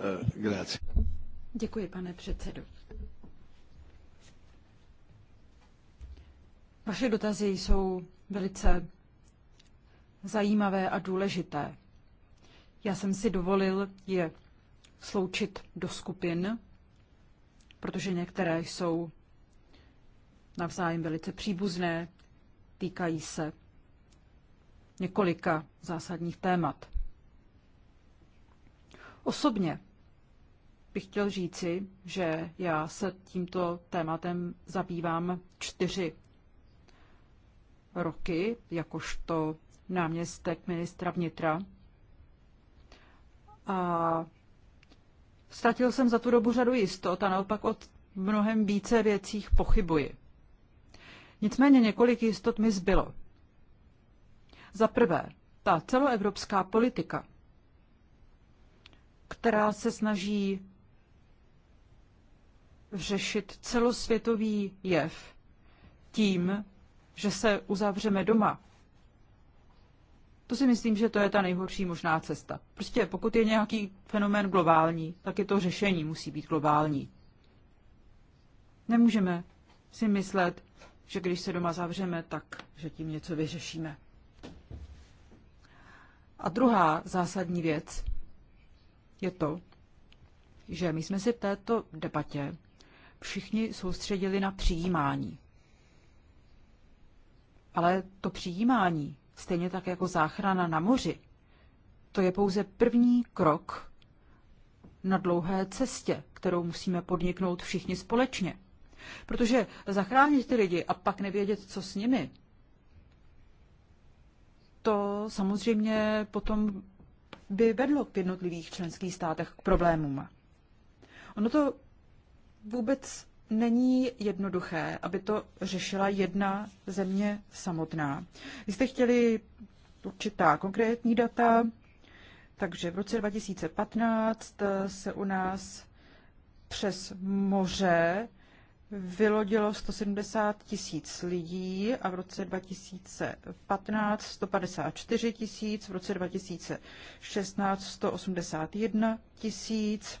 Eh, Děkuji, pane předsedo. Vaše dotazy jsou velice zajímavé a důležité. Já jsem si dovolil je sloučit do skupin, protože některé jsou navzájem velice příbuzné, týkají se několika zásadních témat. Osobně bych chtěl říci, že já se tímto tématem zabývám čtyři roky, jakožto náměstek ministra vnitra. A ztratil jsem za tu dobu řadu jistot a naopak od mnohem více věcích pochybuji. Nicméně několik jistot mi zbylo. Za prvé, ta celoevropská politika, která se snaží řešit celosvětový jev tím, že se uzavřeme doma. To si myslím, že to je ta nejhorší možná cesta. Prostě pokud je nějaký fenomén globální, tak je to řešení musí být globální. Nemůžeme si myslet, že když se doma zavřeme, tak že tím něco vyřešíme. A druhá zásadní věc je to, že my jsme si v této debatě všichni soustředili na přijímání. Ale to přijímání, stejně tak jako záchrana na moři, to je pouze první krok na dlouhé cestě, kterou musíme podniknout všichni společně. Protože zachránit ty lidi a pak nevědět, co s nimi, to samozřejmě potom by vedlo v jednotlivých členských státech k problémům. Ono to vůbec není jednoduché, aby to řešila jedna země samotná. Vy jste chtěli určitá konkrétní data, takže v roce 2015 eh, se u nás přes moře vylodilo 170 tisíc lidí a v roce 2015 154 tisíc, v roce 2016 181 tisíc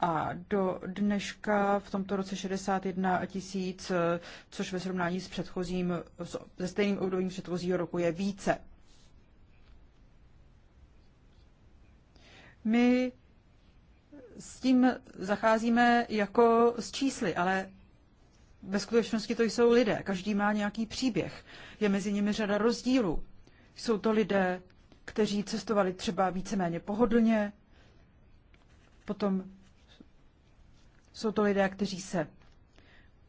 a do dneška v tomto roce 61 tisíc, což ve srovnání s předchozím, se stejným obdobím předchozího roku je více. My s tím zacházíme jako s čísly, ale ve skutečnosti to jsou lidé. Každý má nějaký příběh. Je mezi nimi řada rozdílů. Jsou to lidé, kteří cestovali třeba víceméně pohodlně, potom jsou to lidé, kteří se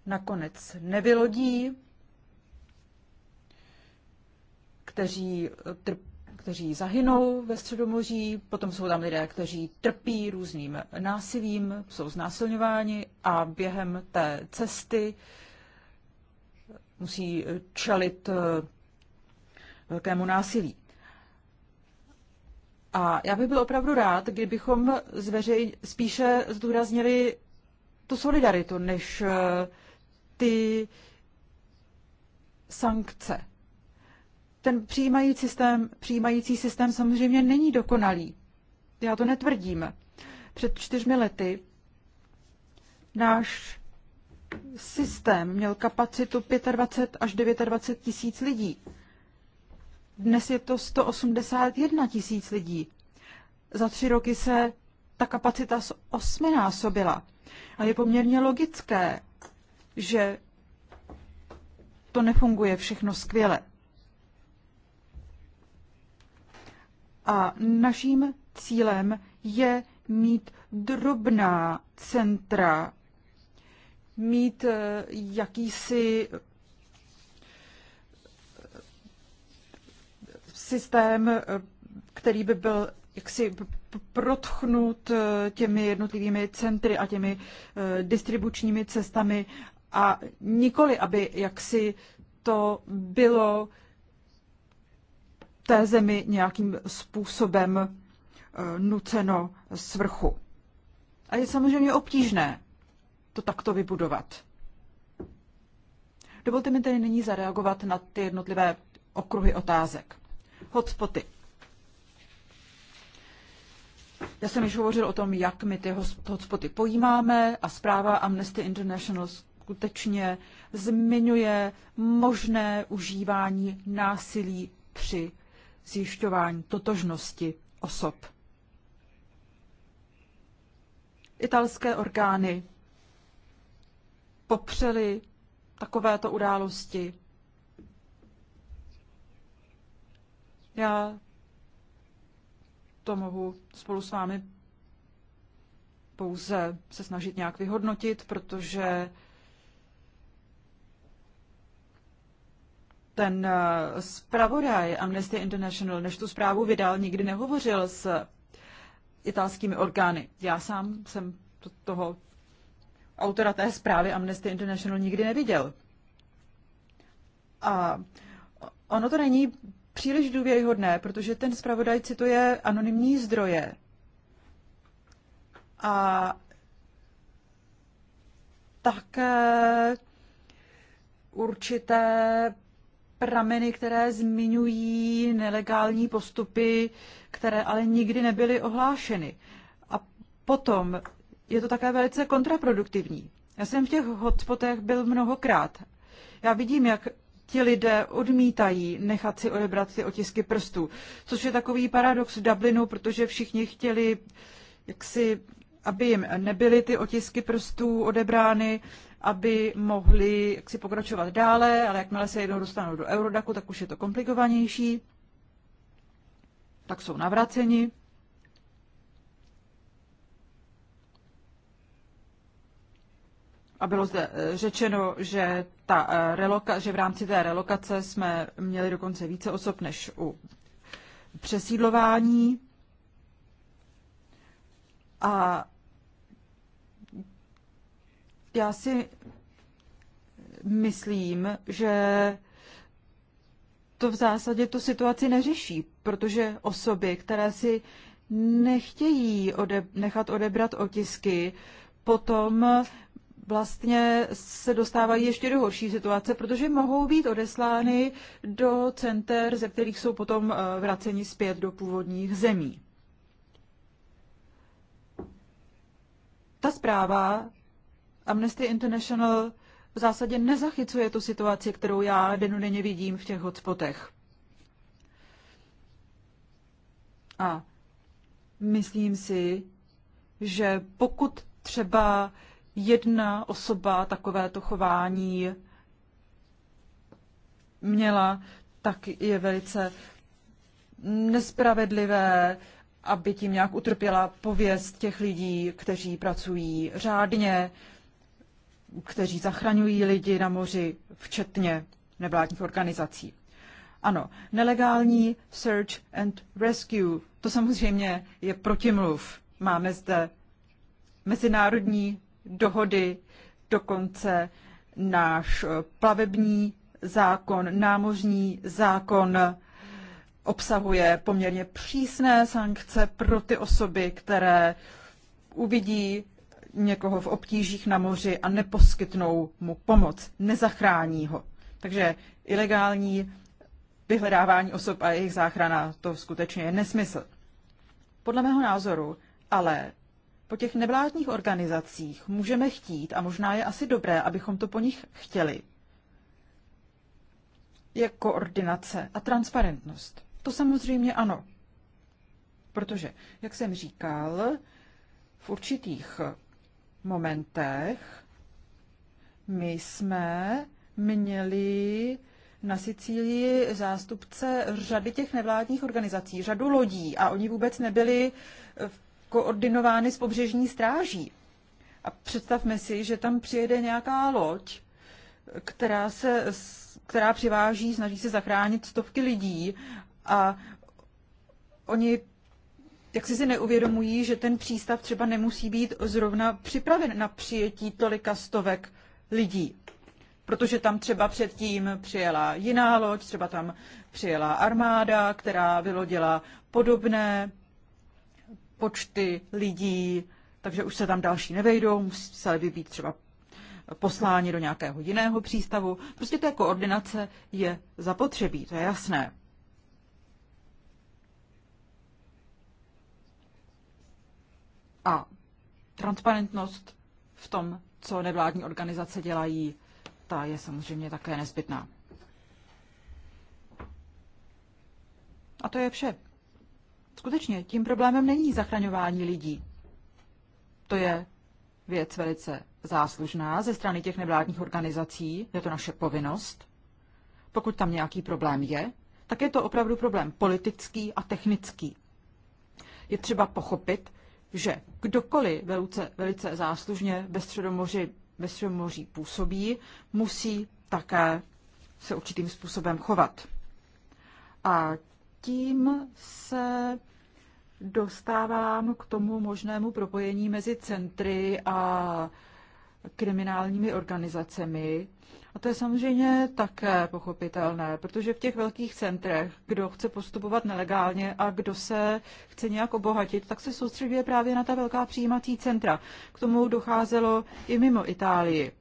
nakonec nevylodí, kteří, trp, kteří zahynou ve Středomoří, potom jsou tam lidé, kteří trpí různým násilím, jsou znásilňováni a během té cesty musí čelit eh, velkému násilí. A já bych byl opravdu rád, kdybychom zveřej, spíše zdůraznili tu solidaritu, než eh, ty sankce. Ten přijímající systém, přijímající systém samozřejmě není dokonalý. Já to netvrdím. Před čtyřmi lety náš systém měl kapacitu 25 až 29 tisíc lidí. Dnes je to 181 tisíc lidí. Za tři roky se ta kapacita osminásobila. A je poměrně logické, že to nefunguje všechno skvěle. A naším cílem je mít drobná centra, mít eh, jakýsi eh, systém, eh, který by byl jaksi protchnut eh, těmi jednotlivými centry a těmi eh, distribučními cestami a nikoli, aby jaksi to bylo té zemi nějakým způsobem eh, nuceno z vrchu. A je samozřejmě obtížné to takto vybudovat. Dovolte mi tedy nyní zareagovat na ty jednotlivé okruhy otázek. Hotspoty. Já jsem již hovořil o tom, jak my ty hotspoty pojímáme a zpráva Amnesty International skutečně zmiňuje možné užívání násilí při zjišťování totožnosti osob. Italské orgány popřely takovéto události. Já to mohu spolu s vámi pouze se snažit nějak vyhodnotit, protože ten eh, zpravodaj Amnesty International, než tu zprávu vydal, nikdy nehovořil s italskými orgány. Já sám jsem toho autora té zprávy Amnesty International nikdy neviděl. A ono to není příliš důvěryhodné, protože ten zpravodaj cituje anonymní zdroje. A také určité prameny, které zmiňují nelegální postupy, které ale nikdy nebyly ohlášeny. A potom je to také velice kontraproduktivní. Já jsem v těch hotspotech byl mnohokrát. Já vidím, jak ti lidé odmítají nechat si odebrat ty otisky prstů. Což je takový paradox v Dublinu, protože všichni chtěli jak si aby jim nebyly ty otisky prstů odebrány, aby mohli jak si pokračovat dále, ale jakmile se jednou dostanou do Eurodaku, tak už je to komplikovanější. Tak jsou navraceni. a bylo zde eh, řečeno, že, ta eh, reloka, že v rámci té relokace jsme měli dokonce více osob než u přesídlování. A já si myslím, že to v zásadě tu situaci neřeší, protože osoby, které si nechtějí ode, nechat odebrat otisky, potom vlastně se dostávají ještě do horší situace, protože mohou být odeslány do center, ze kterých jsou potom eh, vraceni zpět do původních zemí. Ta zpráva Amnesty International v zásadě nezachycuje tu situaci, kterou já denodenně vidím v těch hotspotech. A myslím si, že pokud třeba jedna osoba takovéto chování měla, tak je velice nespravedlivé, aby tím nějak utrpěla pověst těch lidí, kteří pracují řádně, kteří zachraňují lidi na moři, včetně nevládních organizací. Ano, nelegální search and rescue, to samozřejmě je protimluv. Máme zde mezinárodní dohody, dokonce náš eh, plavební zákon, námořní zákon eh, obsahuje poměrně přísné sankce pro ty osoby, které uvidí někoho v obtížích na moři a neposkytnou mu pomoc, nezachrání ho. Takže ilegální vyhledávání osob a jejich záchrana to skutečně je nesmysl. Podle mého názoru ale po těch nevládních organizacích můžeme chtít, a možná je asi dobré, abychom to po nich chtěli, je koordinace a transparentnost. To samozřejmě ano. Protože, jak jsem říkal, v určitých momentech my jsme měli na Sicílii zástupce řady těch nevládních organizací, řadu lodí a oni vůbec nebyli v koordinovány s pobřežní stráží. A představme si, že tam přijede nějaká loď, která, se, která přiváží, snaží se zachránit stovky lidí a oni jak si si neuvědomují, že ten přístav třeba nemusí být zrovna připraven na přijetí tolika stovek lidí. Protože tam třeba předtím přijela jiná loď, třeba tam přijela armáda, která vylodila podobné počty lidí, takže už se tam další nevejdou, museli by být třeba posláni do nějakého jiného přístavu. Prostě jako ordinace je zapotřebí, to je jasné. A transparentnost v tom, co nevládní organizace dělají, ta je samozřejmě také nezbytná. A to je vše skutečně tím problémem není zachraňování lidí. To je věc velice záslužná ze strany těch nevládních organizací, je to naše povinnost. Pokud tam nějaký problém je, tak je to opravdu problém politický a technický. Je třeba pochopit, že kdokoliv velice, velice záslužně ve Středomoři, ve Středomoří působí, musí také se určitým způsobem chovat. A tím se dostávám k tomu možnému propojení mezi centry a kriminálními organizacemi. A to je samozřejmě také pochopitelné, protože v těch velkých centrech, kdo chce postupovat nelegálně a kdo se chce nějak obohatit, tak se soustředuje právě na ta velká přijímací centra. K tomu docházelo i mimo Itálii.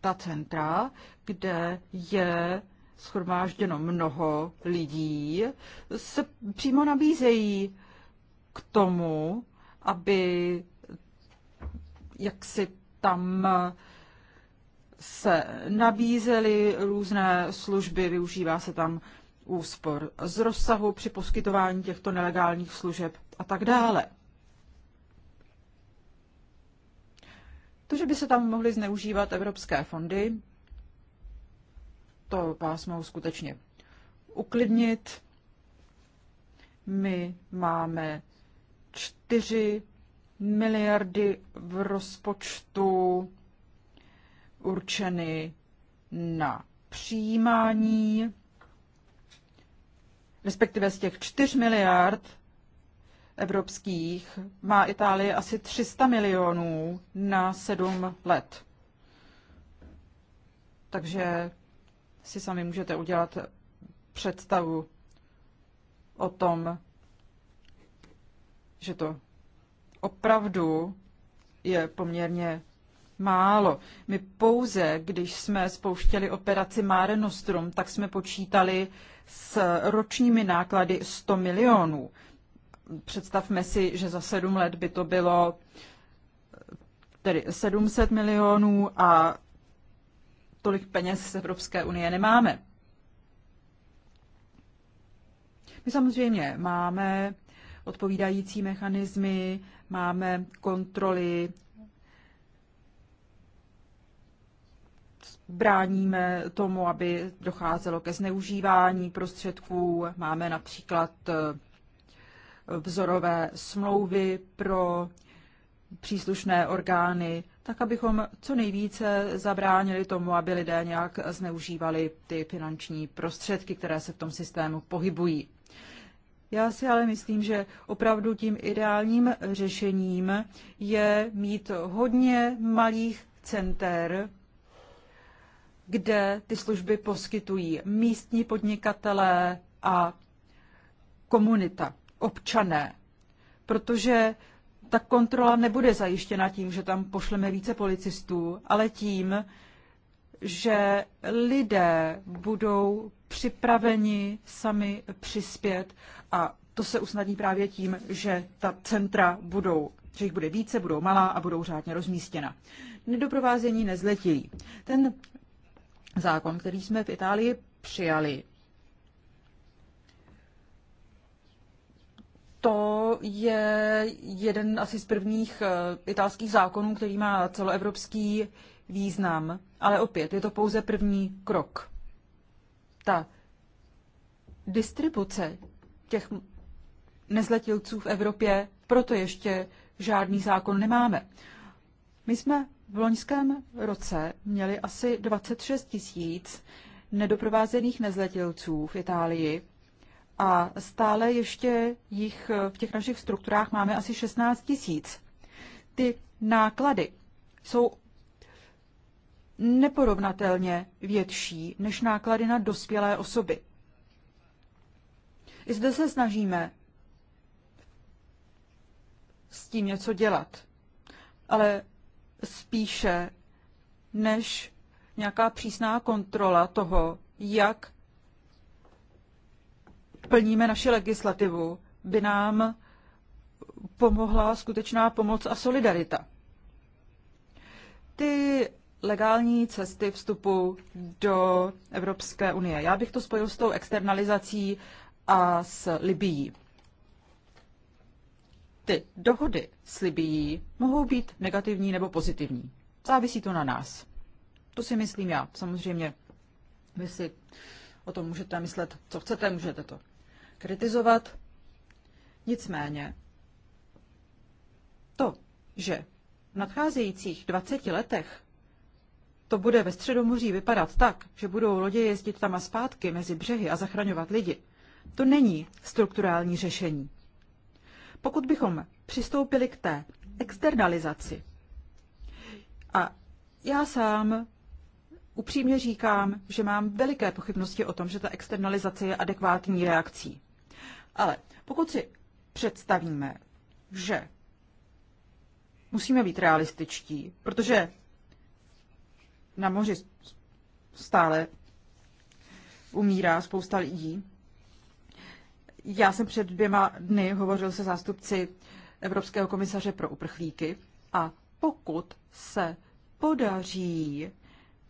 Ta centra, kde je schromážděno mnoho lidí, se přímo nabízejí k tomu, aby jak si tam se nabízely různé služby, využívá se tam úspor z rozsahu při poskytování těchto nelegálních služeb a tak dále. To, že by se tam mohly zneužívat evropské fondy, to pásmo skutečně uklidnit. My máme 4 miliardy v rozpočtu určeny na přijímání, respektive z těch 4 miliard evropských má Itálie asi 300 milionů na 7 let. Takže si sami můžete udělat představu o tom, že to opravdu je poměrně málo. My pouze, když jsme spouštěli operaci Mare Nostrum, tak jsme počítali s ročními náklady 100 milionů. Představme si, že za sedm let by to bylo tedy 700 milionů a tolik peněz z Evropské unie nemáme. My samozřejmě máme odpovídající mechanismy, máme kontroly, bráníme tomu, aby docházelo ke zneužívání prostředků. Máme například eh, vzorové smlouvy pro příslušné orgány tak abychom co nejvíce zabránili tomu, aby lidé nějak zneužívali ty finanční prostředky, které se v tom systému pohybují. Já si ale myslím, že opravdu tím ideálním řešením je mít hodně malých center, kde ty služby poskytují místní podnikatelé a komunita, občané. Protože ta kontrola nebude zajištěna tím, že tam pošleme více policistů, ale tím, že lidé budou připraveni sami přispět a to se usnadní právě tím, že ta centra budou, že jich bude více, budou malá a budou řádně rozmístěna. Nedoprovázení nezletilí. Ten zákon, který jsme v Itálii přijali, to je jeden asi z prvních eh, italských zákonů, který má celoevropský význam. Ale opět, je to pouze první krok. Ta distribuce těch nezletilců v Evropě, proto ještě žádný zákon nemáme. My jsme v loňském roce měli asi 26 tisíc nedoprovázených nezletilců v Itálii a stále ještě jich v těch našich strukturách máme asi 16 tisíc. Ty náklady jsou neporovnatelně větší než náklady na dospělé osoby. I zde se snažíme s tím něco dělat, ale spíše než nějaká přísná kontrola toho, jak plníme naši legislativu, by nám pomohla skutečná pomoc a solidarita. Ty legální cesty vstupu do Evropské unie. Já bych to spojil s tou externalizací a s Libií. Ty dohody s Libií mohou být negativní nebo pozitivní. Závisí to na nás. To si myslím já. Samozřejmě vy si o tom můžete myslet, co chcete, můžete to kritizovat. Nicméně to, že v nadcházejících 20 letech to bude ve Středomoří vypadat tak, že budou lodě jezdit tam a zpátky mezi břehy a zachraňovat lidi, to není strukturální řešení. Pokud bychom přistoupili k té externalizaci, a já sám upřímně říkám, že mám veliké pochybnosti o tom, že ta externalizace je adekvátní reakcí. Ale pokud si představíme, že musíme být realističtí, protože na moři stále umírá spousta lidí. Já jsem před dvěma dny hovořil se zástupci Evropského komisaře pro uprchlíky a pokud se podaří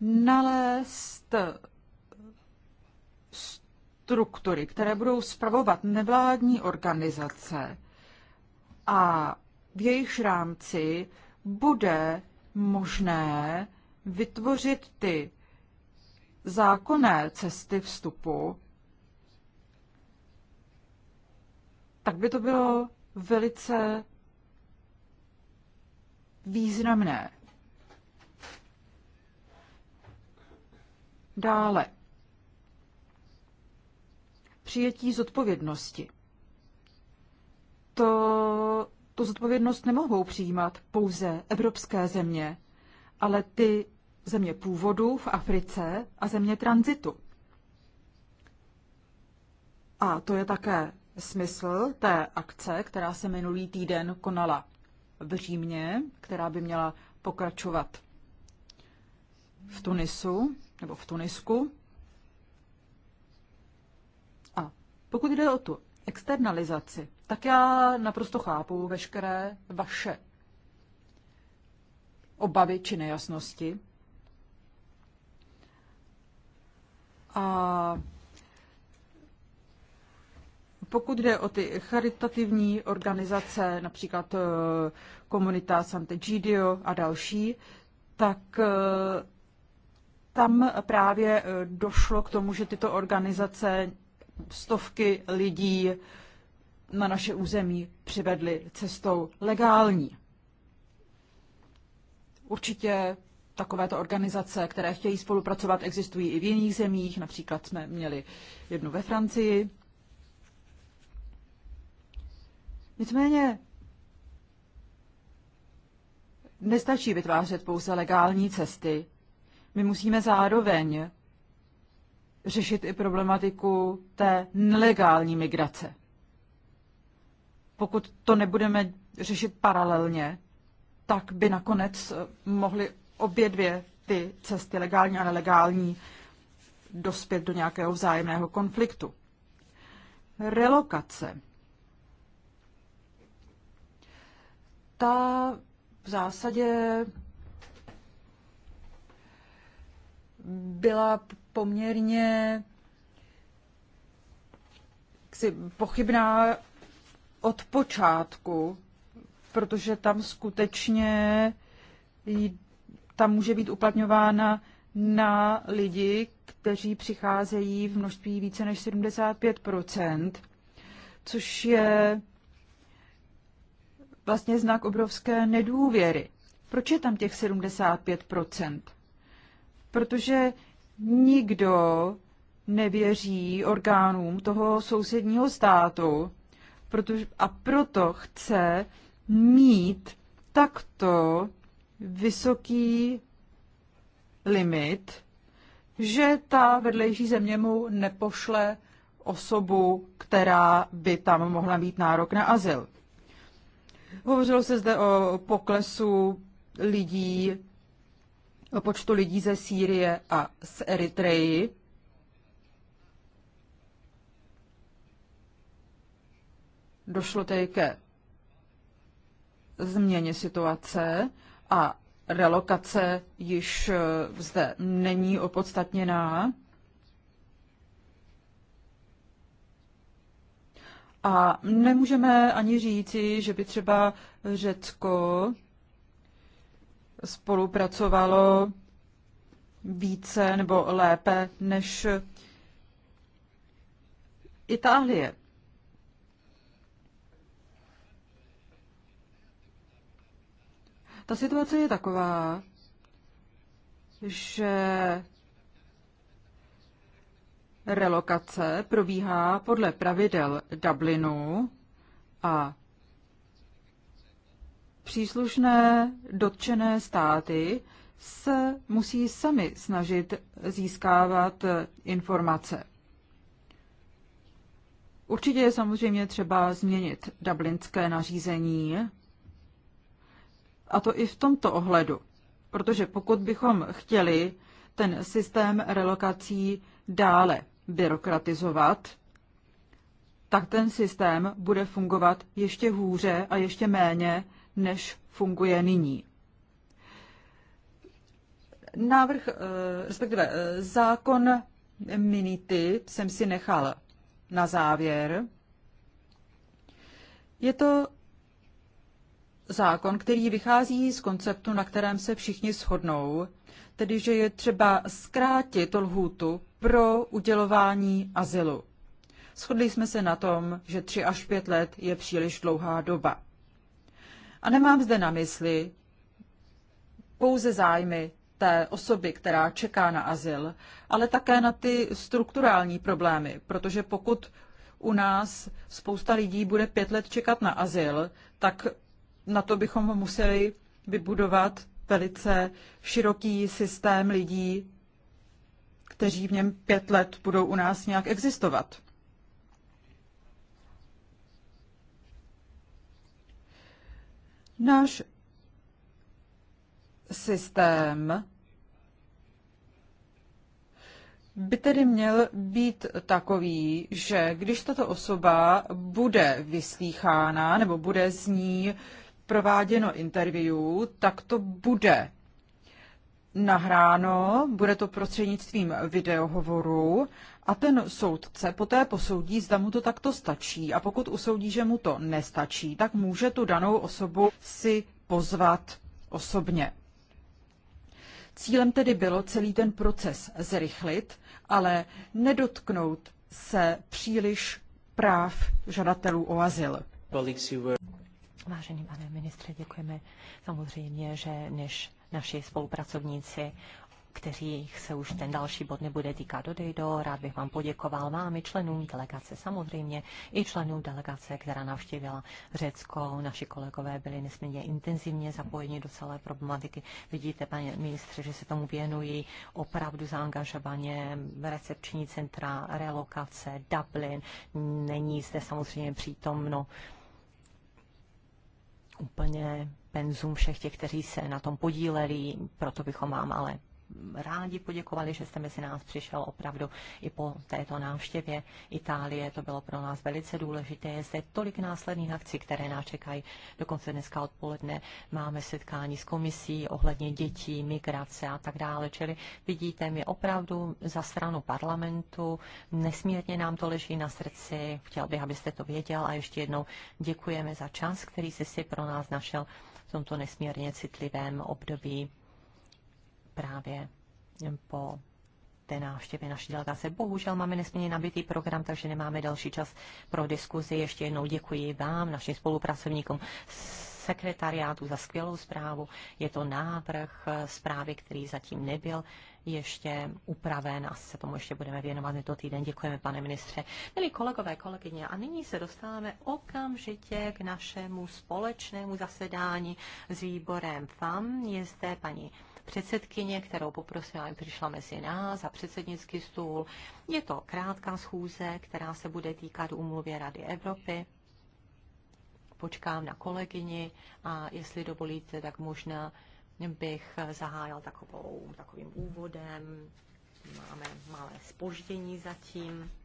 nalézt struktury, které budou spravovat nevládní organizace a v jejich rámci bude možné vytvořit ty zákonné cesty vstupu, tak by to bylo velice významné. Dále přijetí zodpovědnosti. To, tu zodpovědnost nemohou přijímat pouze evropské země, ale ty země původu v Africe a země tranzitu. A to je také smysl té akce, která se minulý týden konala v Římě, která by měla pokračovat v Tunisu nebo v Tunisku. Pokud jde o tu externalizaci, tak já naprosto chápu veškeré vaše obavy či nejasnosti. A pokud jde o ty charitativní organizace, například eh, Komunita Sant'Egidio a další, tak eh, tam právě eh, došlo k tomu, že tyto organizace stovky lidí na naše území přivedli cestou legální. Určitě takovéto organizace, které chtějí spolupracovat, existují i v jiných zemích. Například jsme měli jednu ve Francii. Nicméně nestačí vytvářet pouze legální cesty. My musíme zároveň řešit i problematiku té nelegální migrace. Pokud to nebudeme řešit paralelně, tak by nakonec eh, mohly obě dvě ty cesty, legální a nelegální, dospět do nějakého vzájemného konfliktu. Relokace. Ta v zásadě byla poměrně jaksi pochybná od počátku, protože tam skutečně tam může být uplatňována na lidi, kteří přicházejí v množství více než 75 což je vlastně znak obrovské nedůvěry. Proč je tam těch 75 Protože nikdo nevěří orgánům toho sousedního státu protože, a proto chce mít takto vysoký limit, že ta vedlejší země mu nepošle osobu, která by tam mohla mít nárok na azyl. Hovořilo se zde o poklesu lidí o počtu lidí ze Sýrie a z Eritreji. Došlo tedy ke změně situace a relokace již eh, zde není opodstatněná. A nemůžeme ani říci, že by třeba Řecko spolupracovalo více nebo lépe než Itálie. Ta situace je taková, že relokace probíhá podle pravidel Dublinu a Příslušné dotčené státy se musí sami snažit získávat informace. Určitě je samozřejmě třeba změnit dublinské nařízení, a to i v tomto ohledu, protože pokud bychom chtěli ten systém relokací dále byrokratizovat, tak ten systém bude fungovat ještě hůře a ještě méně, než funguje nyní. Návrh, eh, respektive eh, zákon Minity jsem si nechal na závěr. Je to zákon, který vychází z konceptu, na kterém se všichni shodnou, tedy že je třeba zkrátit lhůtu pro udělování azylu. Shodli jsme se na tom, že 3 až 5 let je příliš dlouhá doba. A nemám zde na mysli pouze zájmy té osoby, která čeká na azyl, ale také na ty strukturální problémy, protože pokud u nás spousta lidí bude pět let čekat na azyl, tak na to bychom museli vybudovat velice široký systém lidí, kteří v něm pět let budou u nás nějak existovat. Náš systém by tedy měl být takový, že když tato osoba bude vyslýchána nebo bude z ní prováděno interview, tak to bude nahráno, bude to prostřednictvím videohovoru a ten soudce poté posoudí, zda mu to takto stačí a pokud usoudí, že mu to nestačí, tak může tu danou osobu si pozvat osobně. Cílem tedy bylo celý ten proces zrychlit, ale nedotknout se příliš práv žadatelů o azyl. Vážený pane ministře, děkujeme samozřejmě, že než naši spolupracovníci kteří se už ten další bod nebude týkat do Dejdo. Rád bych vám poděkoval vám i členům delegace samozřejmě, i členům delegace, která navštívila Řecko. Naši kolegové byli nesmírně intenzivně zapojeni do celé problematiky. Vidíte, paní ministře, že se tomu věnují opravdu zaangažovaně recepční centra, relokace, Dublin. Není zde samozřejmě přítomno úplně penzum všech těch, kteří se na tom podíleli, proto bychom vám ale rádi poděkovali, že jste mezi nás přišel opravdu i po této návštěvě Itálie. To bylo pro nás velice důležité. Je zde tolik následných akcí, které nás čekají. Dokonce dneska odpoledne máme setkání s komisí ohledně dětí, migrace a tak dále. Čili vidíte, my opravdu za stranu parlamentu nesmírně nám to leží na srdci. Chtěl bych, abyste to věděl a ještě jednou děkujeme za čas, který jsi si pro nás našel v tomto nesmírně citlivém období právě po té návštěvě naší delegace. Bohužel máme nesmírně nabitý program, takže nemáme další čas pro diskuzi. Ještě jednou děkuji vám, našim spolupracovníkům sekretariátu za skvělou zprávu. Je to návrh zprávy, který zatím nebyl ještě upraven a se tomu ještě budeme věnovat tento týden. Děkujeme, pane ministře. Milí kolegové, kolegyně, a nyní se dostáváme okamžitě k našemu společnému zasedání s výborem FAM. Je zde paní předsedkyně, kterou poprosila, aby přišla mezi nás za předsednický stůl. Je to krátká schůze, která se bude týkat úmluvě Rady Evropy. Počkám na kolegyni a jestli dovolíte, tak možná bych zahájil takovou, takovým úvodem. Máme malé spoždění zatím.